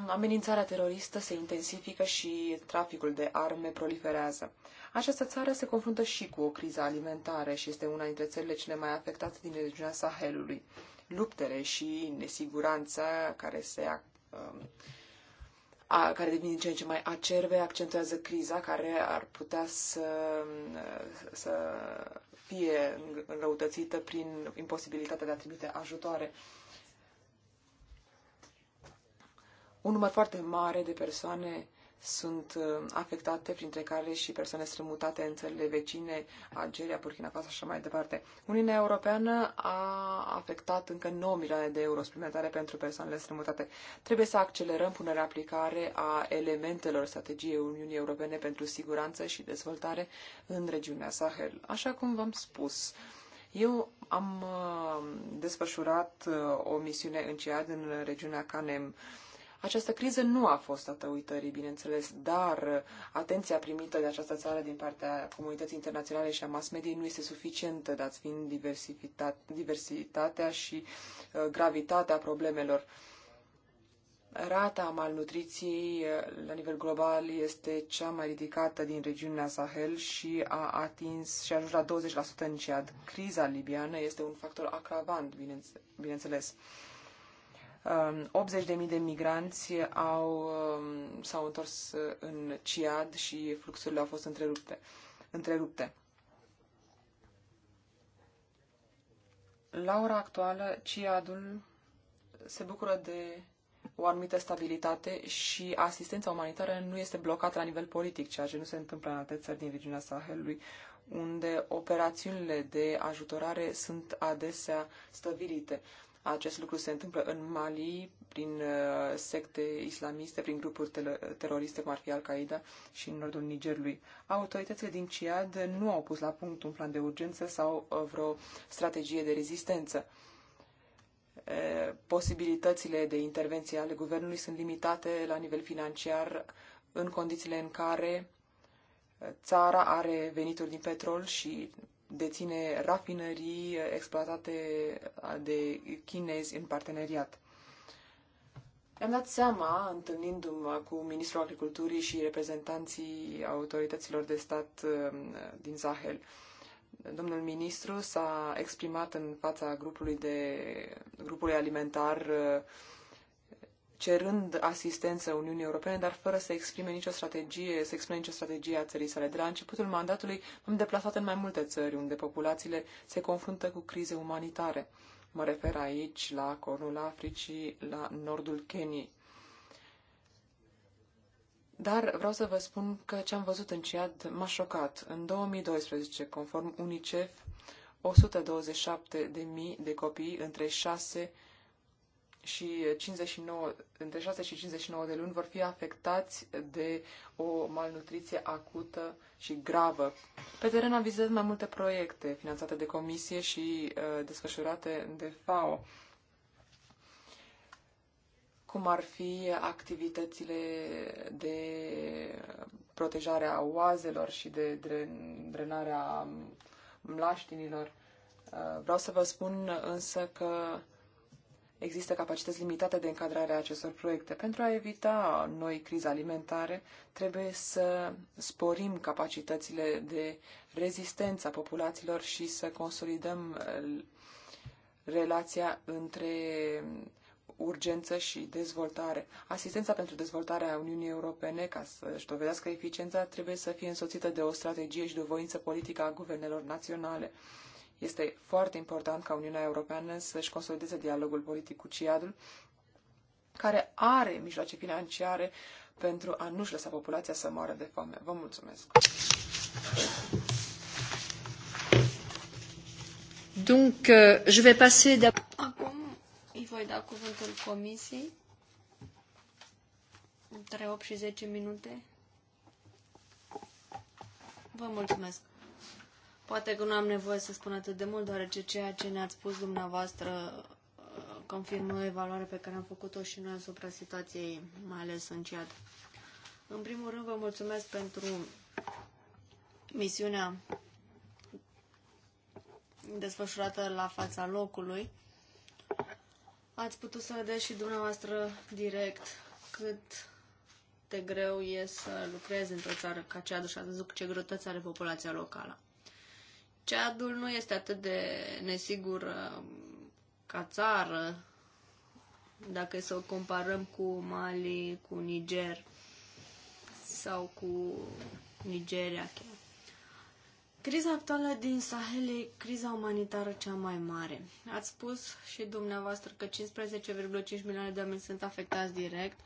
Speaker 3: Amenințarea teroristă se intensifică și traficul de arme proliferează. Această țară se confruntă și cu o criză alimentară și este una dintre țările cele mai afectate din regiunea Sahelului. Luptele și nesiguranța care se um, a, care devin din ce în ce mai acerbe, accentuează criza care ar putea să, să fie înrăutățită prin imposibilitatea de a trimite ajutoare. Un număr foarte mare de persoane sunt uh, afectate, printre care și persoane strămutate în țările vecine, Algeria, Burkina Faso și așa mai departe. Uniunea Europeană a afectat încă 9 milioane de euro suplimentare pentru persoanele strămutate. Trebuie să accelerăm punerea aplicare a elementelor strategiei Uniunii Europene pentru siguranță și dezvoltare în regiunea Sahel. Așa cum v-am spus, eu am uh, desfășurat uh, o misiune în CIAD în regiunea Canem, această criză nu a fost dată uitării, bineînțeles, dar atenția primită de această țară din partea comunității internaționale și a mass mediei nu este suficientă, dat fiind diversitatea și uh, gravitatea problemelor. Rata malnutriției uh, la nivel global este cea mai ridicată din regiunea Sahel și a atins și a ajuns la 20% în Ciad. Criza libiană este un factor acravant, bineînțeles. 80.000 um, de migranți au, um, s-au întors în Ciad și fluxurile au fost întrerupte. întrerupte. La ora actuală, Ciadul se bucură de o anumită stabilitate și asistența umanitară nu este blocată la nivel politic, ceea ce nu se întâmplă în alte țări din regiunea Sahelului, unde operațiunile de ajutorare sunt adesea stăvilite. Acest lucru se întâmplă în Mali prin uh, secte islamiste, prin grupuri teroriste, cum ar fi Al-Qaeda și în nordul Nigerului. Autoritățile din Ciad nu au pus la punct un plan de urgență sau uh, vreo strategie de rezistență. Uh, posibilitățile de intervenție ale guvernului sunt limitate la nivel financiar în condițiile în care țara are venituri din petrol și deține rafinării exploatate de chinezi în parteneriat. Am dat seama, întâlnindu-mă cu ministrul agriculturii și reprezentanții autorităților de stat um, din Sahel, domnul ministru s-a exprimat în fața grupului, de, grupului alimentar uh, cerând asistență Uniunii Europene, dar fără să exprime nicio strategie, să exprime nicio strategie a țării sale. De la începutul mandatului m-am deplasat în mai multe țări unde populațiile se confruntă cu crize umanitare. Mă refer aici la Cornul Africii, la nordul Keniei. Dar vreau să vă spun că ce am văzut în Ciad m-a șocat. În 2012, conform UNICEF, 127.000 de copii între 6 și 59, între 6 și 59 de luni vor fi afectați de o malnutriție acută și gravă. Pe teren avizez mai multe proiecte finanțate de comisie și uh, desfășurate de FAO, cum ar fi activitățile de protejare a oazelor și de dren, drenarea mlaștinilor. Uh, vreau să vă spun însă că există capacități limitate de încadrare a acestor proiecte. Pentru a evita noi crize alimentare, trebuie să sporim capacitățile de rezistență a populațiilor și să consolidăm uh, relația între urgență și dezvoltare. Asistența pentru dezvoltarea Uniunii Europene, ca să-și dovedească eficiența, trebuie să fie însoțită de o strategie și de o voință politică a guvernelor naționale. Este foarte important ca Uniunea Europeană să-și consolideze dialogul politic cu Ciadul, care are mijloace financiare pentru a nu-și lăsa populația să moară de foame. Vă mulțumesc!
Speaker 1: Donc, euh, je vais passer de... Acum îi voi da cuvântul comisiei. Între 8 și 10 minute. Vă mulțumesc. Poate că nu am nevoie să spun atât de mult, deoarece ceea ce ne-ați spus dumneavoastră uh, confirmă o evaluare pe care am făcut-o și noi asupra situației, mai ales în Ciad. În primul rând, vă mulțumesc pentru misiunea desfășurată la fața locului. Ați putut să vedeți și dumneavoastră direct cât de greu e să lucrezi într-o țară ca cea și ați văzut ce greutăți are populația locală. Ceadul nu este atât de nesigur uh, ca țară, dacă să o comparăm cu Mali, cu Niger sau cu Nigeria chiar. Criza actuală din Sahel e criza umanitară cea mai mare. Ați spus și dumneavoastră că 15,5 milioane de oameni sunt afectați direct.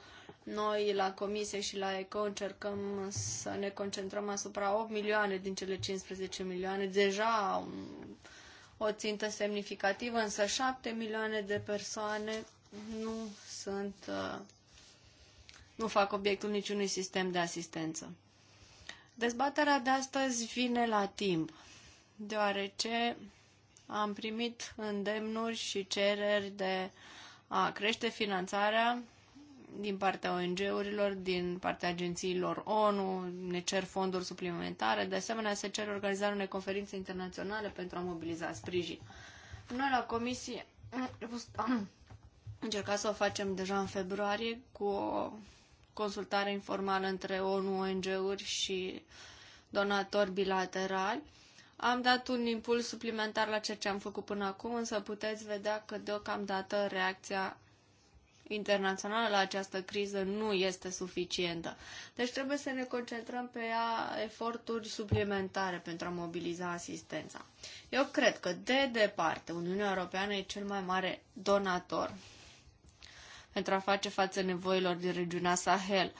Speaker 1: Noi la Comisie și la ECO încercăm să ne concentrăm asupra 8 milioane din cele 15 milioane. Deja o țintă semnificativă, însă 7 milioane de persoane nu sunt uh, nu fac obiectul niciunui sistem de asistență. Dezbaterea de astăzi vine la timp, deoarece am primit îndemnuri și cereri de a crește finanțarea din partea ONG-urilor, din partea agențiilor ONU, ne cer fonduri suplimentare, de asemenea se cer organizarea unei conferințe internaționale pentru a mobiliza sprijin. Noi la comisie am încercat să o facem deja în februarie cu o consultare informală între ONU, ONG-uri și donatori bilaterali. Am dat un impuls suplimentar la ceea ce am făcut până acum, însă puteți vedea că deocamdată reacția internațională la această criză nu este suficientă. Deci trebuie să ne concentrăm pe ea eforturi suplimentare pentru a mobiliza asistența. Eu cred că, de departe, Uniunea Europeană e cel mai mare donator pentru a face față nevoilor din regiunea Sahel.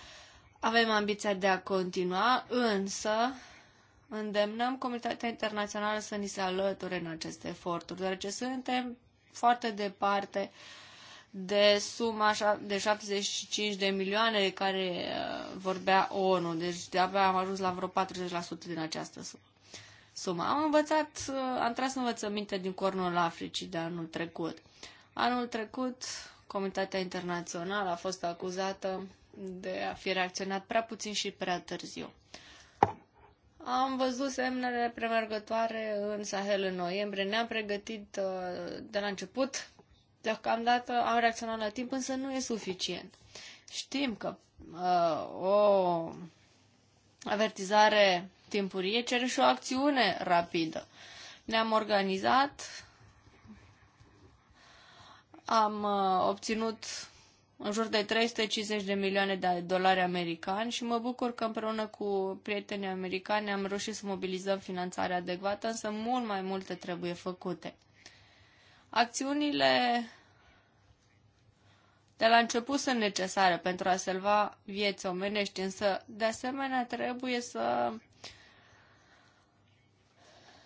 Speaker 1: Avem ambiția de a continua, însă îndemnăm comunitatea internațională să ni se alăture în aceste eforturi, deoarece suntem foarte departe de suma de 75 de milioane de care uh, vorbea ONU. Deci de-abia am ajuns la vreo 40% din această sumă. Am învățat, uh, am tras învățăminte din cornul Africii de anul trecut. Anul trecut comunitatea internațională a fost acuzată de a fi reacționat prea puțin și prea târziu. Am văzut semnele premergătoare în Sahel în noiembrie, ne-am pregătit uh, de la început, deocamdată am reacționat la timp, însă nu e suficient. Știm că uh, o avertizare timpurie cere și o acțiune rapidă. Ne-am organizat, am uh, obținut în jur de 350 de milioane de dolari americani și mă bucur că împreună cu prietenii americani am reușit să mobilizăm finanțarea adecvată, însă mult mai multe trebuie făcute. Acțiunile de la început sunt necesare pentru a salva vieți omenești, însă de asemenea trebuie să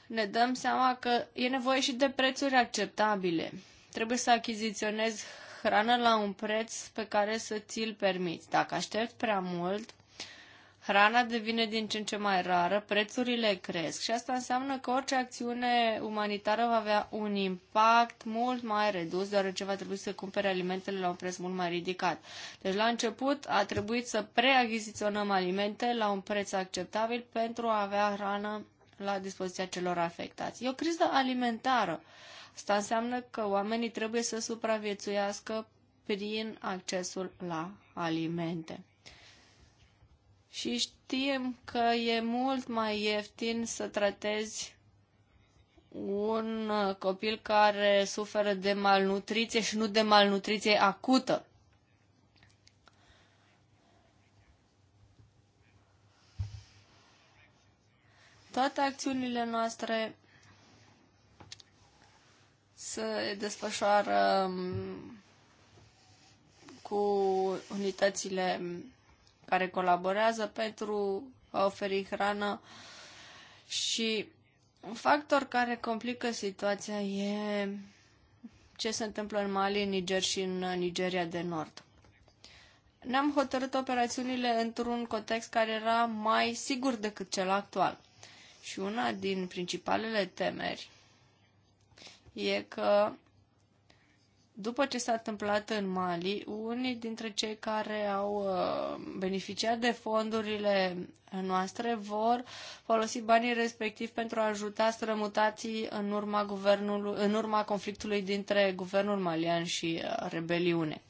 Speaker 1: ne dăm seama că e nevoie și de prețuri acceptabile trebuie să achiziționezi hrană la un preț pe care să ți-l permiți. Dacă aștepți prea mult, hrana devine din ce în ce mai rară, prețurile cresc și asta înseamnă că orice acțiune umanitară va avea un impact mult mai redus, deoarece va trebui să cumpere alimentele la un preț mult mai ridicat. Deci la început a trebuit să preachiziționăm alimente la un preț acceptabil pentru a avea hrană la dispoziția celor afectați. E o criză alimentară. Asta înseamnă că oamenii trebuie să supraviețuiască prin accesul la alimente. Și știm că e mult mai ieftin să tratezi un uh, copil care suferă de malnutriție și nu de malnutriție acută. Toate acțiunile noastre se desfășoară um, cu unitățile care colaborează pentru a oferi hrană și un factor care complică situația e ce se întâmplă în Mali, în Niger și în Nigeria de Nord. Ne-am hotărât operațiunile într-un context care era mai sigur decât cel actual. Și una din principalele temeri e că după ce s-a întâmplat în Mali, unii dintre cei care au uh, beneficiat de fondurile noastre vor folosi banii respectiv pentru a ajuta strămutații în urma, guvernului, în urma conflictului dintre guvernul malian și uh, rebeliune.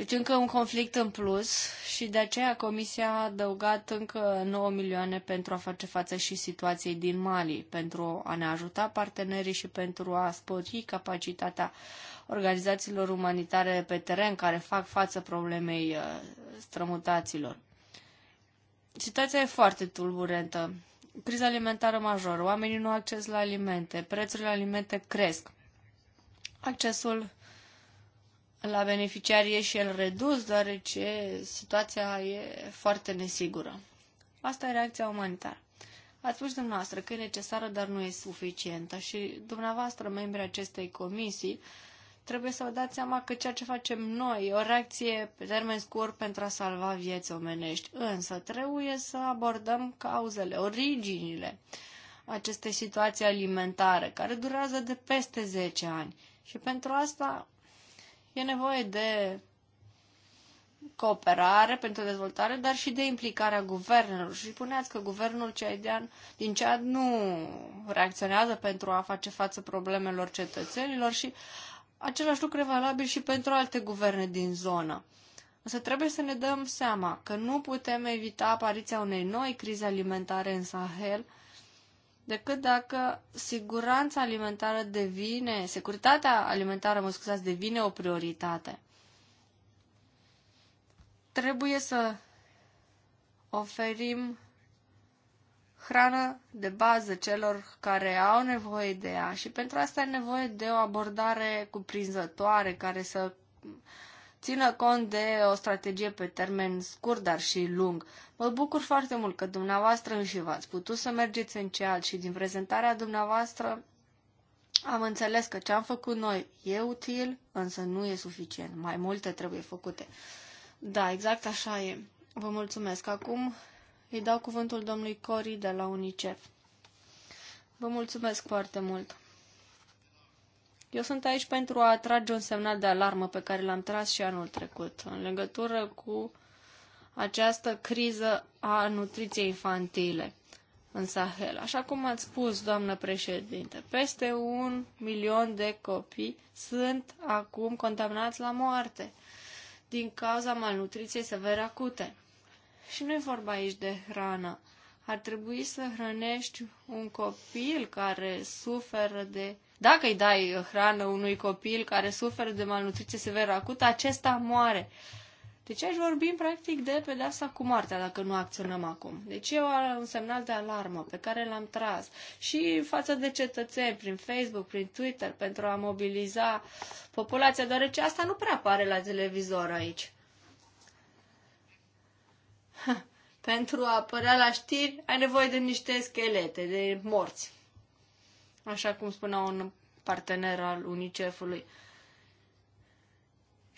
Speaker 1: Deci încă un conflict în plus și de aceea Comisia a adăugat încă 9 milioane pentru a face față și situației din Mali, pentru a ne ajuta partenerii și pentru a spori capacitatea organizațiilor umanitare pe teren care fac față problemei uh, strămutaților. Situația e foarte tulburentă. Criza alimentară majoră, oamenii nu au acces la alimente, prețurile alimente cresc. Accesul la beneficiar e și el redus, deoarece situația e foarte nesigură. Asta e reacția umanitară. Ați spus dumneavoastră că e necesară, dar nu e suficientă și dumneavoastră, membrii acestei comisii, trebuie să vă dați seama că ceea ce facem noi e o reacție pe termen scurt pentru a salva vieți omenești. Însă trebuie să abordăm cauzele, originile acestei situații alimentare, care durează de peste 10 ani. Și pentru asta E nevoie de cooperare pentru dezvoltare, dar și de implicarea guvernelor. Și spuneați că guvernul ceadian, din Cead nu reacționează pentru a face față problemelor cetățenilor și același lucru e valabil și pentru alte guverne din zonă. Însă trebuie să ne dăm seama că nu putem evita apariția unei noi crize alimentare în Sahel – decât dacă siguranța alimentară devine, securitatea alimentară, mă scuzați, devine o prioritate. Trebuie să oferim hrană de bază celor care au nevoie de ea și pentru asta e nevoie de o abordare cuprinzătoare care să țină cont de o strategie pe termen scurt, dar și lung. Mă bucur foarte mult că dumneavoastră înși v-ați putut să mergeți în ceal și din prezentarea dumneavoastră am înțeles că ce am făcut noi e util, însă nu e suficient. Mai multe trebuie făcute. Da, exact așa e. Vă mulțumesc. Acum îi dau cuvântul domnului Cori de la UNICEF. Vă mulțumesc foarte mult. Eu sunt aici pentru a atrage un semnal de alarmă pe care l-am tras și anul trecut în legătură cu această criză a nutriției infantile în Sahel. Așa cum ați spus, doamnă președinte, peste un milion de copii sunt acum condamnați la moarte din cauza malnutriției severe acute. Și nu e vorba aici de hrană. Ar trebui să hrănești un copil care suferă de... Dacă îi dai hrană unui copil care suferă de malnutriție severă acută, acesta moare. Deci aici vorbim practic de pedeapsa cu moartea dacă nu acționăm acum. Deci e un semnal de alarmă pe care l-am tras și față de cetățeni prin Facebook, prin Twitter pentru a mobiliza populația, deoarece asta nu prea apare la televizor aici. Ha, pentru a apărea la știri ai nevoie de niște schelete, de morți. Așa cum spunea un partener al UNICEF-ului. Uh,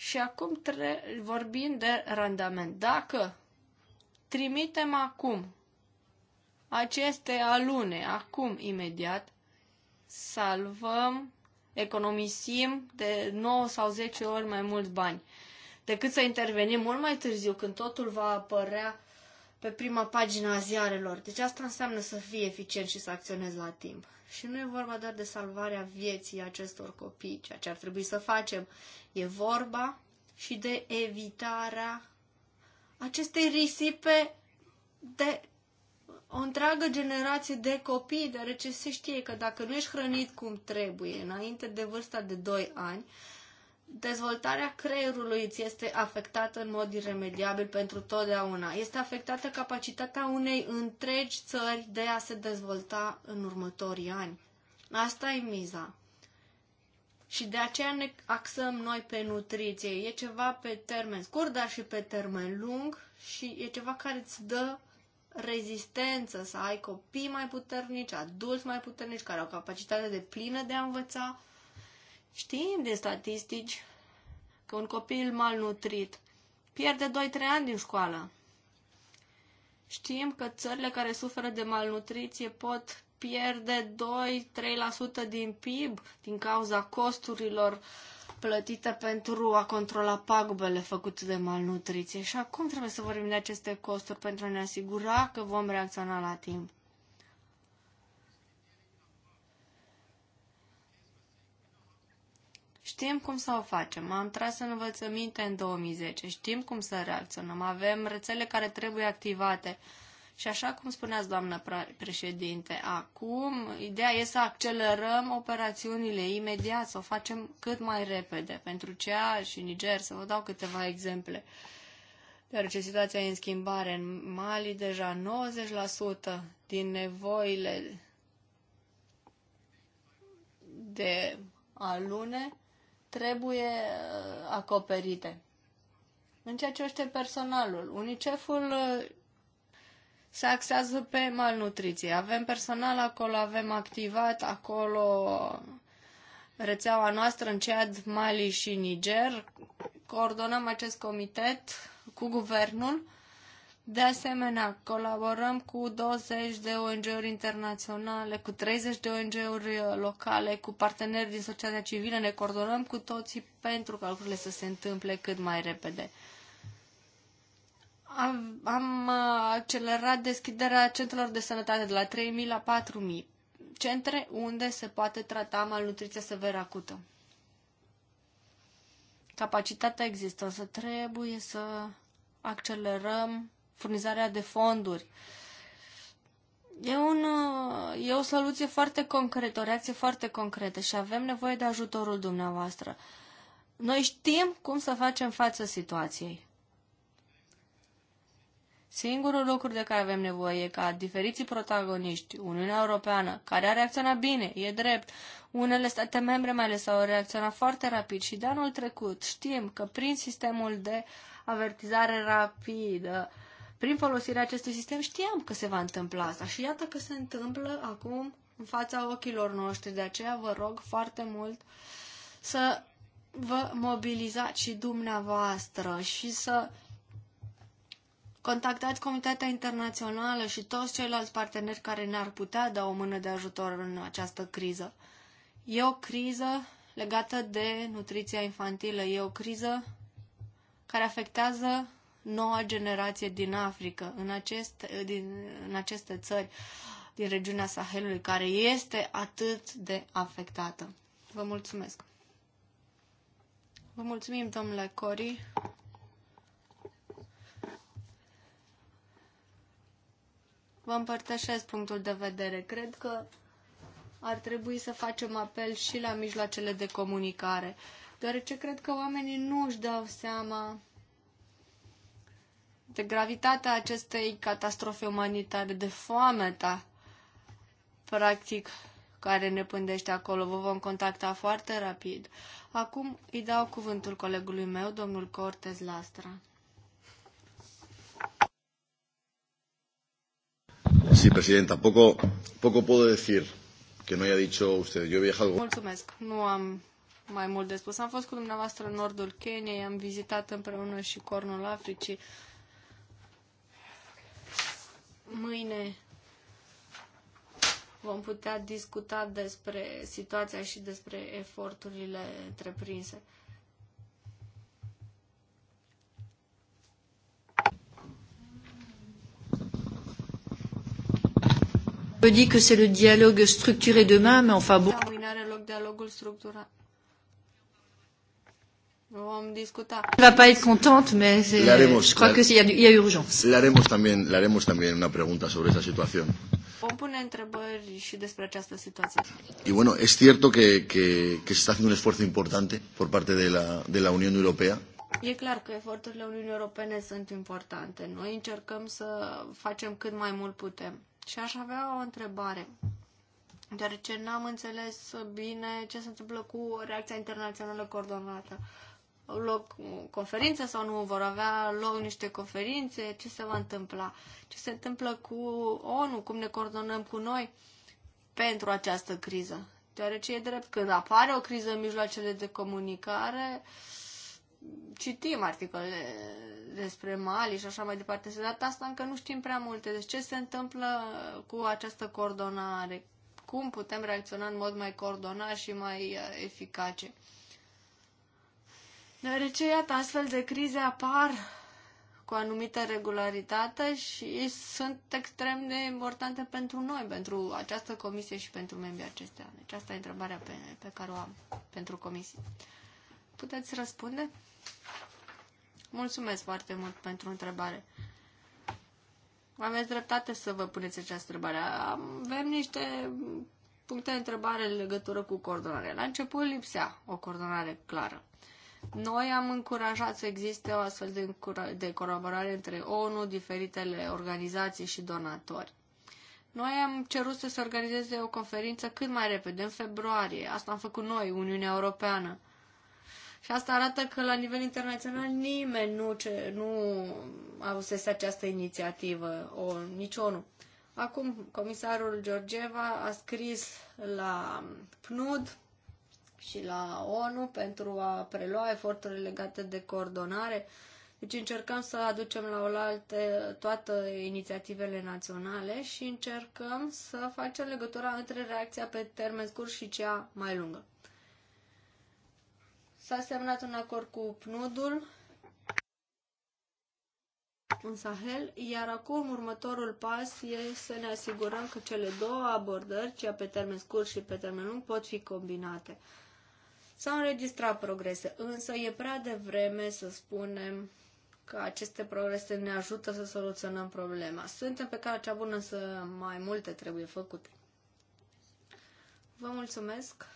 Speaker 1: și acum tre- vorbim de randament. Dacă trimitem acum aceste alune, acum imediat, salvăm, economisim de 9 sau 10 ori mai mulți bani decât să intervenim mult mai târziu când totul va apărea pe prima pagină a ziarelor. Deci asta înseamnă să fii eficient și să acționezi la timp. Și nu e vorba doar de salvarea vieții acestor copii, ceea ce ar trebui să facem. E vorba și de evitarea acestei risipe de o întreagă generație de copii, deoarece se știe că dacă nu ești hrănit cum trebuie, înainte de vârsta de 2 ani, dezvoltarea creierului îți este afectată în mod iremediabil pentru totdeauna. Este afectată capacitatea unei întregi țări de a se dezvolta în următorii ani. Asta e miza. Și de aceea ne axăm noi pe nutriție. E ceva pe termen scurt, dar și pe termen lung și e ceva care îți dă rezistență, să ai copii mai puternici, adulți mai puternici, care au capacitatea de plină de a învăța, Știm din statistici că un copil malnutrit pierde 2-3 ani din școală. Știm că țările care suferă de malnutriție pot pierde 2-3% din PIB din cauza costurilor plătite pentru a controla pagubele făcute de malnutriție. Și acum trebuie să vorbim de aceste costuri pentru a ne asigura că vom reacționa la timp. Știm cum să o facem. Am tras în învățăminte în 2010. Știm cum să reacționăm. Avem rețele care trebuie activate. Și așa cum spuneați, doamnă președinte, acum ideea e să accelerăm operațiunile imediat, să o facem cât mai repede. Pentru CEA și Niger, să vă dau câteva exemple. Deoarece situația e în schimbare. În Mali deja 90% din nevoile de alune trebuie uh, acoperite. În ceea ce este personalul, UNICEF-ul uh, se axează pe malnutriție. Avem personal acolo, avem activat acolo uh, rețeaua noastră în Cead, Mali și Niger. Coordonăm acest comitet cu guvernul de asemenea, colaborăm cu 20 de ONG-uri internaționale, cu 30 de ONG-uri uh, locale, cu parteneri din societatea civilă, ne coordonăm cu toții pentru ca lucrurile să se întâmple cât mai repede. Am, am uh, accelerat deschiderea centrelor de sănătate de la 3.000 la 4.000, centre unde se poate trata malnutriția severă acută. Capacitatea există, însă trebuie să accelerăm furnizarea de fonduri. E, un, uh, e o soluție foarte concretă, o reacție foarte concretă și avem nevoie de ajutorul dumneavoastră. Noi știm cum să facem față situației. Singurul lucru de care avem nevoie e ca diferiții protagoniști, Uniunea Europeană, care a reacționat bine, e drept, unele state membre mai ales au reacționat foarte rapid și de anul trecut știm că prin sistemul de avertizare rapidă, prin folosirea acestui sistem știam că se va întâmpla asta și iată că se întâmplă acum în fața ochilor noștri. De aceea vă rog foarte mult să vă mobilizați și dumneavoastră și să contactați comunitatea Internațională și toți ceilalți parteneri care ne-ar putea da o mână de ajutor în această criză. E o criză legată de nutriția infantilă, e o criză care afectează noua generație din Africa, în, acest, din, în aceste țări, din regiunea Sahelului, care este atât de afectată. Vă mulțumesc! Vă mulțumim, domnule Cori. Vă împărtășesc punctul de vedere. Cred că ar trebui să facem apel și la mijloacele de comunicare, deoarece cred că oamenii nu își dau seama de gravitatea acestei catastrofe umanitare, de foamea, practic, care ne pândește acolo. Vă vom contacta foarte rapid. Acum îi dau cuvântul colegului meu, domnul Cortez Lastra.
Speaker 2: Sí, presidenta, poco, poco puedo decir que no haya dicho usted. Yo he viajado...
Speaker 1: Mulțumesc. Nu am mai mult de spus. Am fost cu dumneavoastră în nordul Keniei, am vizitat împreună și cornul Africii. Mâine vom putea discuta despre situația și despre eforturile întreprinse. Je dis que c'est le dialogue structuré demain, mais enfin bon. dialogul structurat Va pas être contente, mais haremos, je crois la, que il y, a, y a
Speaker 2: urgence. Le haremos también, le haremos también una pregunta sobre esa situación. Y bueno, es cierto que, que, que se está haciendo un esfuerzo importante por parte de la, de la Unión Europea.
Speaker 1: E clar că eforturile Uniunii Europene sunt importante. Noi încercăm să facem cât mai mult putem. Și aș avea o întrebare deoarece n-am înțeles bine ce se întâmplă cu reacția internațională coordonată loc conferințe sau nu vor avea loc niște conferințe, ce se va întâmpla, ce se întâmplă cu ONU, cum ne coordonăm cu noi pentru această criză. Deoarece e drept, când apare o criză în mijloacele de comunicare, citim articole despre Mali și așa mai departe. Se dată asta încă nu știm prea multe. Deci ce se întâmplă cu această coordonare? Cum putem reacționa în mod mai coordonat și mai uh, eficace? Deoarece, iată, astfel de crize apar cu anumită regularitate și sunt extrem de importante pentru noi, pentru această comisie și pentru membrii acestea. Deci asta e întrebarea pe, pe care o am pentru comisie. Puteți răspunde? Mulțumesc foarte mult pentru întrebare. Aveți dreptate să vă puneți această întrebare. Avem niște puncte de întrebare în legătură cu coordonarea. La început lipsea o coordonare clară. Noi am încurajat să existe o astfel de, de colaborare între ONU, diferitele organizații și donatori. Noi am cerut să se organizeze o conferință cât mai repede, în februarie. Asta am făcut noi, Uniunea Europeană. Și asta arată că la nivel internațional nimeni nu, ce, nu avut această inițiativă, o, nici ONU. Acum, comisarul Georgeva a scris la PNUD și la ONU pentru a prelua eforturile legate de coordonare. Deci încercăm să aducem la oaltă toate inițiativele naționale și încercăm să facem legătura între reacția pe termen scurt și cea mai lungă. S-a semnat un acord cu PNUD-ul în Sahel, iar acum următorul pas e să ne asigurăm că cele două abordări, cea pe termen scurt și pe termen lung, pot fi combinate. S-au înregistrat progrese, însă e prea devreme să spunem că aceste progrese ne ajută să soluționăm problema. Suntem pe calea cea bună, însă mai multe trebuie făcute. Vă mulțumesc!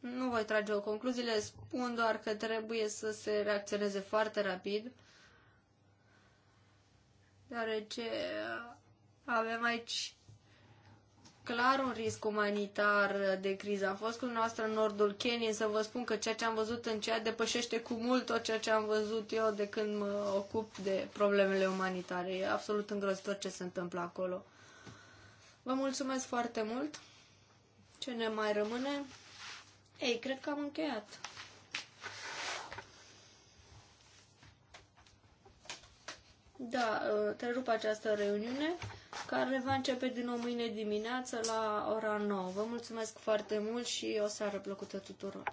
Speaker 1: Nu voi trage o concluzie, le spun doar că trebuie să se reacționeze foarte rapid, deoarece avem aici clar un risc umanitar de criză. A fost cu noastră în nordul Keniei să vă spun că ceea ce am văzut în ceea depășește cu mult tot ceea ce am văzut eu de când mă ocup de problemele umanitare. E absolut îngrozitor ce se întâmplă acolo. Vă mulțumesc foarte mult. Ce ne mai rămâne? Ei, cred că am încheiat. Da, uh, te rup această reuniune care va începe din nou mâine dimineață la ora 9. Vă mulțumesc foarte mult și o seară plăcută tuturor!